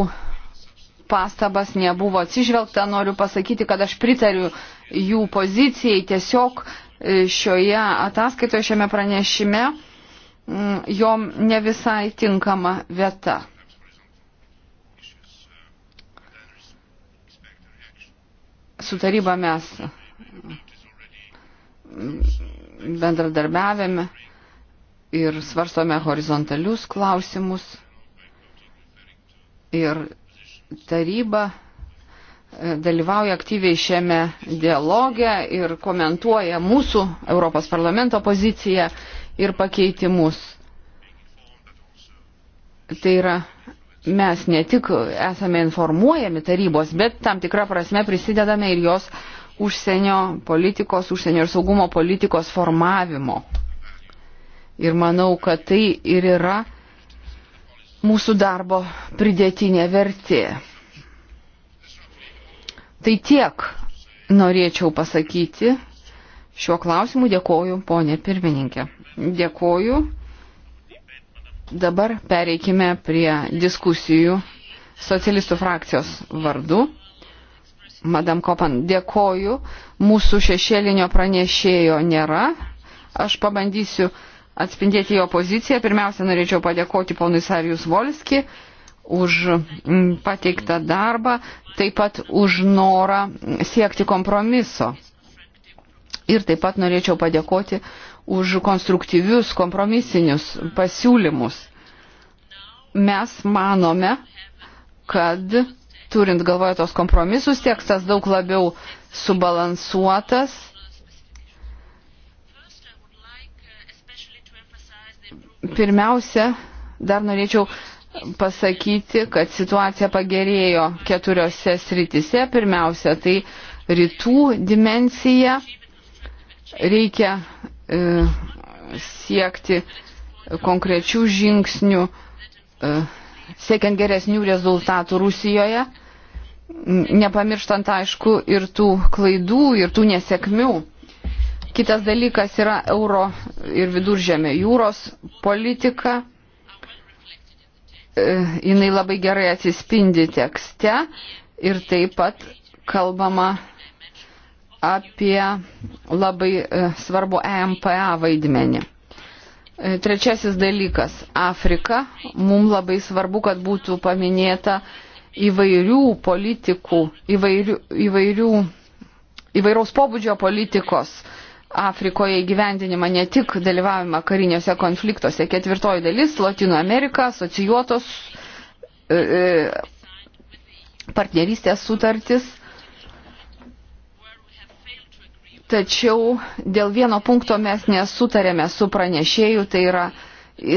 pastabas nebuvo atsižvelgta. Noriu pasakyti, kad aš pritariu jų pozicijai tiesiog e, šioje ataskaitoje, šiame pranešime jom ne visai tinkama vieta. Su taryba mes bendradarbiavėme ir svarstome horizontalius klausimus ir taryba e, dalyvauja aktyviai šiame dialoge ir komentuoja mūsų Europos parlamento poziciją ir pakeitimus. Tai yra, mes ne tik esame informuojami tarybos, bet tam tikrą prasme prisidedame ir jos užsienio politikos, užsienio ir saugumo politikos formavimo. Ir manau, kad tai ir yra mūsų darbo pridėtinė vertė. Tai tiek norėčiau pasakyti šiuo klausimu. Dėkoju, ponė pirmininkė. Dėkoju. Dabar pereikime prie diskusijų socialistų frakcijos vardu. Madam Kopan, dėkoju. Mūsų šešėlinio pranešėjo nėra. Aš pabandysiu atspindėti jo poziciją. Pirmiausia, norėčiau padėkoti ponui Sarijus Volski už mm, pateiktą darbą, taip pat už norą siekti kompromiso. Ir taip pat norėčiau padėkoti už konstruktyvius kompromisinius pasiūlymus. Mes manome, kad turint galvoje tos kompromisus, tekstas daug labiau subalansuotas Pirmiausia, dar norėčiau pasakyti, kad situacija pagerėjo keturiose sritise. Pirmiausia, tai rytų dimencija. Reikia e, siekti konkrečių žingsnių, e, siekiant geresnių rezultatų Rusijoje, nepamirštant aišku ir tų klaidų, ir tų nesėkmių Kitas dalykas yra euro ir viduržėmė jūros politika. E, jinai labai gerai atsispindi tekste ir taip pat kalbama apie labai e, svarbu EMPA vaidmenį. E, trečiasis dalykas - Afrika. Mums labai svarbu, kad būtų paminėta įvairių politikų, įvairių, įvairių, įvairaus pobūdžio politikos uh, Afrikoje įgyvendinimą, ne tik dalyvavimą kariniuose konfliktuose. Ketvirtoji dalis - Latino Amerika, asocijuotos e, e, partnerystės sutartis. Tačiau dėl vieno punkto mes nesutarėme su pranešėju, tai yra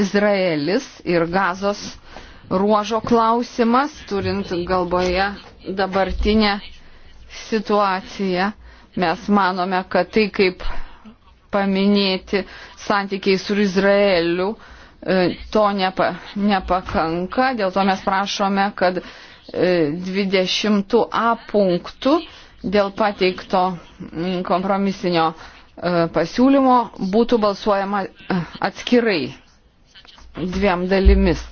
Izraelis ir gazos ruožo klausimas, turint galvoje dabartinę situaciją. Mes manome, kad tai kaip paminėti santykiai su Izraeliu, e, to nepa, nepakanka. Dėl to mes prašome, kad 20a e, punktų dėl pateikto mm, kompromisinio e, pasiūlymo būtų balsuojama atskirai dviem dalimis.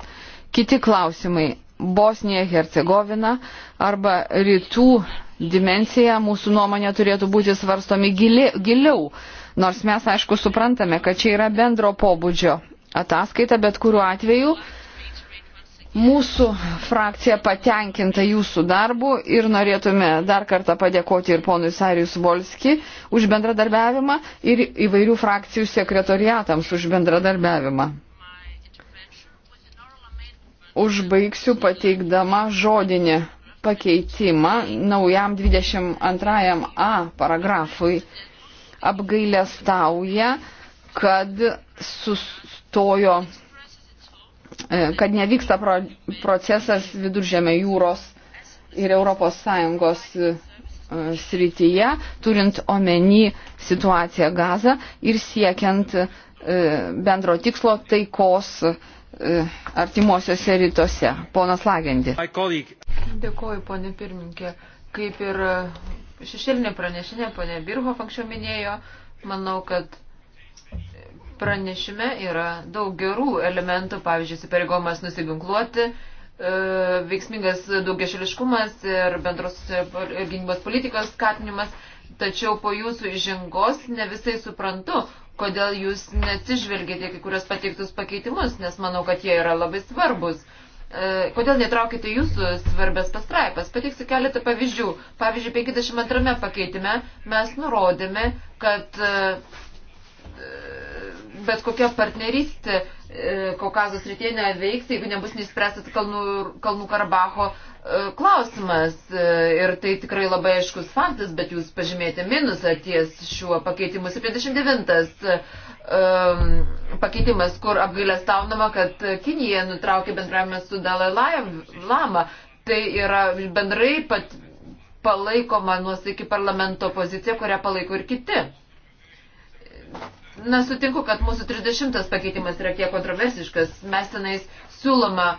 Kiti klausimai - Bosnija, Hercegovina arba rytų dimensiją mūsų nuomonė turėtų būti svarstomi gili, giliau, nors mes aišku suprantame, kad čia yra bendro pobūdžio ataskaita, bet kuriuo atveju mūsų frakcija patenkinta jūsų darbu ir norėtume dar kartą padėkoti ir ponui Sarijus Volski už bendradarbiavimą ir įvairių frakcijų sekretoriatams už bendradarbiavimą. Užbaigsiu pateikdama žodinį pakeitimą naujam 22a paragrafui apgailestauja, kad sustojo, e, kad nevyksta pro, procesas viduržėme jūros ir ES e, srityje, turint omeny situaciją Gazą ir siekiant e, bendro tikslo taikos E, artimuosiuose rytuose. Ponas Lagendi. Dėkuoju, ponė pirmininkė. Kaip ir e, šešėlinė pranešinė, ponė Birho anksčiau minėjo, manau, kad pranešime yra daug gerų elementų, pavyzdžiui, įsipareigomas nusiginkluoti, e, veiksmingas daugiašališkumas ir bendros gynybos politikos skatinimas, tačiau po jūsų žingos ne visai suprantu, kodėl jūs nesižvelgėte kai kurios pateiktus pakeitimus, nes manau, kad jie yra labai svarbus. E, kodėl netraukite jūsų svarbės pastraipas? Pateiksiu keletą pavyzdžių. Pavyzdžiui, 52 pakeitime mes nurodėme, kad e, bet kokia partnerystė e, Kaukazos rytėje neveiks, jeigu nebus neįspręstas Kalnų, Kalnų Karabaho e, klausimas. E, ir tai tikrai labai aiškus faktas, bet jūs pažymėjote minusą ties šiuo pakeitimu 79 pakeitimas, kur apgailestaunama, kad Kinija nutraukė bendravimą su Dalai Lama. Tai yra bendrai pat palaikoma nuosaiki parlamento pozicija, kurią palaiko ir kiti Na, sutinku, kad mūsų 30 pakeitimas yra kiek kontroversiškas. Mes tenais siūloma e,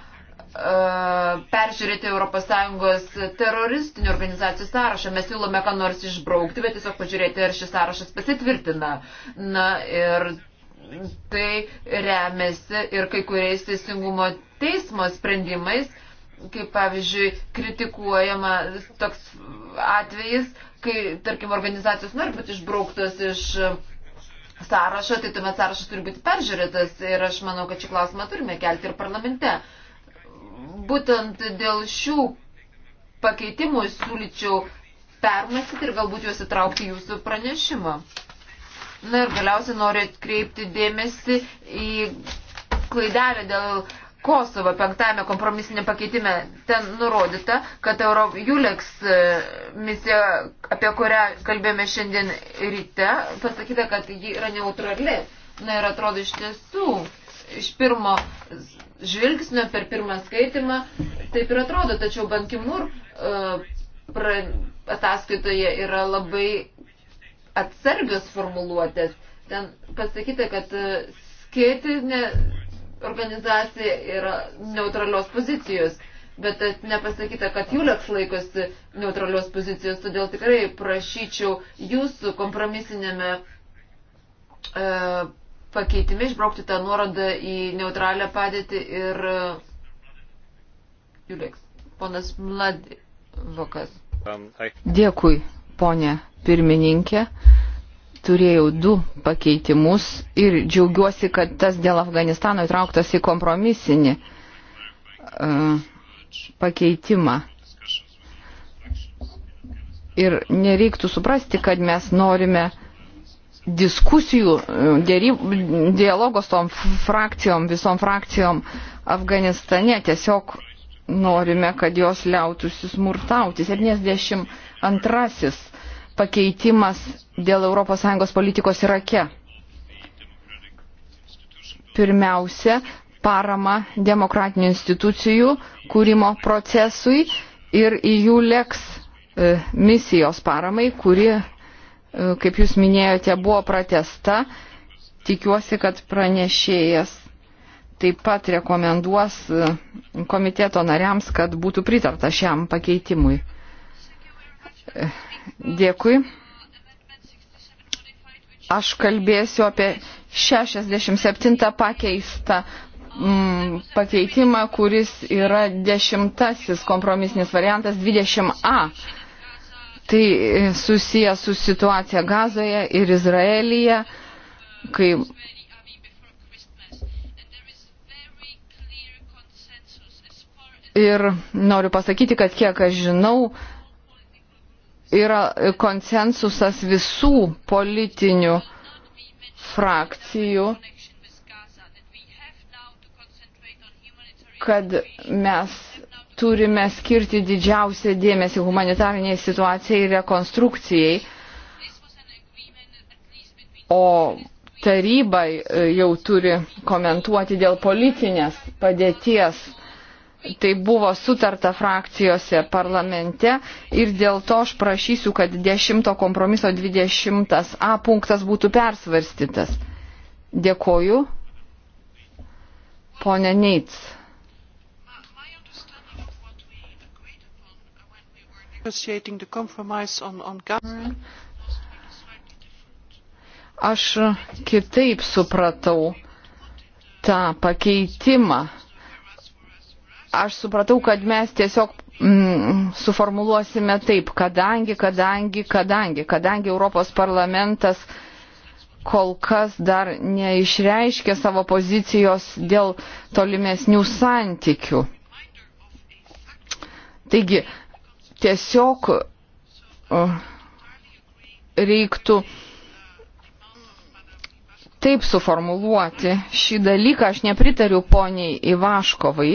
peržiūrėti ES teroristinių organizacijų sąrašą. Mes siūlome ką nors išbraukti, bet tiesiog pažiūrėti, ar šis sąrašas pasitvirtina. Na ir tai remiasi ir kai kuriais teisingumo teismo sprendimais, kaip pavyzdžiui, kritikuojama toks atvejis, kai, tarkim, organizacijos nori būti išbrauktos iš sąrašą, tai tuomet sąrašas turi būti peržiūrėtas ir aš manau, kad šį klausimą turime kelti ir parlamente. Būtent dėl šių pakeitimų siūlyčiau permastyti ir galbūt juos įtraukti jūsų pranešimą. Na ir galiausiai noriu atkreipti dėmesį į klaidelę dėl Kosovo penktame kompromisinė pakeitime ten nurodyta, kad Eurojuleks e, misija, apie kurią kalbėjome šiandien ryte, pasakyta, kad ji yra neutrali. Na ir atrodo iš tiesų, iš pirmo žvilgsnio per pirmą skaitimą taip ir atrodo, tačiau Bankimur uh, ataskaitoje yra labai atsargios formuluotės. Ten pasakyta, kad e, skėtinė organizacija yra neutralios pozicijos, bet tai nepasakyta, kad Juleks laikosi neutralios pozicijos, todėl tikrai prašyčiau jūsų kompromisinėme e, pakeitime išbraukti tą nuorodą į neutralią padėtį ir e, Juleks. Ponas Mladivokas. Um, Dėkui, ponė pirmininkė turėjau du pakeitimus ir džiaugiuosi, kad tas dėl Afganistano įtrauktas į kompromisinį uh, pakeitimą. Ir nereiktų suprasti, kad mes norime diskusijų, e, dėryb, dialogos tom frakcijom, visom frakcijom Afganistane. Tiesiog norime, kad jos liautųsi smurtauti. 72 pakeitimas dėl ES politikos Irake. Pirmiausia, parama demokratinių institucijų kūrimo procesui ir į jų leks e, misijos paramai, kuri, e, kaip jūs minėjote, buvo pratesta. Tikiuosi, kad pranešėjas taip pat rekomenduos e, komiteto nariams, kad būtų pritarta šiam pakeitimui. Dėkui. Aš kalbėsiu apie 67 pakeistą mm, pakeitimą, kuris yra dešimtasis kompromisinis variantas 20a. Tai susijęs su situacija Gazoje ir Izraelyje, kai Ir noriu pasakyti, kad kiek aš žinau, yra konsensusas visų politinių frakcijų, kad mes turime skirti didžiausią dėmesį humanitariniai situacijai ir rekonstrukcijai, o tarybai jau turi komentuoti dėl politinės padėties tai buvo sutarta frakcijose parlamente ir dėl to aš prašysiu, kad 10 kompromiso 20 A punktas būtų persvarstytas. Dėkoju. Pone Neits. Aš kitaip supratau tą pakeitimą aš supratau, kad mes tiesiog mm, suformuluosime taip, kadangi, kadangi, kadangi, kadangi Europos parlamentas kol kas dar neišreiškė savo pozicijos dėl tolimesnių santykių. Taigi, tiesiog uh, reiktų taip suformuluoti šį dalyką, aš nepritariu poniai Ivaškovai,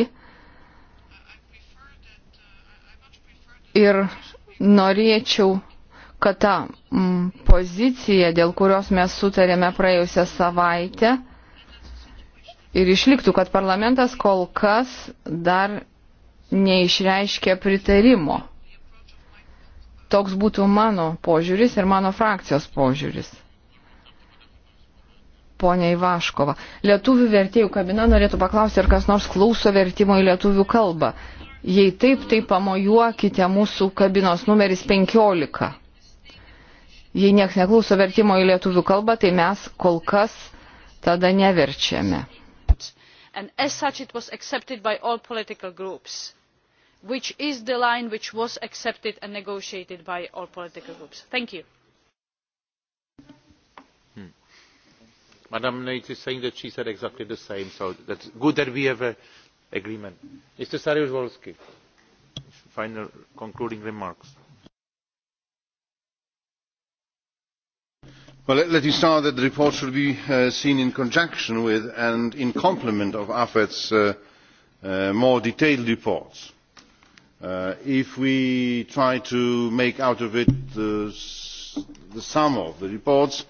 Ir norėčiau, kad ta m, mm, pozicija, dėl kurios mes sutarėme praėjusią savaitę, ir išliktų, kad parlamentas kol kas dar neišreiškė pritarimo. Toks būtų mano požiūris ir mano frakcijos požiūris. Pone Ivaškova, lietuvių vertėjų kabina norėtų paklausti, ar kas nors klauso vertimo į lietuvių kalbą. Jei taip, tai pamojuokite mūsų kabinos numeris 15. Jei nieks neklauso vertimo į lietuvių kalbą, tai mes kol kas tada neverčiame. And as such it was accepted by all political groups which is the line which was accepted and negotiated by all political groups. thank you. Hmm. madam nate is saying that she said exactly the same so that is good that we have a agreement. mr saryusz wolski final concluding remarks. Well, let me start that the report should be uh, seen in conjunction with and in complement of afet's uh, uh, more detailed reports. Uh, if we try to make out of it the, the sum of the reports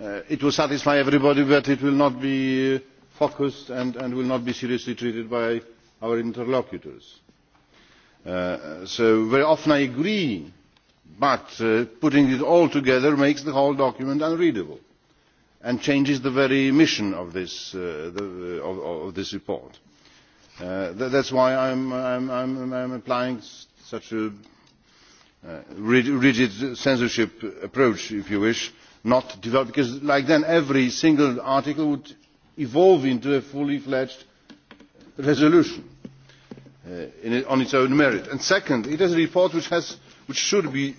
uh, it will satisfy everybody but it will not be uh, focused and, and will not be seriously treated by our interlocutors. Uh, so very often i agree but uh, putting it all together makes the whole document unreadable and changes the very mission of this, uh, the, uh, of, of this report. Uh, th that is why i am applying such a uh, rigid censorship approach if you wish not develop, because like then every single article would evolve into a fully fledged resolution uh, in, on its own merit. And second it is a report which, has, which should be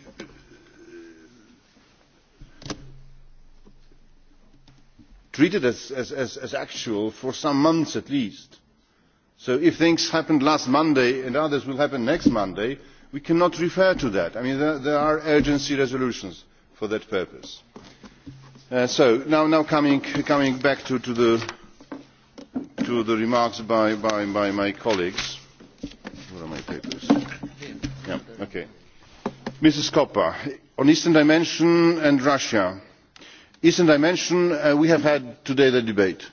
treated as, as, as, as actual for some months at least. so if things happened last monday and others will happen next monday we cannot refer to that. I mean, there, there are urgency resolutions for that purpose. Uh, so now, now coming, coming back to, to, the, to the remarks by, by, by my colleagues. Where are my papers? Yeah, okay. Mrs. Koppa, on Eastern Dimension and Russia. Eastern Dimension, uh, we have had today the debate.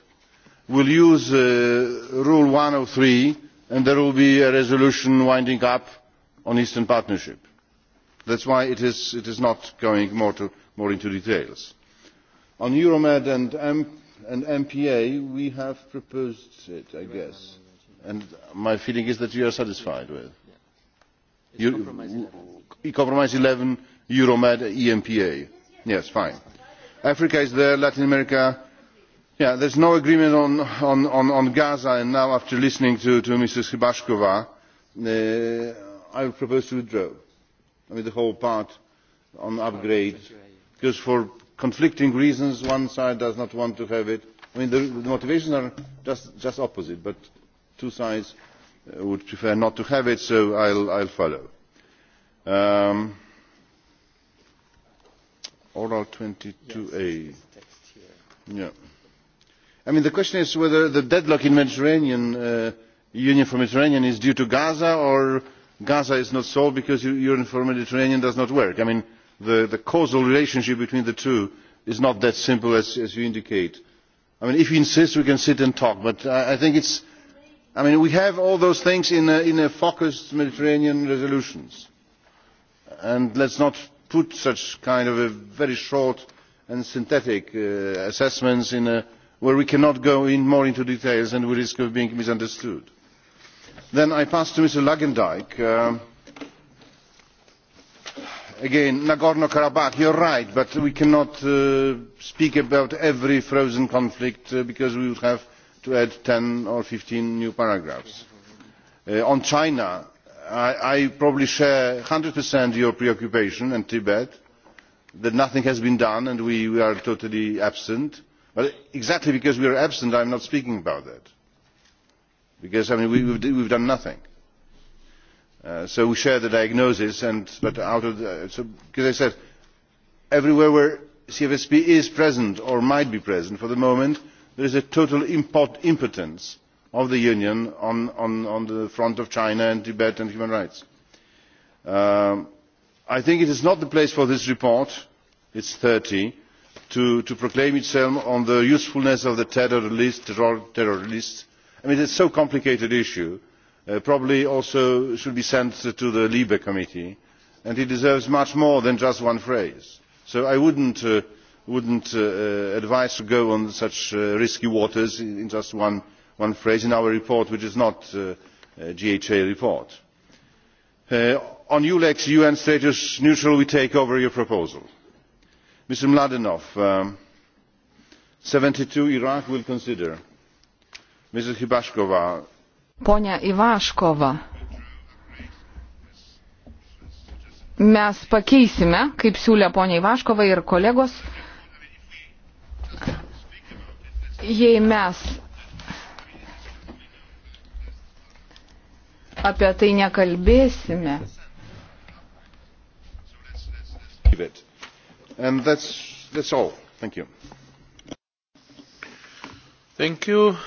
We'll use uh, Rule 103 and there will be a resolution winding up on the eastern partnership. that is why it is, it is not going more, to, more into details on euromed and, M and mpa we have proposed it i guess and my feeling is that you are satisfied with it. You, compromise eleven euromed empa yes fine. africa is there latin america yeah, there is no agreement on, on, on, on gaza and now after listening to, to mrs ybacka uh, i propose to withdraw I mean, the whole part on upgrade because for conflicting reasons one side does not want to have it i mean the, the motivations are just, just opposite but two sides uh, would prefer not to have it so i will follow. Um, oral twenty two a yeah. i mean the question is whether the deadlock in the mediterranean uh, union for the mediterranean is due to gaza or gaza is not solved because union for the mediterranean does not work. i mean the, the causal relationship between the two is not that simple as, as you indicate. I mean, if you insist, we can sit and talk, but I, I think it's, I mean, we have all those things in a, in a focused Mediterranean resolutions. And let's not put such kind of a very short and synthetic uh, assessments in a, where we cannot go in more into details and we risk of being misunderstood. Then I pass to Mr. Lagendijk. Um, again nagorno karabakh you are right but we cannot uh, speak about every frozen conflict uh, because we would have to add ten or fifteen new paragraphs. Uh, on china i, I probably share one hundred your preoccupation and tibet that nothing has been done and we, we are totally absent but exactly because we are absent i am not speaking about that because I mean, we have done nothing. Uh, so we share the diagnosis and but out of the, uh, so because i said everywhere where cfsp is present or might be present for the moment there is a total impot impotence of the union on, on, on the front of china and tibet and human rights. Um, i think it is not the place for this report it is thirty to, to proclaim itself on the usefulness of the terror list terror, terror list. i mean it is a so complicated issue Uh, probably also should be sent to the libe committee and it deserves much more than just one phrase so i would not uh, uh, advise going on such risky waters in just one phrase in our report which is not a gha report. on eulex un status neutral we take over your proposal. mr mladenov um, seventy two iraq will consider; ms ybacka Pone Ivaškova, mes pakeisime, kaip siūlė ponia Ivaškova ir kolegos, jei mes apie tai nekalbėsime. And that's, that's all. Thank you. Thank you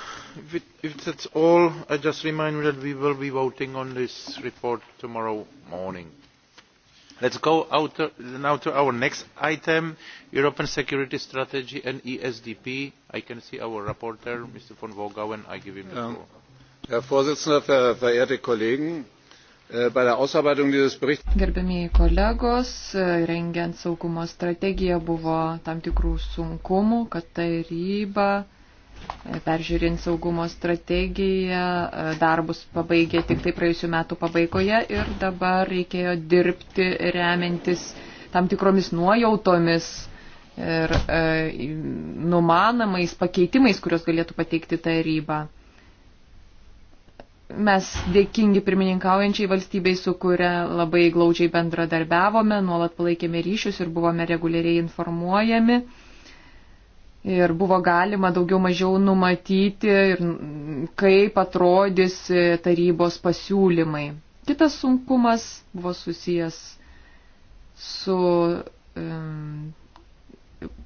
if, if that's all, I just remind you that we will be voting on this report tomorrow morning. Let's go out to, uh, now to our next item, European Security Strategy and ESDP. I can see our rapporteur, Mr. von Wogau, I give him the floor. Herr Vorsitzender, ver verehrte Kollegen, äh, Gerbėmiai kolegos, äh, rengiant saugumo strategiją buvo tam tikrų sunkumų, kad taryba peržiūrint saugumo strategiją, darbus pabaigė tik tai praėjusiu metu pabaigoje ir dabar reikėjo dirbti remintis tam tikromis nuojautomis ir e, numanomais pakeitimais, kuriuos galėtų pateikti taryba. Mes dėkingi pirmininkaujančiai valstybei, su kuria labai glaudžiai bendradarbiavome, nuolat palaikėme ryšius ir buvome reguliariai informuojami. E, ir buvo galima daugiau mažiau numatyti, kaip atrodys tarybos pasiūlymai. Kitas sunkumas buvo susijęs su um,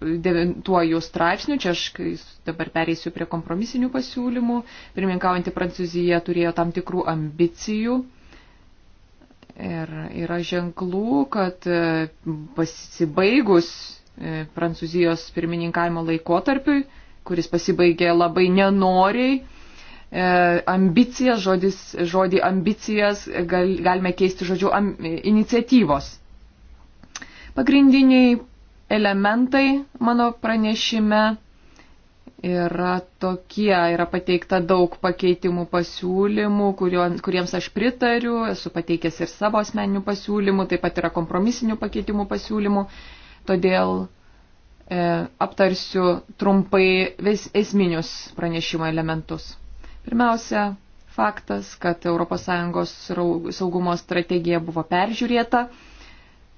devintuoju straipsniu, čia aš dabar pereisiu prie kompromisinių pasiūlymų, pirmininkaujantį Prancūziją turėjo tam tikrų ambicijų. Ir yra ženklų, kad pasibaigus E, Prancūzijos pirmininkavimo laikotarpiui, kuris pasibaigė labai nenoriai. E, ambicijas, žodis, žodį ambicijas gal, galime keisti žodžiu am, iniciatyvos. Pagrindiniai elementai mano pranešime yra tokie, yra pateikta daug pakeitimų pasiūlymų, kurio, kuriems aš pritariu, esu pateikęs ir savo asmeninių pasiūlymų, taip pat yra kompromisinių pakeitimų pasiūlymų. E, todėl e, aptarsiu trumpai vis esminius pranešimo elementus. Pirmiausia, faktas, kad ES saugumo strategija buvo peržiūrėta.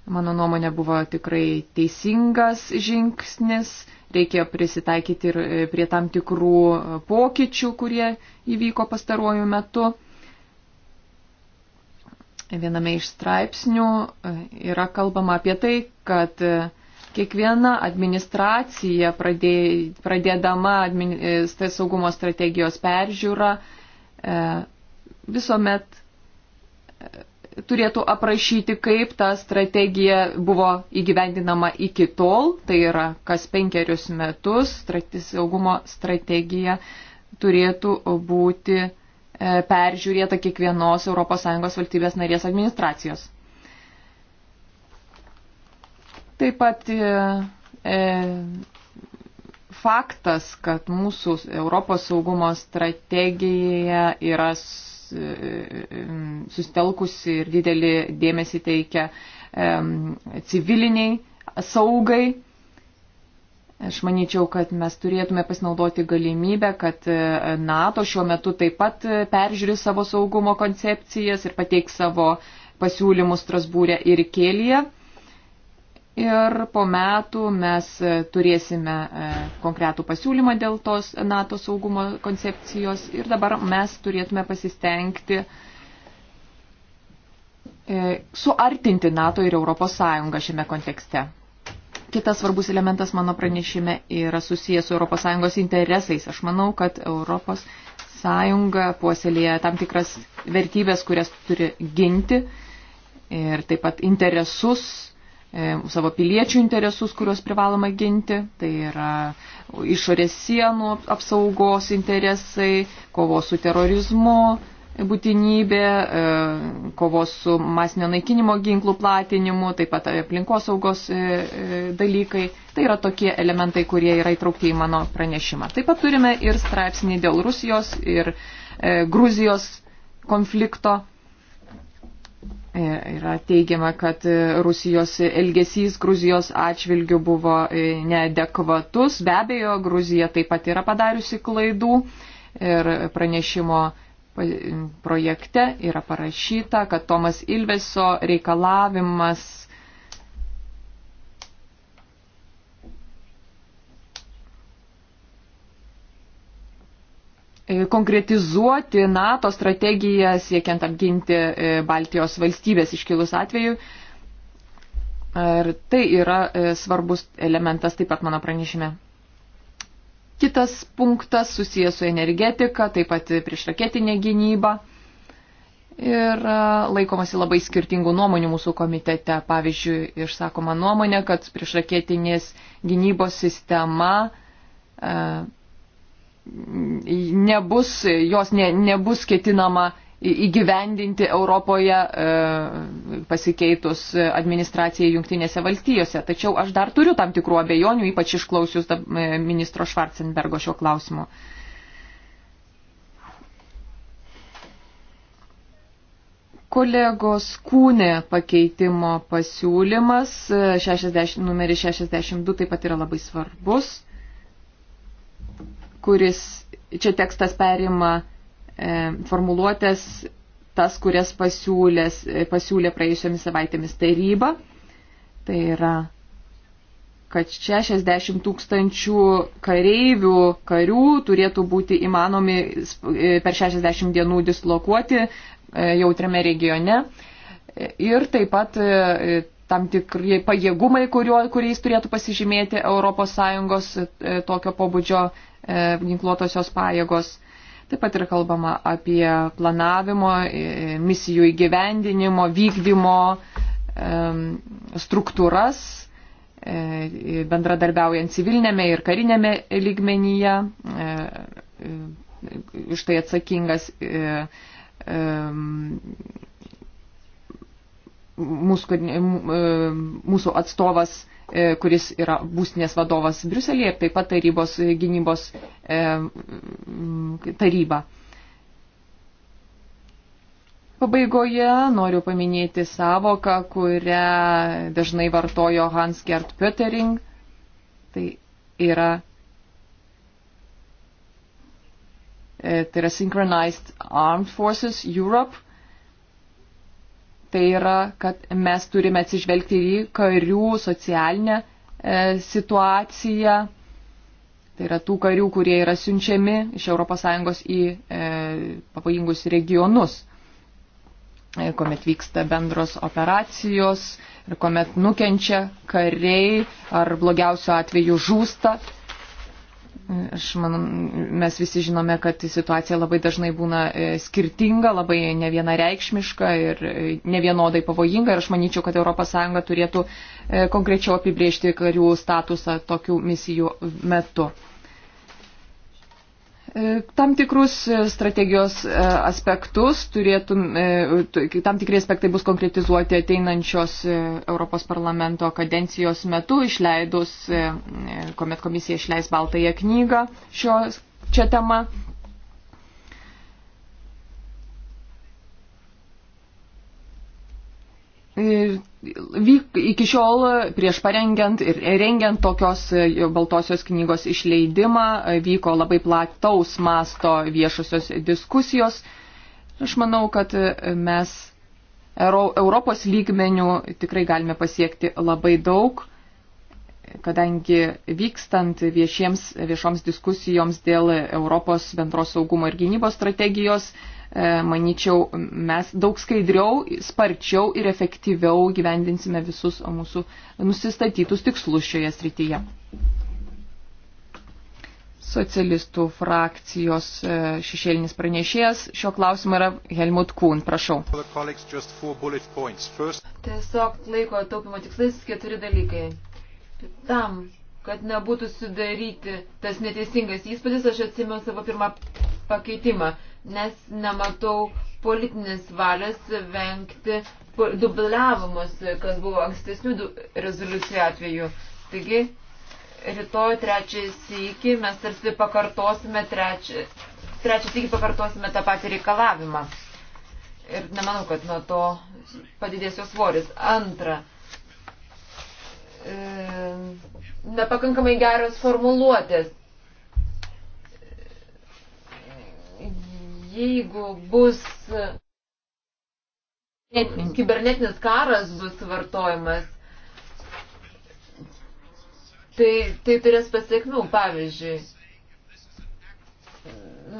Mano nuomonė buvo tikrai teisingas žingsnis, reikėjo prisitaikyti ir e, prie tam tikrų e, pokyčių, kurie įvyko pastaruoju metu. Viename iš straipsnių e, yra kalbama apie tai, kad Kiekviena administracija pradėdama e, saugumo strategijos peržiūrą e, visuomet e, turėtų aprašyti, kaip ta strategija buvo įgyvendinama iki tol, tai yra kas penkerius metus strate, saugumo strategija turėtų būti peržiūrėta kiekvienos ES valstybės narės administracijos. Taip pat e, e, faktas, kad mūsų Europos saugumo strategija yra e, e, sustelkusi ir didelį dėmesį teikia civiliniai saugai. Aš manyčiau, kad mes turėtume pasinaudoti galimybę, kad NATO šiuo metu taip pat peržiūri savo saugumo koncepcijas ir pateiks savo pasiūlymus Strasbūrė ir Kelyje ir po metų mes e, turėsime e, konkretų pasiūlymą dėl tos NATO saugumo koncepcijos ir dabar mes turėtume pasistengti e, suartinti NATO ir ES šiame kontekste. Kitas svarbus elementas mano pranešime yra susijęs su ES interesais. Aš manau, kad ES puoselėja tam tikras vertybės, kurias turi ginti ir taip pat interesus E, savo piliečių interesus, kuriuos privaloma ginti, tai yra išorės sienų apsaugos interesai, kovos su terorizmu būtinybė, e, kovos su masinio naikinimo ginklų platinimu, taip pat aplinkosaugos e, dalykai. Tai yra tokie elementai, kurie yra įtraukti į mano pranešimą. Taip pat turime ir straipsnį dėl Rusijos ir Gruzijos konflikto E, yra teigiama, kad e, Rusijos elgesys Gruzijos atžvilgių buvo e, neadekvatus. Be abejo, Gruzija taip pat yra padariusi klaidų ir pranešimo projekte yra parašyta, kad Tomas Ilveso reikalavimas E, konkretizuoti NATO strategiją siekiant apginti e, Baltijos valstybės iškilus atveju. Ir tai yra e, svarbus elementas taip pat mano pranešime. Kitas punktas susijęs su energetika, taip pat priešraketinė gynyba. Ir laikomasi labai skirtingų nuomonių mūsų komitete. Pavyzdžiui, išsakoma nuomonė, kad priešraketinės gynybos sistema e, nebus, jos ne, nebus ketinama įgyvendinti Europoje e, pasikeitus administracijai Junktinėse valstijose. Tačiau aš dar turiu tam tikrų abejonių, ypač išklausius da, e, ministro Švarcenbergo šio klausimu. Kolegos kūnė pakeitimo pasiūlymas 60, e, numeris 62 taip pat yra labai svarbus kuris čia tekstas perima e, formuluotės tas, kurias pasiūlės, e, pasiūlė praėjusiomis savaitėmis taryba. Tai yra, kad 60 tūkstančių kareivių, karių turėtų būti įmanomi e, per 60 dienų dislokuoti e, jautriame regione. Ir taip pat tam tikri pajėgumai, kuriuo, kuriais turėtų pasižymėti ES tokio pobūdžio E, ginkluotosios pajėgos. Taip pat ir kalbama apie planavimo, e, misijų įgyvendinimo, vykdymo e, struktūras, bendradarbiaujant civilinėme ir karinėme lygmenyje. Iš tai atsakingas mūsų, mūsų atstovas E, kuris yra būstinės vadovas Briuselėje ir taip pat tarybos e, gynybos e, taryba. Pabaigoje noriu paminėti savoką, kurią dažnai vartojo Hans Gert Pöttering. Tai yra, tai yra Synchronized Armed Forces Europe Tai yra, kad mes turime atsižvelgti į karių socialinę e, situaciją, tai yra tų karių, kurie yra siunčiami iš ES į e, pavojingus regionus, e, kuomet vyksta bendros operacijos ir kuomet nukenčia kariai ar blogiausio atveju žūsta Aš manau, mes visi žinome, kad situacija labai dažnai būna e, skirtinga, labai nevienareikšmiška ir e, nevienodai pavojinga. Ir aš manyčiau, kad ES turėtų e, konkrečiau apibriežti karių statusą tokių misijų metu. E, tam tikrus e, strategijos e, aspektus turėtum, tam tikri aspektai bus konkretizuoti ateinančios Europos parlamento kadencijos metu, išleidus, kuomet komisija išleis baltąją knygą šios čia tema. vyk iki šiol prieš parengiant ir rengiant tokios e, Baltosios knygos išleidimą e, vyko labai plataus masto viešosios diskusijos. Aš manau, kad e, mes Europos lygmenių tikrai galime pasiekti labai daug, kadangi vykstant viešiems, viešoms diskusijoms dėl Europos bendros saugumo ir gynybos strategijos, E, manyčiau, mes daug skaidriau, sparčiau ir efektyviau gyvendinsime visus mūsų nusistatytus tikslus šioje srityje. Socialistų frakcijos e, šešėlinis pranešėjas šio klausimo yra Helmut Kuhn. Prašau. Tiesiog laiko taupimo tikslais keturi dalykai. Tam, kad nebūtų sudaryti tas neteisingas įspūdis, aš atsimiau savo pirmą pakeitimą nes nematau politinės valios vengti dubliavimus, kas buvo ankstesnių rezoliucijų atveju. Taigi, rytoj trečią sykį mes tarsi pakartosime trečią, trečią sykį pakartosime tą patį reikalavimą. Ir nemanau, kad nuo to padidės jos svoris. Antra, e, nepakankamai geros formuluotės. jeigu bus kibernetinis karas bus vartojamas, tai, tai turės pasiekmių, pavyzdžiui.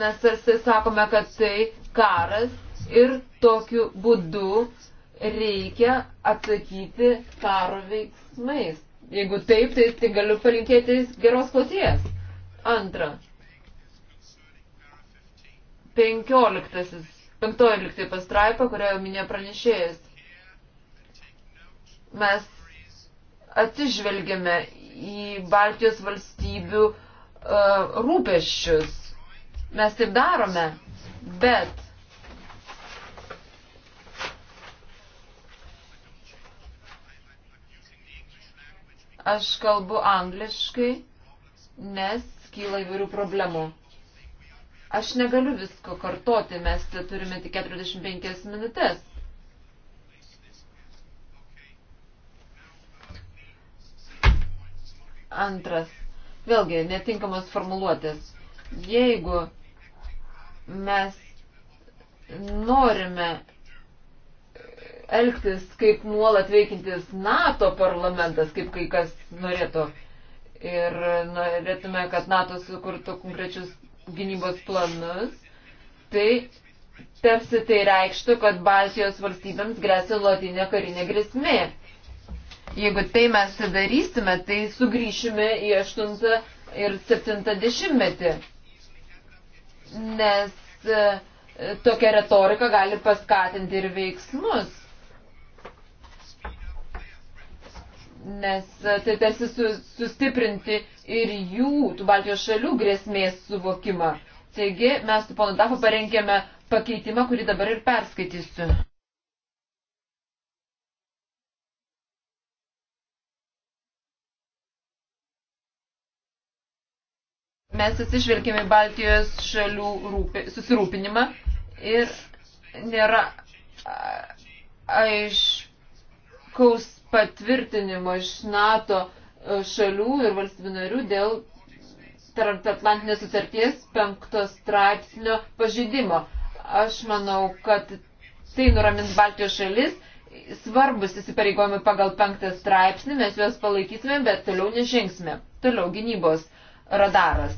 Mes tarsi sakome, kad tai karas ir tokiu būdu reikia atsakyti karo veiksmais. Jeigu taip, tai, tai galiu palinkėti geros kloties. Antra. 15, 15 pastraipą, kurioje minėjo pranešėjas. Mes atsižvelgiame į Baltijos valstybių uh, e, rūpeščius. Mes taip darome, bet aš kalbu angliškai, nes kyla įvairių problemų. Aš negaliu visko kartoti, mes turime tik 45 minutės. Antras. Vėlgi, netinkamos formuluotės. Jeigu mes norime elgtis kaip nuolat veikintis NATO parlamentas, kaip kai kas norėtų. Ir norėtume, kad NATO sukurtų konkrečius gynybos planus, tai tarsi tai reikštų, kad Baltijos valstybėms grėsia lotinė karinė grėsmė. Jeigu tai mes darysime, tai sugrįšime į 8 ir 70 metį. Nes e, tokia retorika gali paskatinti ir veiksmus. Nes e, tai tarsi sustiprinti ir jų, tų Baltijos šalių grėsmės suvokimą. Taigi mes su ponu Dafu parengėme pakeitimą, kurį dabar ir perskaitysiu. Mes atsižvelgėme Baltijos šalių rūpė, susirūpinimą ir nėra aiškaus patvirtinimo iš NATO šalių ir valstybių narių dėl transatlantinės sutarties penktos straipsnio pažydimo. Aš manau, kad tai nuramins Baltijos šalis. Svarbus įsipareigojimai pagal penktą straipsnį, mes juos palaikysime, bet toliau nežingsime. Toliau gynybos radaras.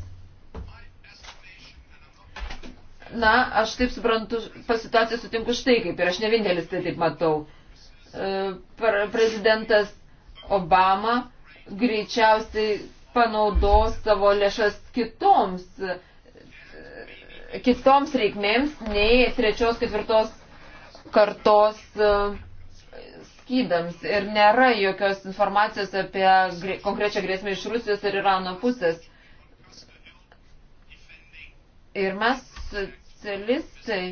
Na, aš taip suprantu, pasituaciją sutinku štai kaip ir aš ne vienintelis tai taip matau. E, prezidentas Obama greičiausiai panaudos savo lėšas kitoms, kitoms reikmėms nei trečios, ketvirtos kartos e, skydams. Ir nėra jokios informacijos apie konkrečią grėsmę iš Rusijos ir Irano pusės. Ir mes socialistai.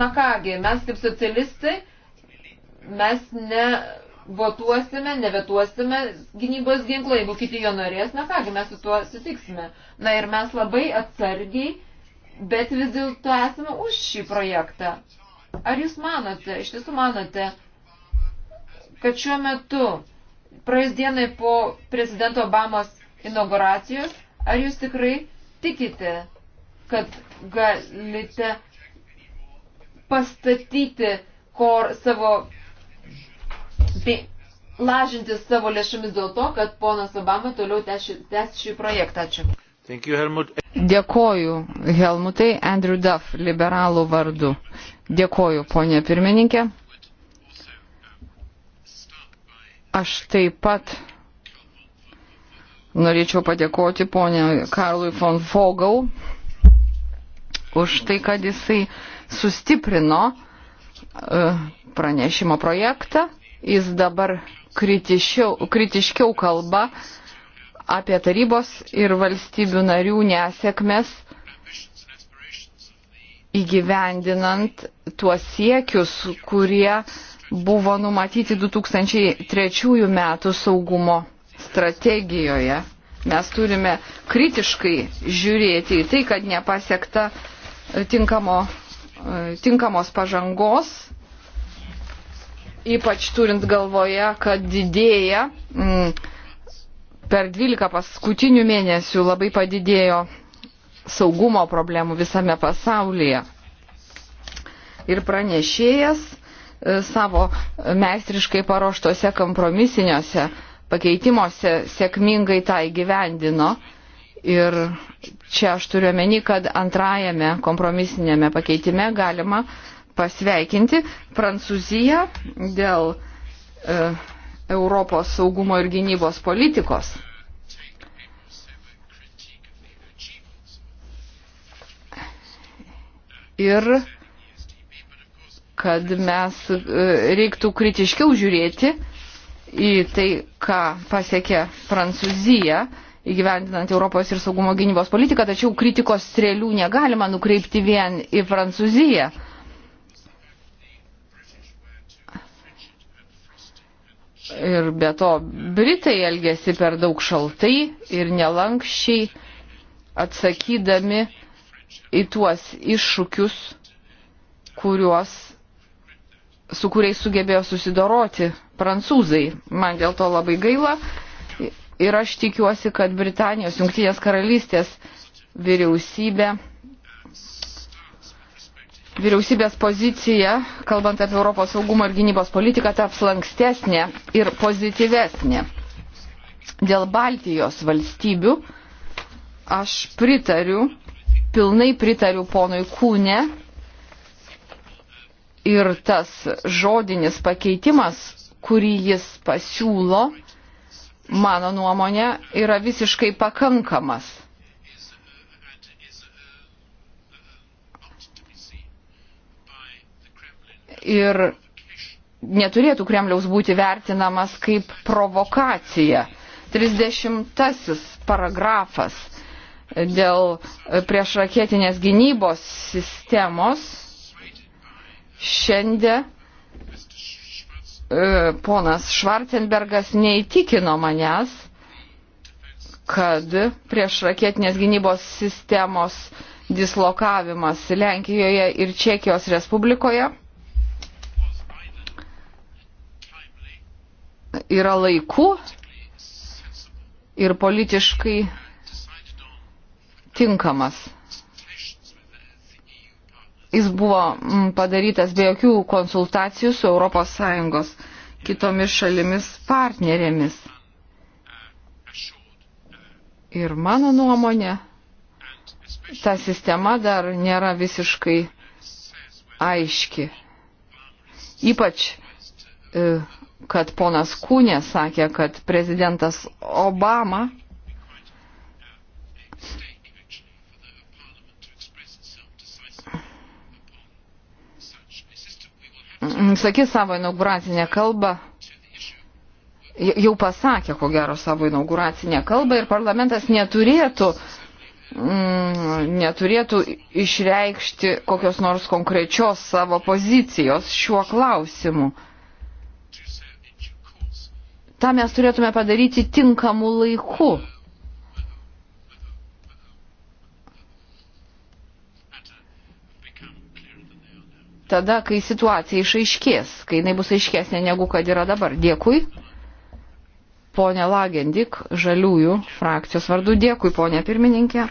Na kągi, mes kaip socialistai mes ne votuosime, nevetuosime gynybos ginklą, jeigu kiti jo norės, na kągi, mes su tuo sutiksime. Na ir mes labai atsargiai, bet vis dėlto esame už šį projektą. Ar jūs manote, iš tiesų manote, kad šiuo metu, praeis dienai po prezidento Obamos inauguracijos, ar jūs tikrai tikite, kad galite pastatyti kor, savo Tai lažinti savo lėšomis dėl to, kad ponas Obama toliau tęs šį projektą. Ačiū. Thank you, Helmut. Dėkoju Helmutai Andrew Duff, liberalų vardu. Dėkoju, ponė pirmininkė. Aš taip pat norėčiau padėkoti ponė Karlui von Fogau už tai, kad jisai sustiprino e, pranešimo projektą jis dabar kritiškiau kalba apie tarybos ir valstybių narių nesėkmes įgyvendinant tuos siekius, kurie buvo numatyti 2003 metų saugumo strategijoje. Mes turime kritiškai žiūrėti į tai, kad nepasiekta tinkamo, tinkamos pažangos ypač turint galvoje, kad didėja, mm, per 12 paskutinių mėnesių labai padidėjo saugumo problemų visame pasaulyje. Ir pranešėjas e, savo meistriškai paruoštose kompromisiniuose pakeitimuose sėkmingai tą įgyvendino. Ir čia aš turiu meni, kad antrajame kompromisinėme pakeitime galima uh, pasveikinti Prancūziją dėl e, Europos saugumo ir gynybos politikos. Ir kad mes e, reiktų kritiškiau žiūrėti į tai, ką pasiekė Prancūzija įgyvendinant Europos ir saugumo gynybos politiką, tačiau kritikos strėlių negalima nukreipti vien į Prancūziją. Ir be to, Britai elgėsi per daug šaltai ir nelankščiai atsakydami į tuos iššūkius, kuriuos, su kuriais sugebėjo susidoroti prancūzai. Man dėl to labai gaila ir aš tikiuosi, kad Britanijos, Junktinės karalystės vyriausybė vyriausybės pozicija, kalbant apie Europos saugumo ir gynybos politiką, taps lankstesnė ir pozityvesnė. Dėl Baltijos valstybių aš pritariu, pilnai pritariu ponui Kūne ir tas žodinis pakeitimas, kurį jis pasiūlo, mano nuomonė, yra visiškai pakankamas ir neturėtų Kremliaus būti vertinamas kaip provokacija. 30 paragrafas dėl priešraketinės gynybos sistemos šiandien e, ponas Švarcenbergas neįtikino manęs, kad priešraketinės gynybos sistemos dislokavimas Lenkijoje ir Čekijos Respublikoje yra laiku ir politiškai tinkamas. Jis buvo mm, padarytas be jokių konsultacijų su ES kitomis šalimis partnerėmis. Ir mano nuomonė, ta sistema dar nėra visiškai aiški. Ypač e, kad ponas Kūnė sakė, kad prezidentas Obama sakys savo inauguracinę kalbą, jau pasakė, ko gero, savo inauguracinę kalbą ir parlamentas neturėtų, mm, neturėtų išreikšti kokios nors konkrečios savo pozicijos šiuo klausimu tą mes turėtume padaryti tinkamu laiku. Tada, kai situacija išaiškės, kai jinai bus aiškesnė negu kad yra dabar. Dėkui. Pone Lagendik, žaliųjų frakcijos vardu dėkui, ponė pirmininkė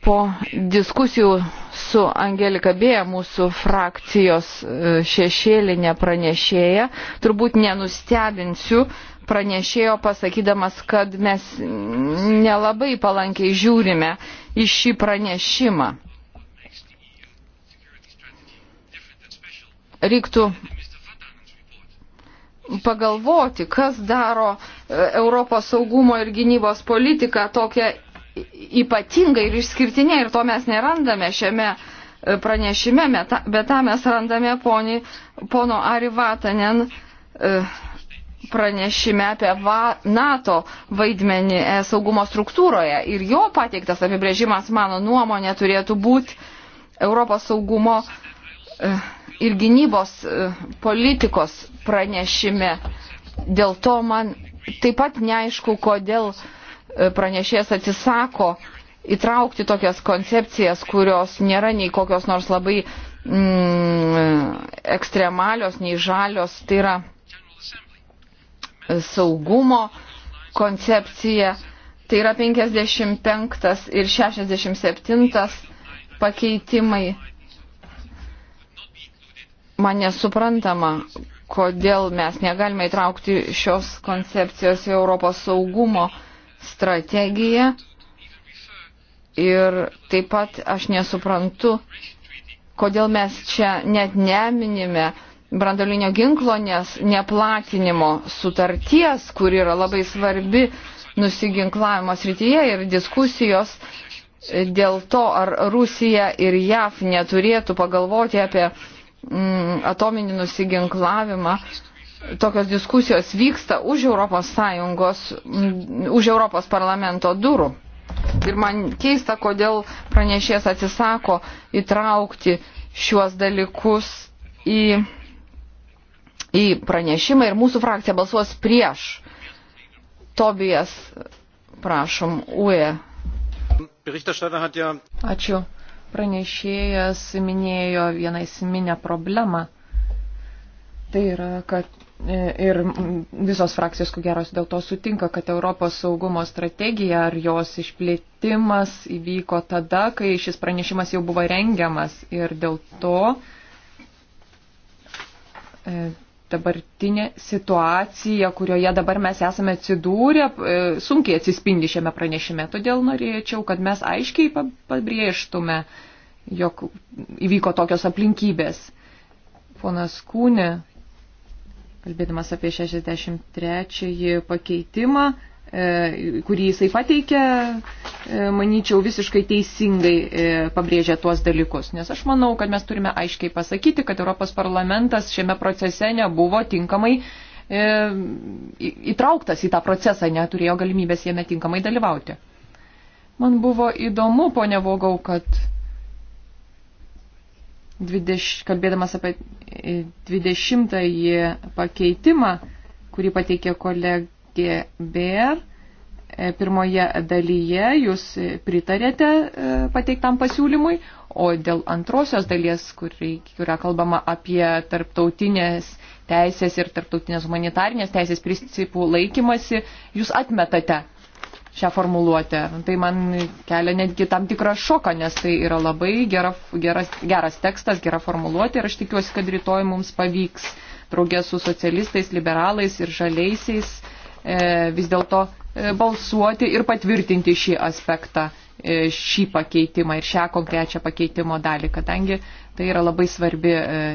po diskusijų su Angelika Bėja, mūsų frakcijos e, šešėlinė pranešėja, turbūt nenustebinsiu pranešėjo pasakydamas, kad mes nelabai palankiai žiūrime į šį pranešimą. Reiktų pagalvoti, kas daro e, Europos saugumo ir gynybos politiką tokią ypatinga ir išskirtinė ir to mes nerandame šiame e, pranešime, bet tą mes randame poni, pono Arivatanen e, pranešime apie va, NATO vaidmenį e, saugumo struktūroje ir jo pateiktas apibrėžimas, mano nuomonė, turėtų būti Europos saugumo e, ir gynybos e, politikos pranešime. Dėl to man taip pat neaišku, kodėl e, E, pranešėjas atsisako įtraukti tokias koncepcijas, kurios nėra nei kokios nors labai mm, ekstremalios, nei žalios, tai yra saugumo koncepcija, tai yra 55 ir 67 pakeitimai. Man nesuprantama, kodėl mes negalime įtraukti šios koncepcijos į Europos saugumo koncepciją strategiją ir taip pat aš nesuprantu, kodėl mes čia net neminime brandolinio ginklo nes neplatinimo sutarties, kur yra labai svarbi nusiginklavimo srityje ir diskusijos dėl to, ar Rusija ir JAF neturėtų pagalvoti apie mm, atominį nusiginklavimą tokios diskusijos vyksta už Europos Sąjungos, už Europos parlamento durų. Ir man keista, kodėl pranešės atsisako įtraukti šiuos dalykus į, į pranešimą ir mūsų frakcija balsuos prieš. Tobijas, prašom, UE. Ačiū. Pranešėjas minėjo vieną įsiminę problemą. Tai yra, kad Ir visos frakcijos, ko geros, dėl to sutinka, kad Europos saugumo strategija ar jos išplėtimas įvyko tada, kai šis pranešimas jau buvo rengiamas. Ir dėl to e, dabartinė situacija, kurioje dabar mes esame atsidūrę, e, sunkiai atsispindi šiame pranešime. Todėl norėčiau, kad mes aiškiai pabrėžtume, jog įvyko tokios aplinkybės. Ponas Kūnė kalbėdamas apie 63 pakeitimą, e, kurį jisai pateikė, e, manyčiau, visiškai teisingai e, pabrėžia tuos dalykus. Nes aš manau, kad mes turime aiškiai pasakyti, kad Europos parlamentas šiame procese nebuvo tinkamai įtrauktas į tą procesą, neturėjo galimybės jame tinkamai dalyvauti. Man buvo įdomu, ponia Vogau, kad 20, kalbėdamas apie 20 e, pakeitimą, kurį pateikė kolegė BR, e, pirmoje dalyje jūs pritarėte e, pateiktam pasiūlymui, o dėl antrosios dalies, kur, kuria kalbama apie tarptautinės teisės ir tarptautinės humanitarnės teisės principų laikymasi, jūs atmetate šią formuluotę. Tai man kelia netgi tam tikrą šoką, nes tai yra labai gera, geras, geras tekstas, gera formuluotė ir aš tikiuosi, kad rytoj mums pavyks draugė su socialistais, liberalais ir žaliaisiais e, vis dėlto e, balsuoti ir patvirtinti šį aspektą, e, šį pakeitimą ir šią konkrečią pakeitimo dalį, kadangi tai yra labai svarbi e,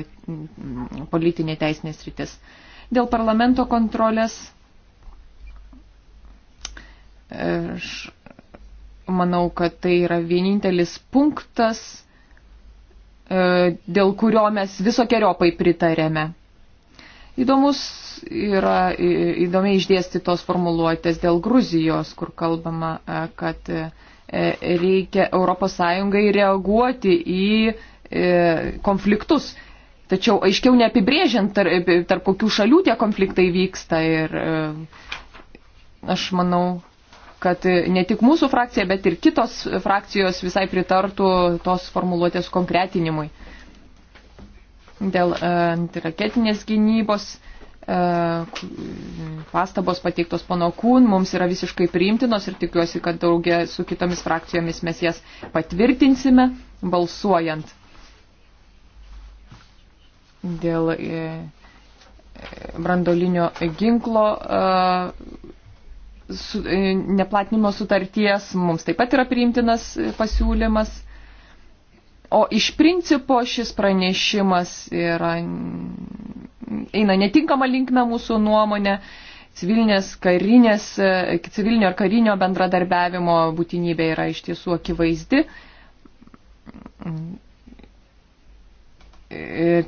politinė teisinės rytis. Dėl parlamento kontrolės Aš manau, kad tai yra vienintelis punktas, e, dėl kurio mes visokiojopai pritarėme. Įdomus yra įdomiai išdėstytos formuluotės dėl Gruzijos, kur kalbama, e, kad e, reikia ES reaguoti į konfliktus. Tačiau aiškiau neapibrėžiant, tarp, tarp kokių šalių tie konfliktai vyksta ir aš manau, kad ne tik mūsų frakcija, bet ir kitos frakcijos visai pritartų tos formuluotės konkretinimui. Dėl e, antiraketinės gynybos e, pastabos pateiktos pono Kūn mums yra visiškai priimtinos ir tikiuosi, kad daugia su kitomis frakcijomis mes jas patvirtinsime balsuojant. Dėl e, brandolinio ginklo su, e, neplatinimo sutarties, mums taip pat yra priimtinas e, pasiūlymas. O iš principo šis pranešimas yra, eina netinkama linkme mūsų nuomonė civilinės, karinės, e, civilinio ir karinio bendradarbiavimo būtinybė yra iš tiesų akivaizdi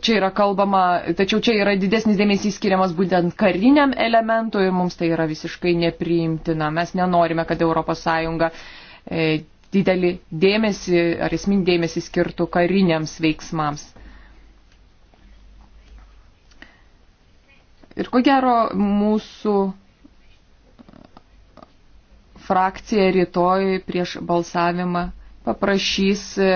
čia yra kalbama, tačiau čia yra didesnis dėmesys skiriamas būtent kariniam elementui ir mums tai yra visiškai nepriimtina. Mes nenorime, kad ES e, didelį dėmesį ar esminį dėmesį skirtų kariniams veiksmams. Ir ko gero mūsų frakcija rytoj prieš balsavimą paprašys e,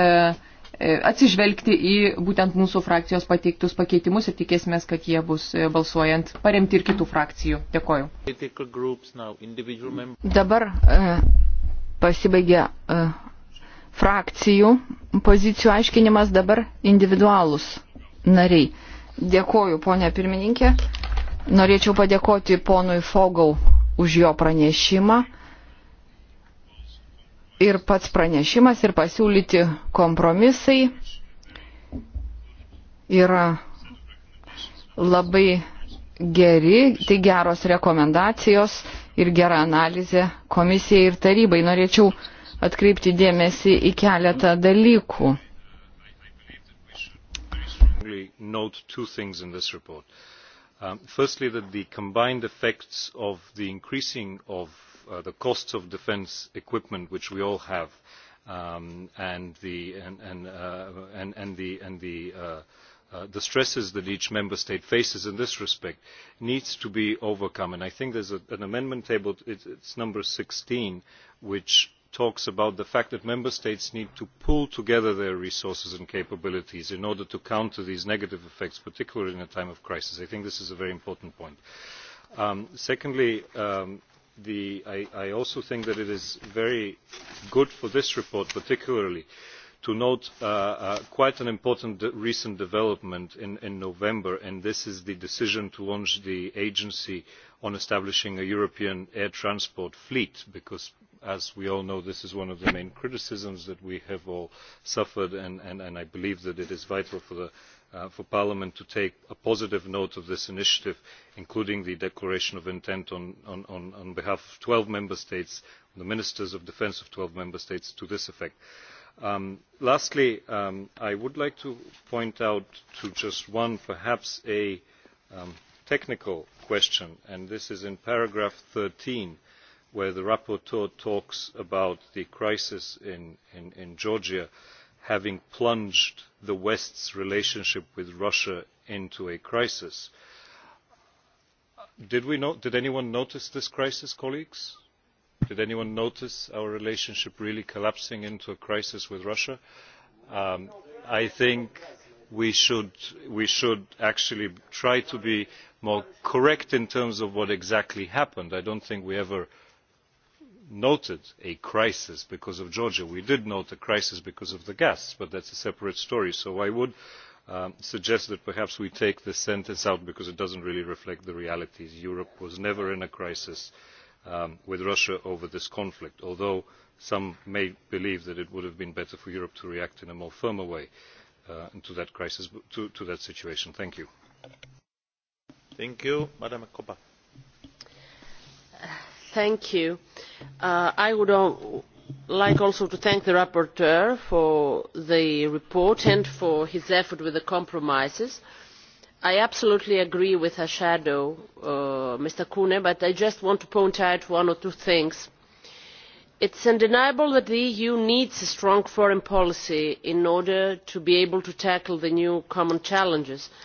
E, atsižvelgti į būtent mūsų frakcijos pateiktus pakeitimus ir tikėsime, kad jie bus e, balsuojant paremti ir kitų frakcijų. Dėkoju. Dabar e, pasibaigė frakcijų pozicijų aiškinimas, dabar individualus nariai. Dėkoju, ponė pirmininkė. Norėčiau padėkoti ponui Fogau už jo pranešimą ir pats pranešimas, ir pasiūlyti kompromisai yra labai geri, tai geros rekomendacijos ir gera analizė komisijai ir tarybai. Norėčiau atkreipti dėmesį į keletą dalykų. Note two things in this report. Um, firstly, that the combined effects of the increasing of uh, the costs of defence equipment which we all have um, and the and and, uh, and, and the and the uh, uh, the stresses that each member state faces in this respect needs to be overcome. And I think there's a, an amendment table, it, it's number 16, which talks about the fact that member states need to pool together their resources and capabilities in order to counter these negative effects particularly in a time of crisis. i think this is a very important point. Um, secondly um, the, I, I also think that it is very good for this report particularly to note uh, uh, quite an important recent development in, in November, and this is the decision to launch the agency on establishing a European air transport fleet, because as we all know, this is one of the main criticisms that we have all suffered, and, and, and I believe that it is vital for the uh, for parliament to take a positive note of this initiative including the declaration of intent on, on, on, on behalf of twelve member states the ministers of defence of twelve member states to this effect. Um, lastly um, i would like to point out to just one perhaps a um, technical question and this is in paragraph thirteen where the rapporteur talks about the crisis in, in, in georgia having plunged the west's relationship with russia into a crisis. did, we not, did anyone notice this crisis colleagues? did anyone notice our relationship really collapsing into a crisis with russia? Um, i think we should, we should actually try to be more correct in terms of what exactly happened. i do not think we ever noted a crisis because of georgia we did note a crisis because of the gas but that is a separate story so i would um, suggest that perhaps we take this sentence out because it does not really reflect the realities. europe was never in a crisis um, with russia over this conflict although some may believe that it would have been better for europe to react in a more firm way uh, to that crisis to, to that situation. thank you. Thank you. Madam Kopa. Uh, thank you. Uh, i would like also to thank the rapporteur for the report and for his effort with the compromises. i absolutely agree with her shadow uh, mr kuhne but i just want to point out one or two things. it is undeniable that the eu needs a strong foreign policy in order to be able to tackle the new common challenges and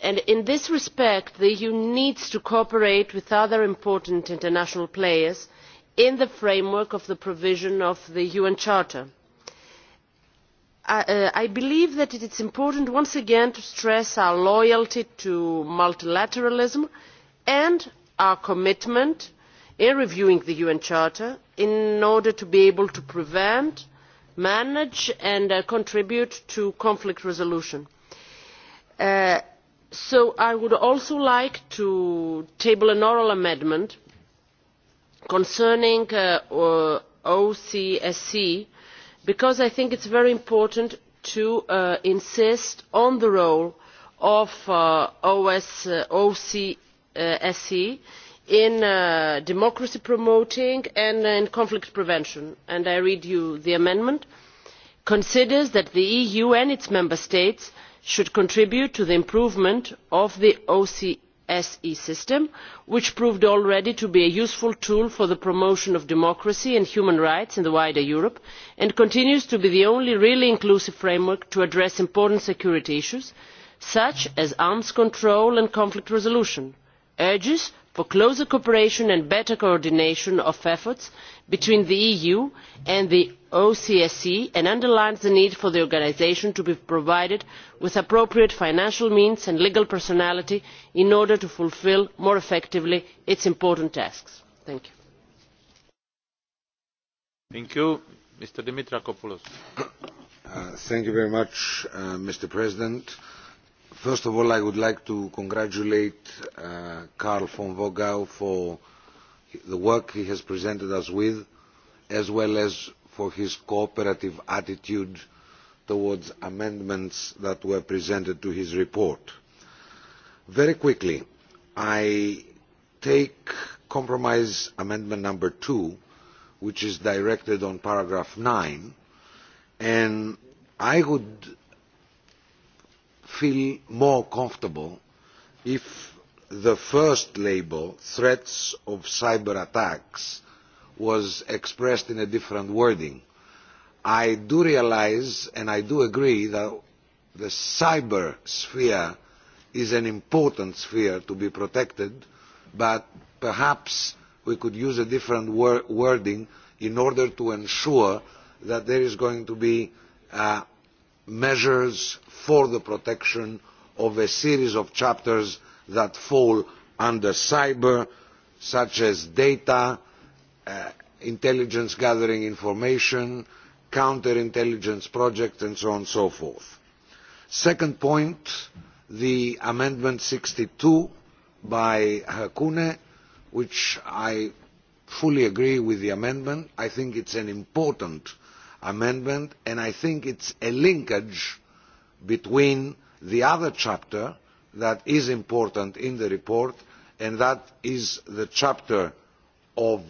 And in this respect the eu needs to cooperate with other important international players in the framework of the provision of the e un charter. i, uh, I believe that it is important once again to stress our loyalty to multilateralism and our commitment in reviewing the e un charter in order to be able to prevent manage and uh, contribute to conflict resolution. Uh, so i would also like to table an oral amendment concerning uh, uh ocsc because i think it is very important to uh, insist on the role of uh, OS, uh, ocsc in uh, democracy promoting and in conflict prevention and i read you the amendment considers that the eu and its member states should contribute to the improvement of the ocse system which proved already to be a useful tool for the promotion of democracy and human rights in wider europe and continues to be the only really inclusive framework to address important security issues such as arms control and conflict resolution urges for closer cooperation and better coordination of efforts between the eu and the osce and underlines the need for the organisation to be provided with appropriate financial means and legal personality in order to fulfil more effectively its important tasks. thank you. Thank you. Mr. Dimitrakopoulos. Uh, thank you very much, uh, Mr. President. First of all, I would like to congratulate uh, Karl von Vogau for the work he has presented us with, as well as for his cooperative attitude towards amendments that were presented to his report. Very quickly, I take compromise amendment number two, which is directed on paragraph nine, and I would feel more comfortable if the first label, threats of cyber attacks, was expressed in a different wording. I do realize and I do agree that the cyber sphere is an important sphere to be protected, but perhaps we could use a different wor wording in order to ensure that there is going to be uh, measures for the protection of a series of chapters that fall under cyber, such as data, uh, intelligence gathering information, counterintelligence projects, and so on and so forth. Second point, the Amendment 62 by Hakune, which I fully agree with the amendment. I think it's an important amendment, and I think it's a linkage between the other chapter that is important in the report, and that is the chapter of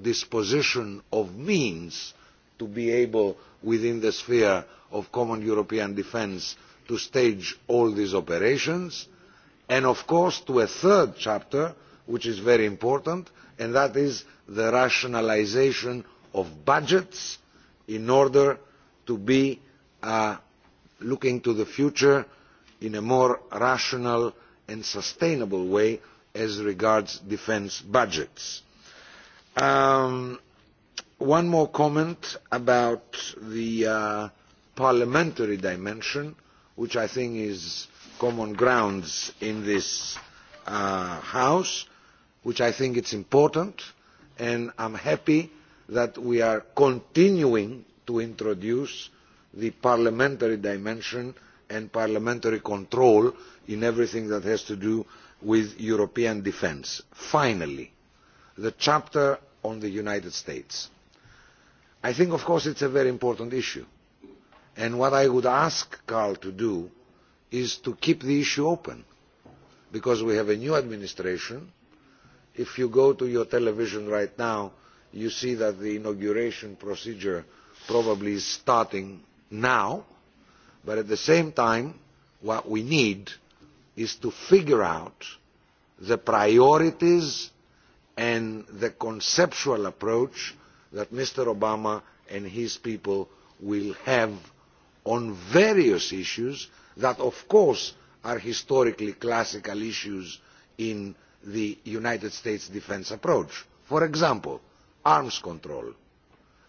disposition of means to be able, within the sphere of common European defence, to stage all these operations, and of course to a third chapter, which is very important, and that is the rationalisation of budgets in order to be uh, looking to the future in a more rational and sustainable way as regards defence budgets Um, one more comment about the uh, parliamentary dimension, which I think is common grounds in this uh, House, which I think is important, and I'm happy that we are continuing to introduce the parliamentary dimension and parliamentary control in everything that has to do with European defence. Finally, the chapter on the United States. I think, of course, it's a very important issue. And what I would ask Carl to do is to keep the issue open, because we have a new administration. If you go to your television right now, you see that the inauguration procedure probably is starting now, but at the same time, what we need is to figure out the priorities and the conceptual approach that Mr. Obama and his people will have on various issues that, of course, are historically classical issues in the United States defense approach. For example, arms control.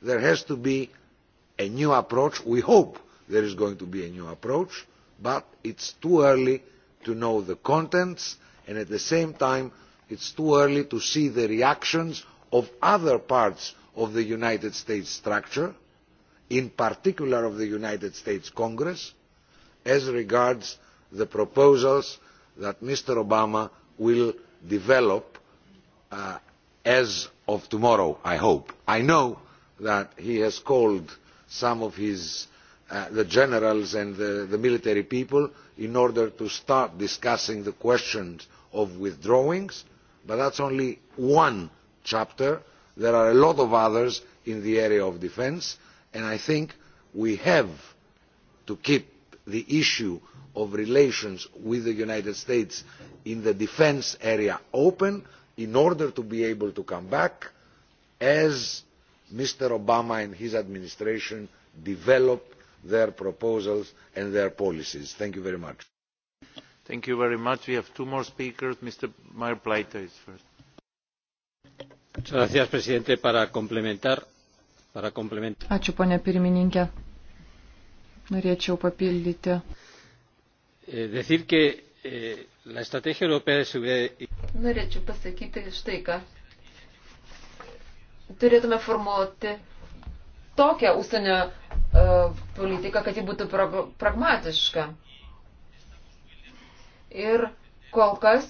There has to be a new approach. We hope there is going to be a new approach, but it's too early to know the contents, and at the same time, it is too early to see the reactions of other parts of the united states structure in particular of the united states congress as regards the proposals that mr obama will develop uh, as of tomorrow i hope. i know that he has called some of his uh, the generals and the, the military people in order to start discussing the questions of withdrawings but that is only one chapter. there are a lot of others in the area of defence and i think we have to keep the issue of relations with the united states in the defence area open in order to be able to come back as mr obama and his administration develop their proposals and their policies. thank you very much thank you very much. we have two more speakers. mr. meyer pleiter is first. Gracias, presidente. Para complementar, para complementar. Ačiū, ponė pirmininkė. Norėčiau papildyti. Eh, decir que eh, la estrategia europea de seguridad. Norėčiau pasakyti štai ką. Turėtume formuoti tokią užsienio uh, politiką, kad ji būtų pra pragmatiška. Uh, ir kol kas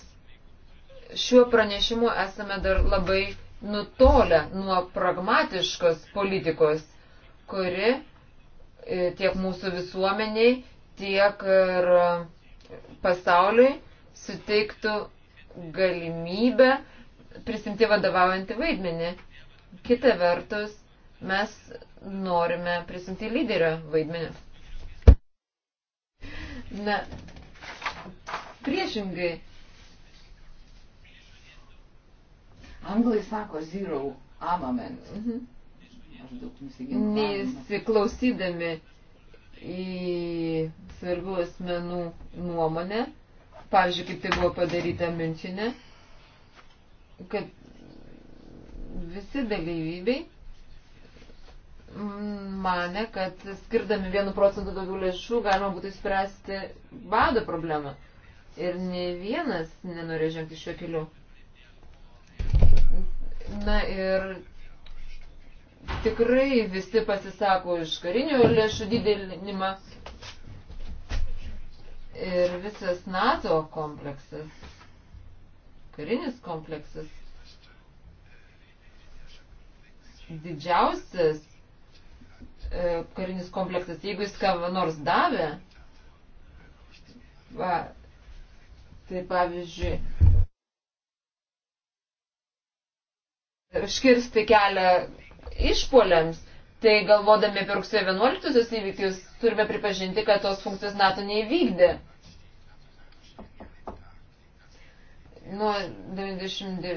šiuo pranešimu esame dar labai nutolę nuo pragmatiškos politikos, kuri e, tiek mūsų visuomeniai, tiek ir e, pasauliui suteiktų galimybę prisimti vadovaujantį vaidmenį. Kita vertus, mes norime prisimti lyderio vaidmenį. Na, Priešingai. Anglai sako zero armament. Mhm. Nesiklausydami į svarbių asmenų nuomonę, pavyzdžiui, kaip tai buvo padaryta Münchenė, kad visi dalyvybiai mane, kad skirdami vienu procentu daugiau lėšų galima būtų įspręsti bado problemą ir ne vienas nenori žengti šiuo keliu. Na ir tikrai visi pasisako už karinių lėšų didelinimą ir visas NATO kompleksas, karinis kompleksas, didžiausias e, karinis kompleksas, jeigu jis ką nors davė, va, Tai pavyzdžiui, škirsti kelią išpoliams, tai galvodami apie rugsėjo 11 įvykius, turime pripažinti, kad tos funkcijos NATO neįvykdė. Nuo 90.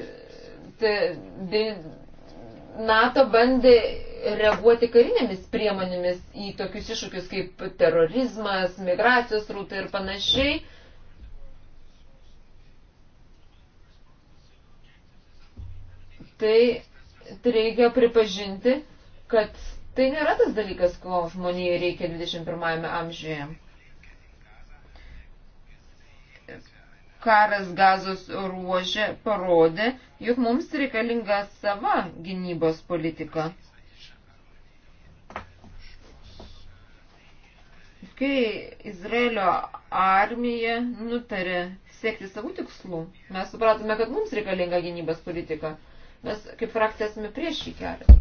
Tai, tai NATO bandė reaguoti karinėmis priemonėmis į tokius iššūkius kaip terorizmas, migracijos rūtai ir panašiai. tai reikia pripažinti, kad tai nėra tas dalykas, ko žmonijai reikia 21 amžiuje. Karas gazos ruožė parodė, jog mums reikalinga sava gynybos politika. Kai Izraelio armija nutarė siekti savų tikslų, mes supratome, kad mums reikalinga gynybos politika. Mes kaip frakcija esame prieš šį kelią.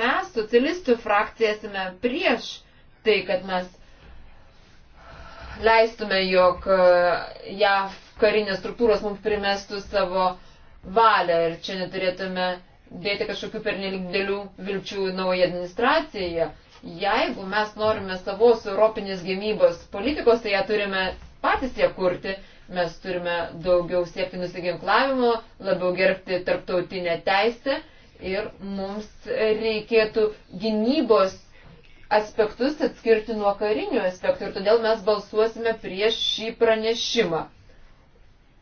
Mes, socialistų frakcija, esame prieš tai, kad mes leistume, jog e, JAV karinės struktūros mums primestų savo valią ir čia neturėtume dėti kažkokių pernelik dėlių vilčių naują administraciją. Jeigu mes norime savos europinės gynybos politikos, tai ją turime patys ją kurti. Mes turime daugiau siekti nusiginklavimo, labiau gerbti tarptautinę teisę ir mums reikėtų gynybos aspektus atskirti nuo karinių aspektų ir todėl mes balsuosime prieš šį pranešimą.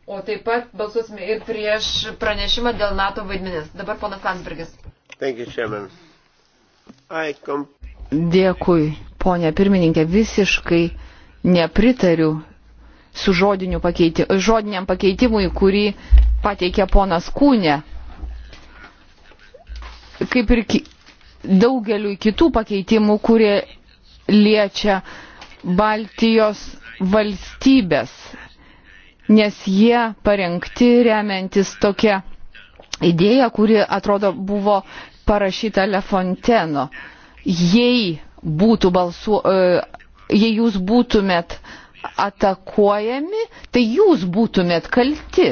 O taip pat balsuosime ir prieš pranešimą dėl NATO vaidmenis. Dabar ponas Landsbergis. Thank you, Chairman. I com... Dėkui, ponė pirmininkė, visiškai nepritariu su pakeiti, žodiniam pakeitimui, kurį pateikė ponas Kūnė. Kaip ir ki, daugeliu kitų pakeitimų, kurie liečia Baltijos valstybės, nes jie parengti remiantis tokia idėja, kuri atrodo buvo parašyta Lefonteno. Fonteno jei būtų balsu, e, jei jūs būtumėt atakuojami, tai jūs būtumėt kalti.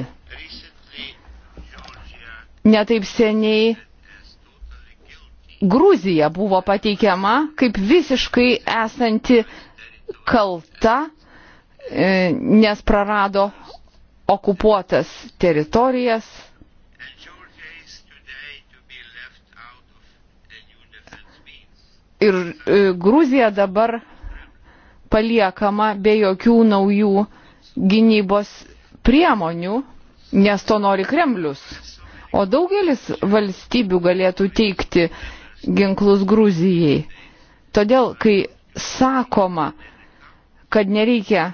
Netaip seniai Gruzija buvo pateikiama kaip visiškai esanti kalta, e, nes prarado okupuotas teritorijas. ir e, Gruzija dabar paliekama be jokių naujų gynybos priemonių, nes to nori Kremlius. O daugelis valstybių galėtų teikti ginklus Gruzijai. Todėl, kai sakoma, kad nereikia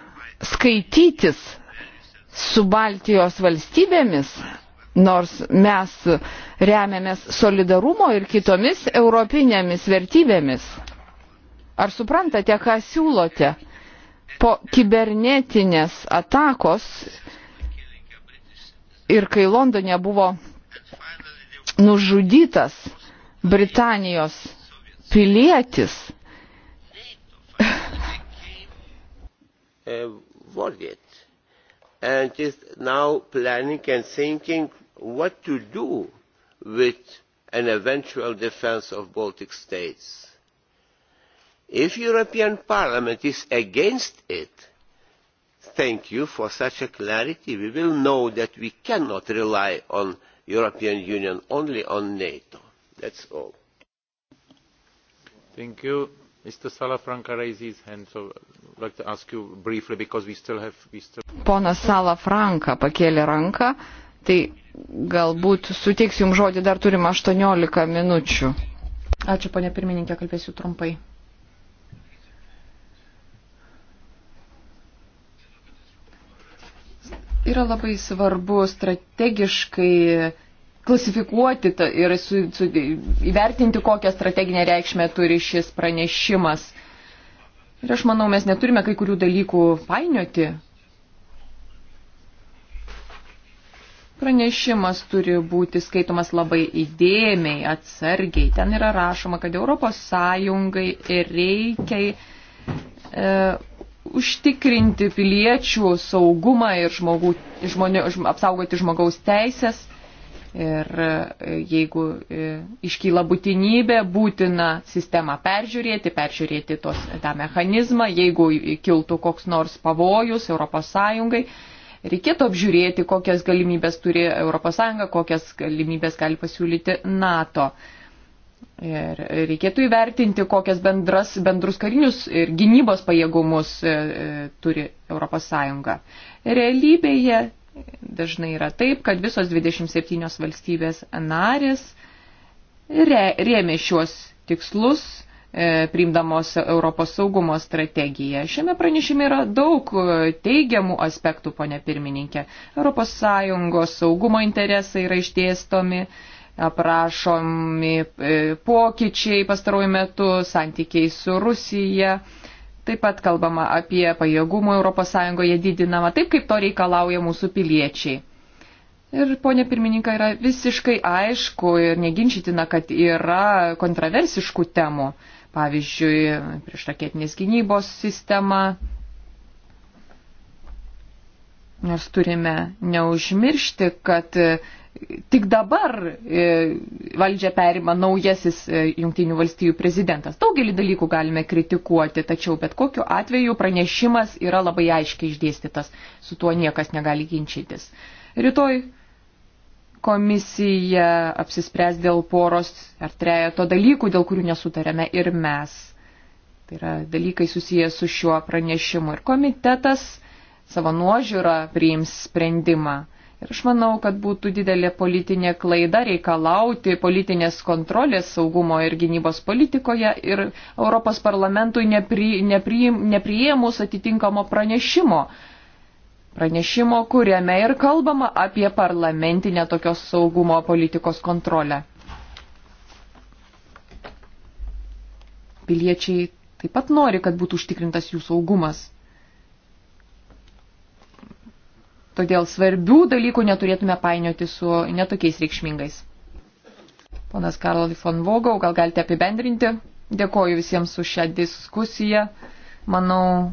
skaitytis su Baltijos valstybėmis, nors mes remiamės solidarumo ir kitomis europinėmis vertybėmis. Ar suprantate, ką siūlote? Po kibernetinės atakos ir kai Londone buvo nužudytas Britanijos pilietis, worried eh, and is now planning and thinking what to do with an eventual defence of Baltic states. If European Parliament is against it, thank you for such a clarity. We will know that we cannot rely on European Union, only on NATO. That's all. Thank you. Mr. Salafranca raised his hand, so I'd like to ask you briefly because we still have... We still... Ponas Salafranca pakėlė ranką, tai galbūt suteiksiu jums žodį, dar turim 18 minučių. Ačiū, ponė pirmininkė, kalbėsiu trumpai. Yra labai svarbu strategiškai klasifikuoti ir su, su, įvertinti, kokią strateginę reikšmę turi šis pranešimas. Ir aš manau, mes neturime kai kurių dalykų painioti, Pranešimas turi būti skaitomas labai įdėmiai, atsargiai. Ten yra rašoma, kad Europos Sąjungai reikia e, užtikrinti piliečių saugumą ir žmogų, žmonių, apsaugoti žmogaus teisės. Ir e, jeigu e, iškyla būtinybė, būtina sistemą peržiūrėti, peržiūrėti tos, tą mechanizmą, jeigu kiltų koks nors pavojus Europos Sąjungai, Reikėtų apžiūrėti, kokias galimybės turi ES, kokias galimybės gali pasiūlyti NATO. Ir reikėtų įvertinti, kokias bendras, bendrus karinius ir gynybos pajėgumus e, e turi ES. Realybėje dažnai yra taip, kad visos 27 valstybės narės re, rėmė šiuos tikslus E, priimdamos Europos saugumo strategiją. Šiame pranešime yra daug e, teigiamų aspektų, ponė pirmininkė. Europos Sąjungos saugumo interesai yra išdėstomi, aprašomi e, pokyčiai pastarojų metų, santykiai su Rusija. Taip pat kalbama apie pajėgumų Europos Sąjungoje didinamą, taip kaip to reikalauja mūsų piliečiai. Ir, ponė pirmininka, yra visiškai aišku ir neginčitina, kad yra kontroversiškų temų pavyzdžiui, priešraketinės gynybos sistemą. Mes turime neužmiršti, kad e, tik dabar e, valdžią perima naujasis e, Junktinių valstybių prezidentas. Daugelį dalykų galime kritikuoti, tačiau bet kokiu atveju pranešimas yra labai aiškiai išdėstytas, su tuo niekas negali ginčytis. Rytoj komisija apsispręs dėl poros ar trejeto dalykų, dėl kurių nesutarėme ir mes. Tai yra dalykai susijęs su šiuo pranešimu. Ir komitetas savo nuožiūrą priims sprendimą. Ir aš manau, kad būtų didelė politinė klaida reikalauti politinės kontrolės saugumo ir gynybos politikoje ir Europos parlamentui nepri, nepri, nepri nepriėmus atitinkamo pranešimo. Uh, pranešimo, kuriame ir kalbama apie parlamentinę tokios saugumo politikos kontrolę. Piliečiai taip pat nori, kad būtų užtikrintas jų saugumas. Todėl svarbių dalykų neturėtume painioti su netokiais reikšmingais. Ponas Karol von Vogau, gal galite apibendrinti? Dėkoju visiems už šią diskusiją. Manau,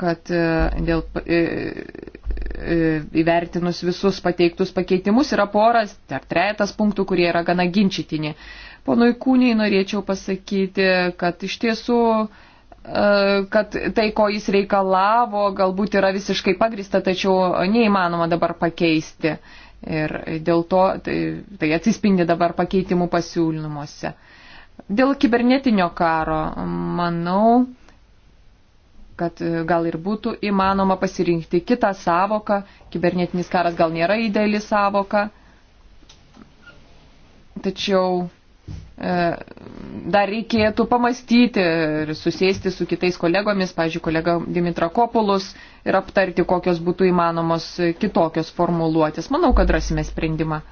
kad e, dėl, e, e, įvertinus visus pateiktus pakeitimus yra poras ar trejetas punktų, kurie yra gana ginčytini. Ponui Kūniai norėčiau pasakyti, kad iš tiesų kad tai, ko jis reikalavo, galbūt yra visiškai pagrista, tačiau neįmanoma dabar pakeisti. Ir dėl to tai, tai atsispindi dabar pakeitimų pasiūlymuose. Dėl kibernetinio karo, manau, kad e, gal ir būtų įmanoma pasirinkti kitą savoką. Kibernetinis karas gal nėra ideali savoka, tačiau e, dar reikėtų pamastyti ir susėsti su kitais kolegomis, pažiūrėjau, kolega Dimitra Kopulus ir aptarti, kokios būtų įmanomos kitokios formuluotės. Manau, kad rasime sprendimą.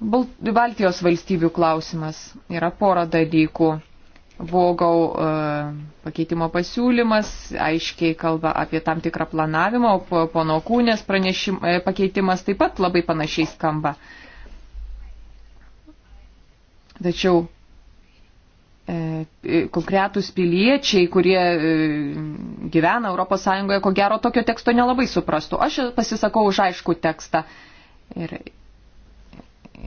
Baltijos valstybių klausimas yra pora dalykų Vogau e, pakeitimo pasiūlymas aiškiai kalba apie tam tikrą planavimą, o pono kūnės pranešim, e, pakeitimas taip pat labai panašiai skamba. Tačiau e, konkretūs piliečiai, kurie gyvena ES, ko gero tokio teksto nelabai suprastų. Aš pasisakau už aišku tekstą. Ir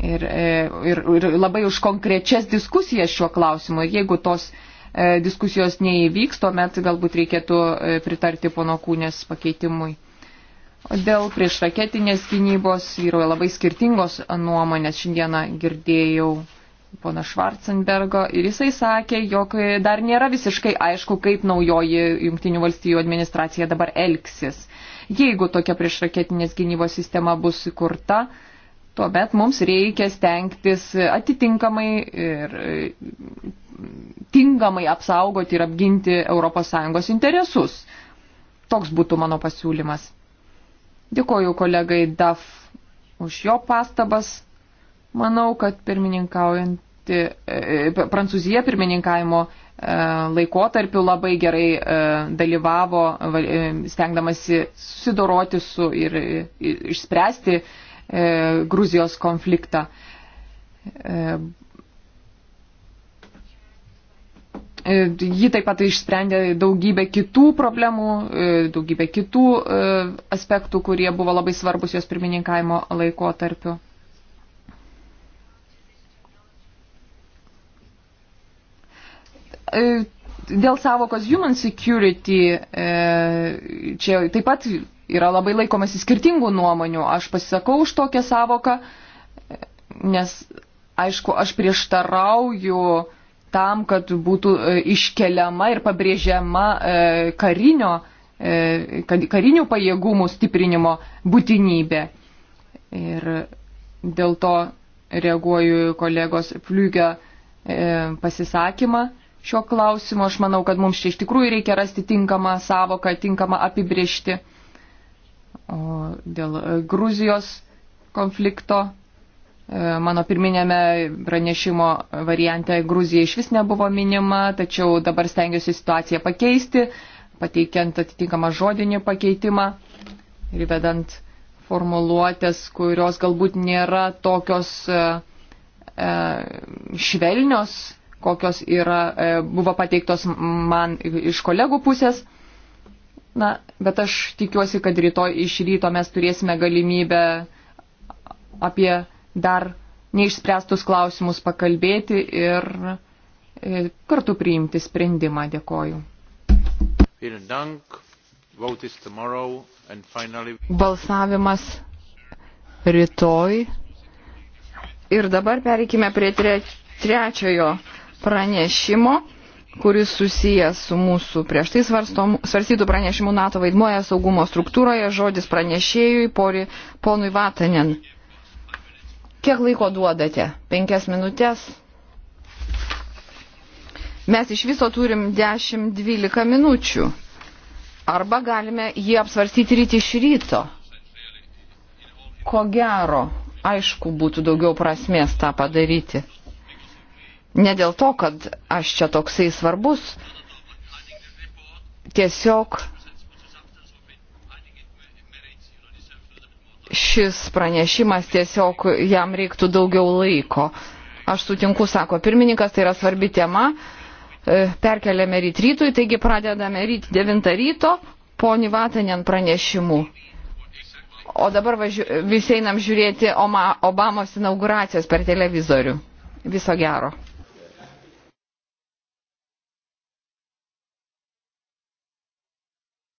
ir, e, ir, ir labai už konkrečias diskusijas šiuo klausimu. Ir jeigu tos e, diskusijos neįvyks, tuomet galbūt reikėtų e, pritarti pono kūnės pakeitimui. Dėl priešraketinės gynybos vyroja labai skirtingos nuomonės. Šiandieną girdėjau pona Švarcenbergo ir jisai sakė, jog dar nėra visiškai aišku, kaip naujoji Junktinių valstybių administracija dabar elgsis. Jeigu tokia priešraketinės gynybos sistema bus įkurta, uh, tuomet mums reikia stengtis atitinkamai ir e, tinkamai apsaugoti ir apginti ES interesus. Toks būtų mano pasiūlymas. Dėkoju kolegai DAF už jo pastabas. Manau, kad pirmininkaujant e, e, Prancūzija pirmininkavimo laikotarpiu labai gerai dalyvavo, stengdamasi susidoroti su ir išspręsti e, Gruzijos konfliktą. E, e, Ji taip pat išsprendė daugybę kitų problemų, e, daugybę kitų e, aspektų, kurie buvo labai svarbus jos pirmininkavimo laikotarpiu. Dėl savokos human security čia taip pat yra labai laikomasi skirtingų nuomonių. Aš pasisakau už tokią savoką, nes, aišku, aš prieštarauju tam, kad būtų e, iškeliama ir pabrėžiama e, karinio, e, karinių pajėgumų stiprinimo būtinybė. Ir dėl to reaguoju kolegos Pliugio pasisakymą šio klausimo. Aš manau, kad mums čia iš tikrųjų reikia rasti tinkamą savoką, tinkamą apibriežti dėl e, Gruzijos konflikto. E, mano pirminėme pranešimo variante Gruzija iš vis nebuvo minima, tačiau dabar stengiuosi situaciją pakeisti, pateikiant atitinkamą žodinį pakeitimą ir vedant formuluotės, kurios galbūt nėra tokios e, švelnios, kokios yra, buvo pateiktos man iš kolegų pusės. Na, bet aš tikiuosi, kad rytoj iš ryto mes turėsime galimybę apie dar neišspręstus klausimus pakalbėti ir e, kartu priimti sprendimą. Dėkoju. Balsavimas rytoj. Ir dabar pereikime prie trečiojo pranešimo kuris susijęs su mūsų prieš tai svarstom, svarstytų pranešimų NATO vaidmoje saugumo struktūroje, žodis pranešėjui, pori, ponui Vatanen. Kiek laiko duodate? Penkias minutės? Mes iš viso turim 10-12 minučių. Arba galime jį apsvarstyti ryte iš ryto. Ko gero, aišku, būtų daugiau prasmės tą padaryti. Ne dėl to, kad aš čia toksai svarbus, tiesiog šis pranešimas tiesiog jam reiktų daugiau laiko. Aš sutinku, sako pirmininkas, tai yra svarbi tema. E, perkeliame ryt rytui, taigi pradedame ryt 9 ryto po Nivatanien pranešimų. O dabar važiu, visi einam žiūrėti Obamos inauguracijos per televizorių. Viso gero.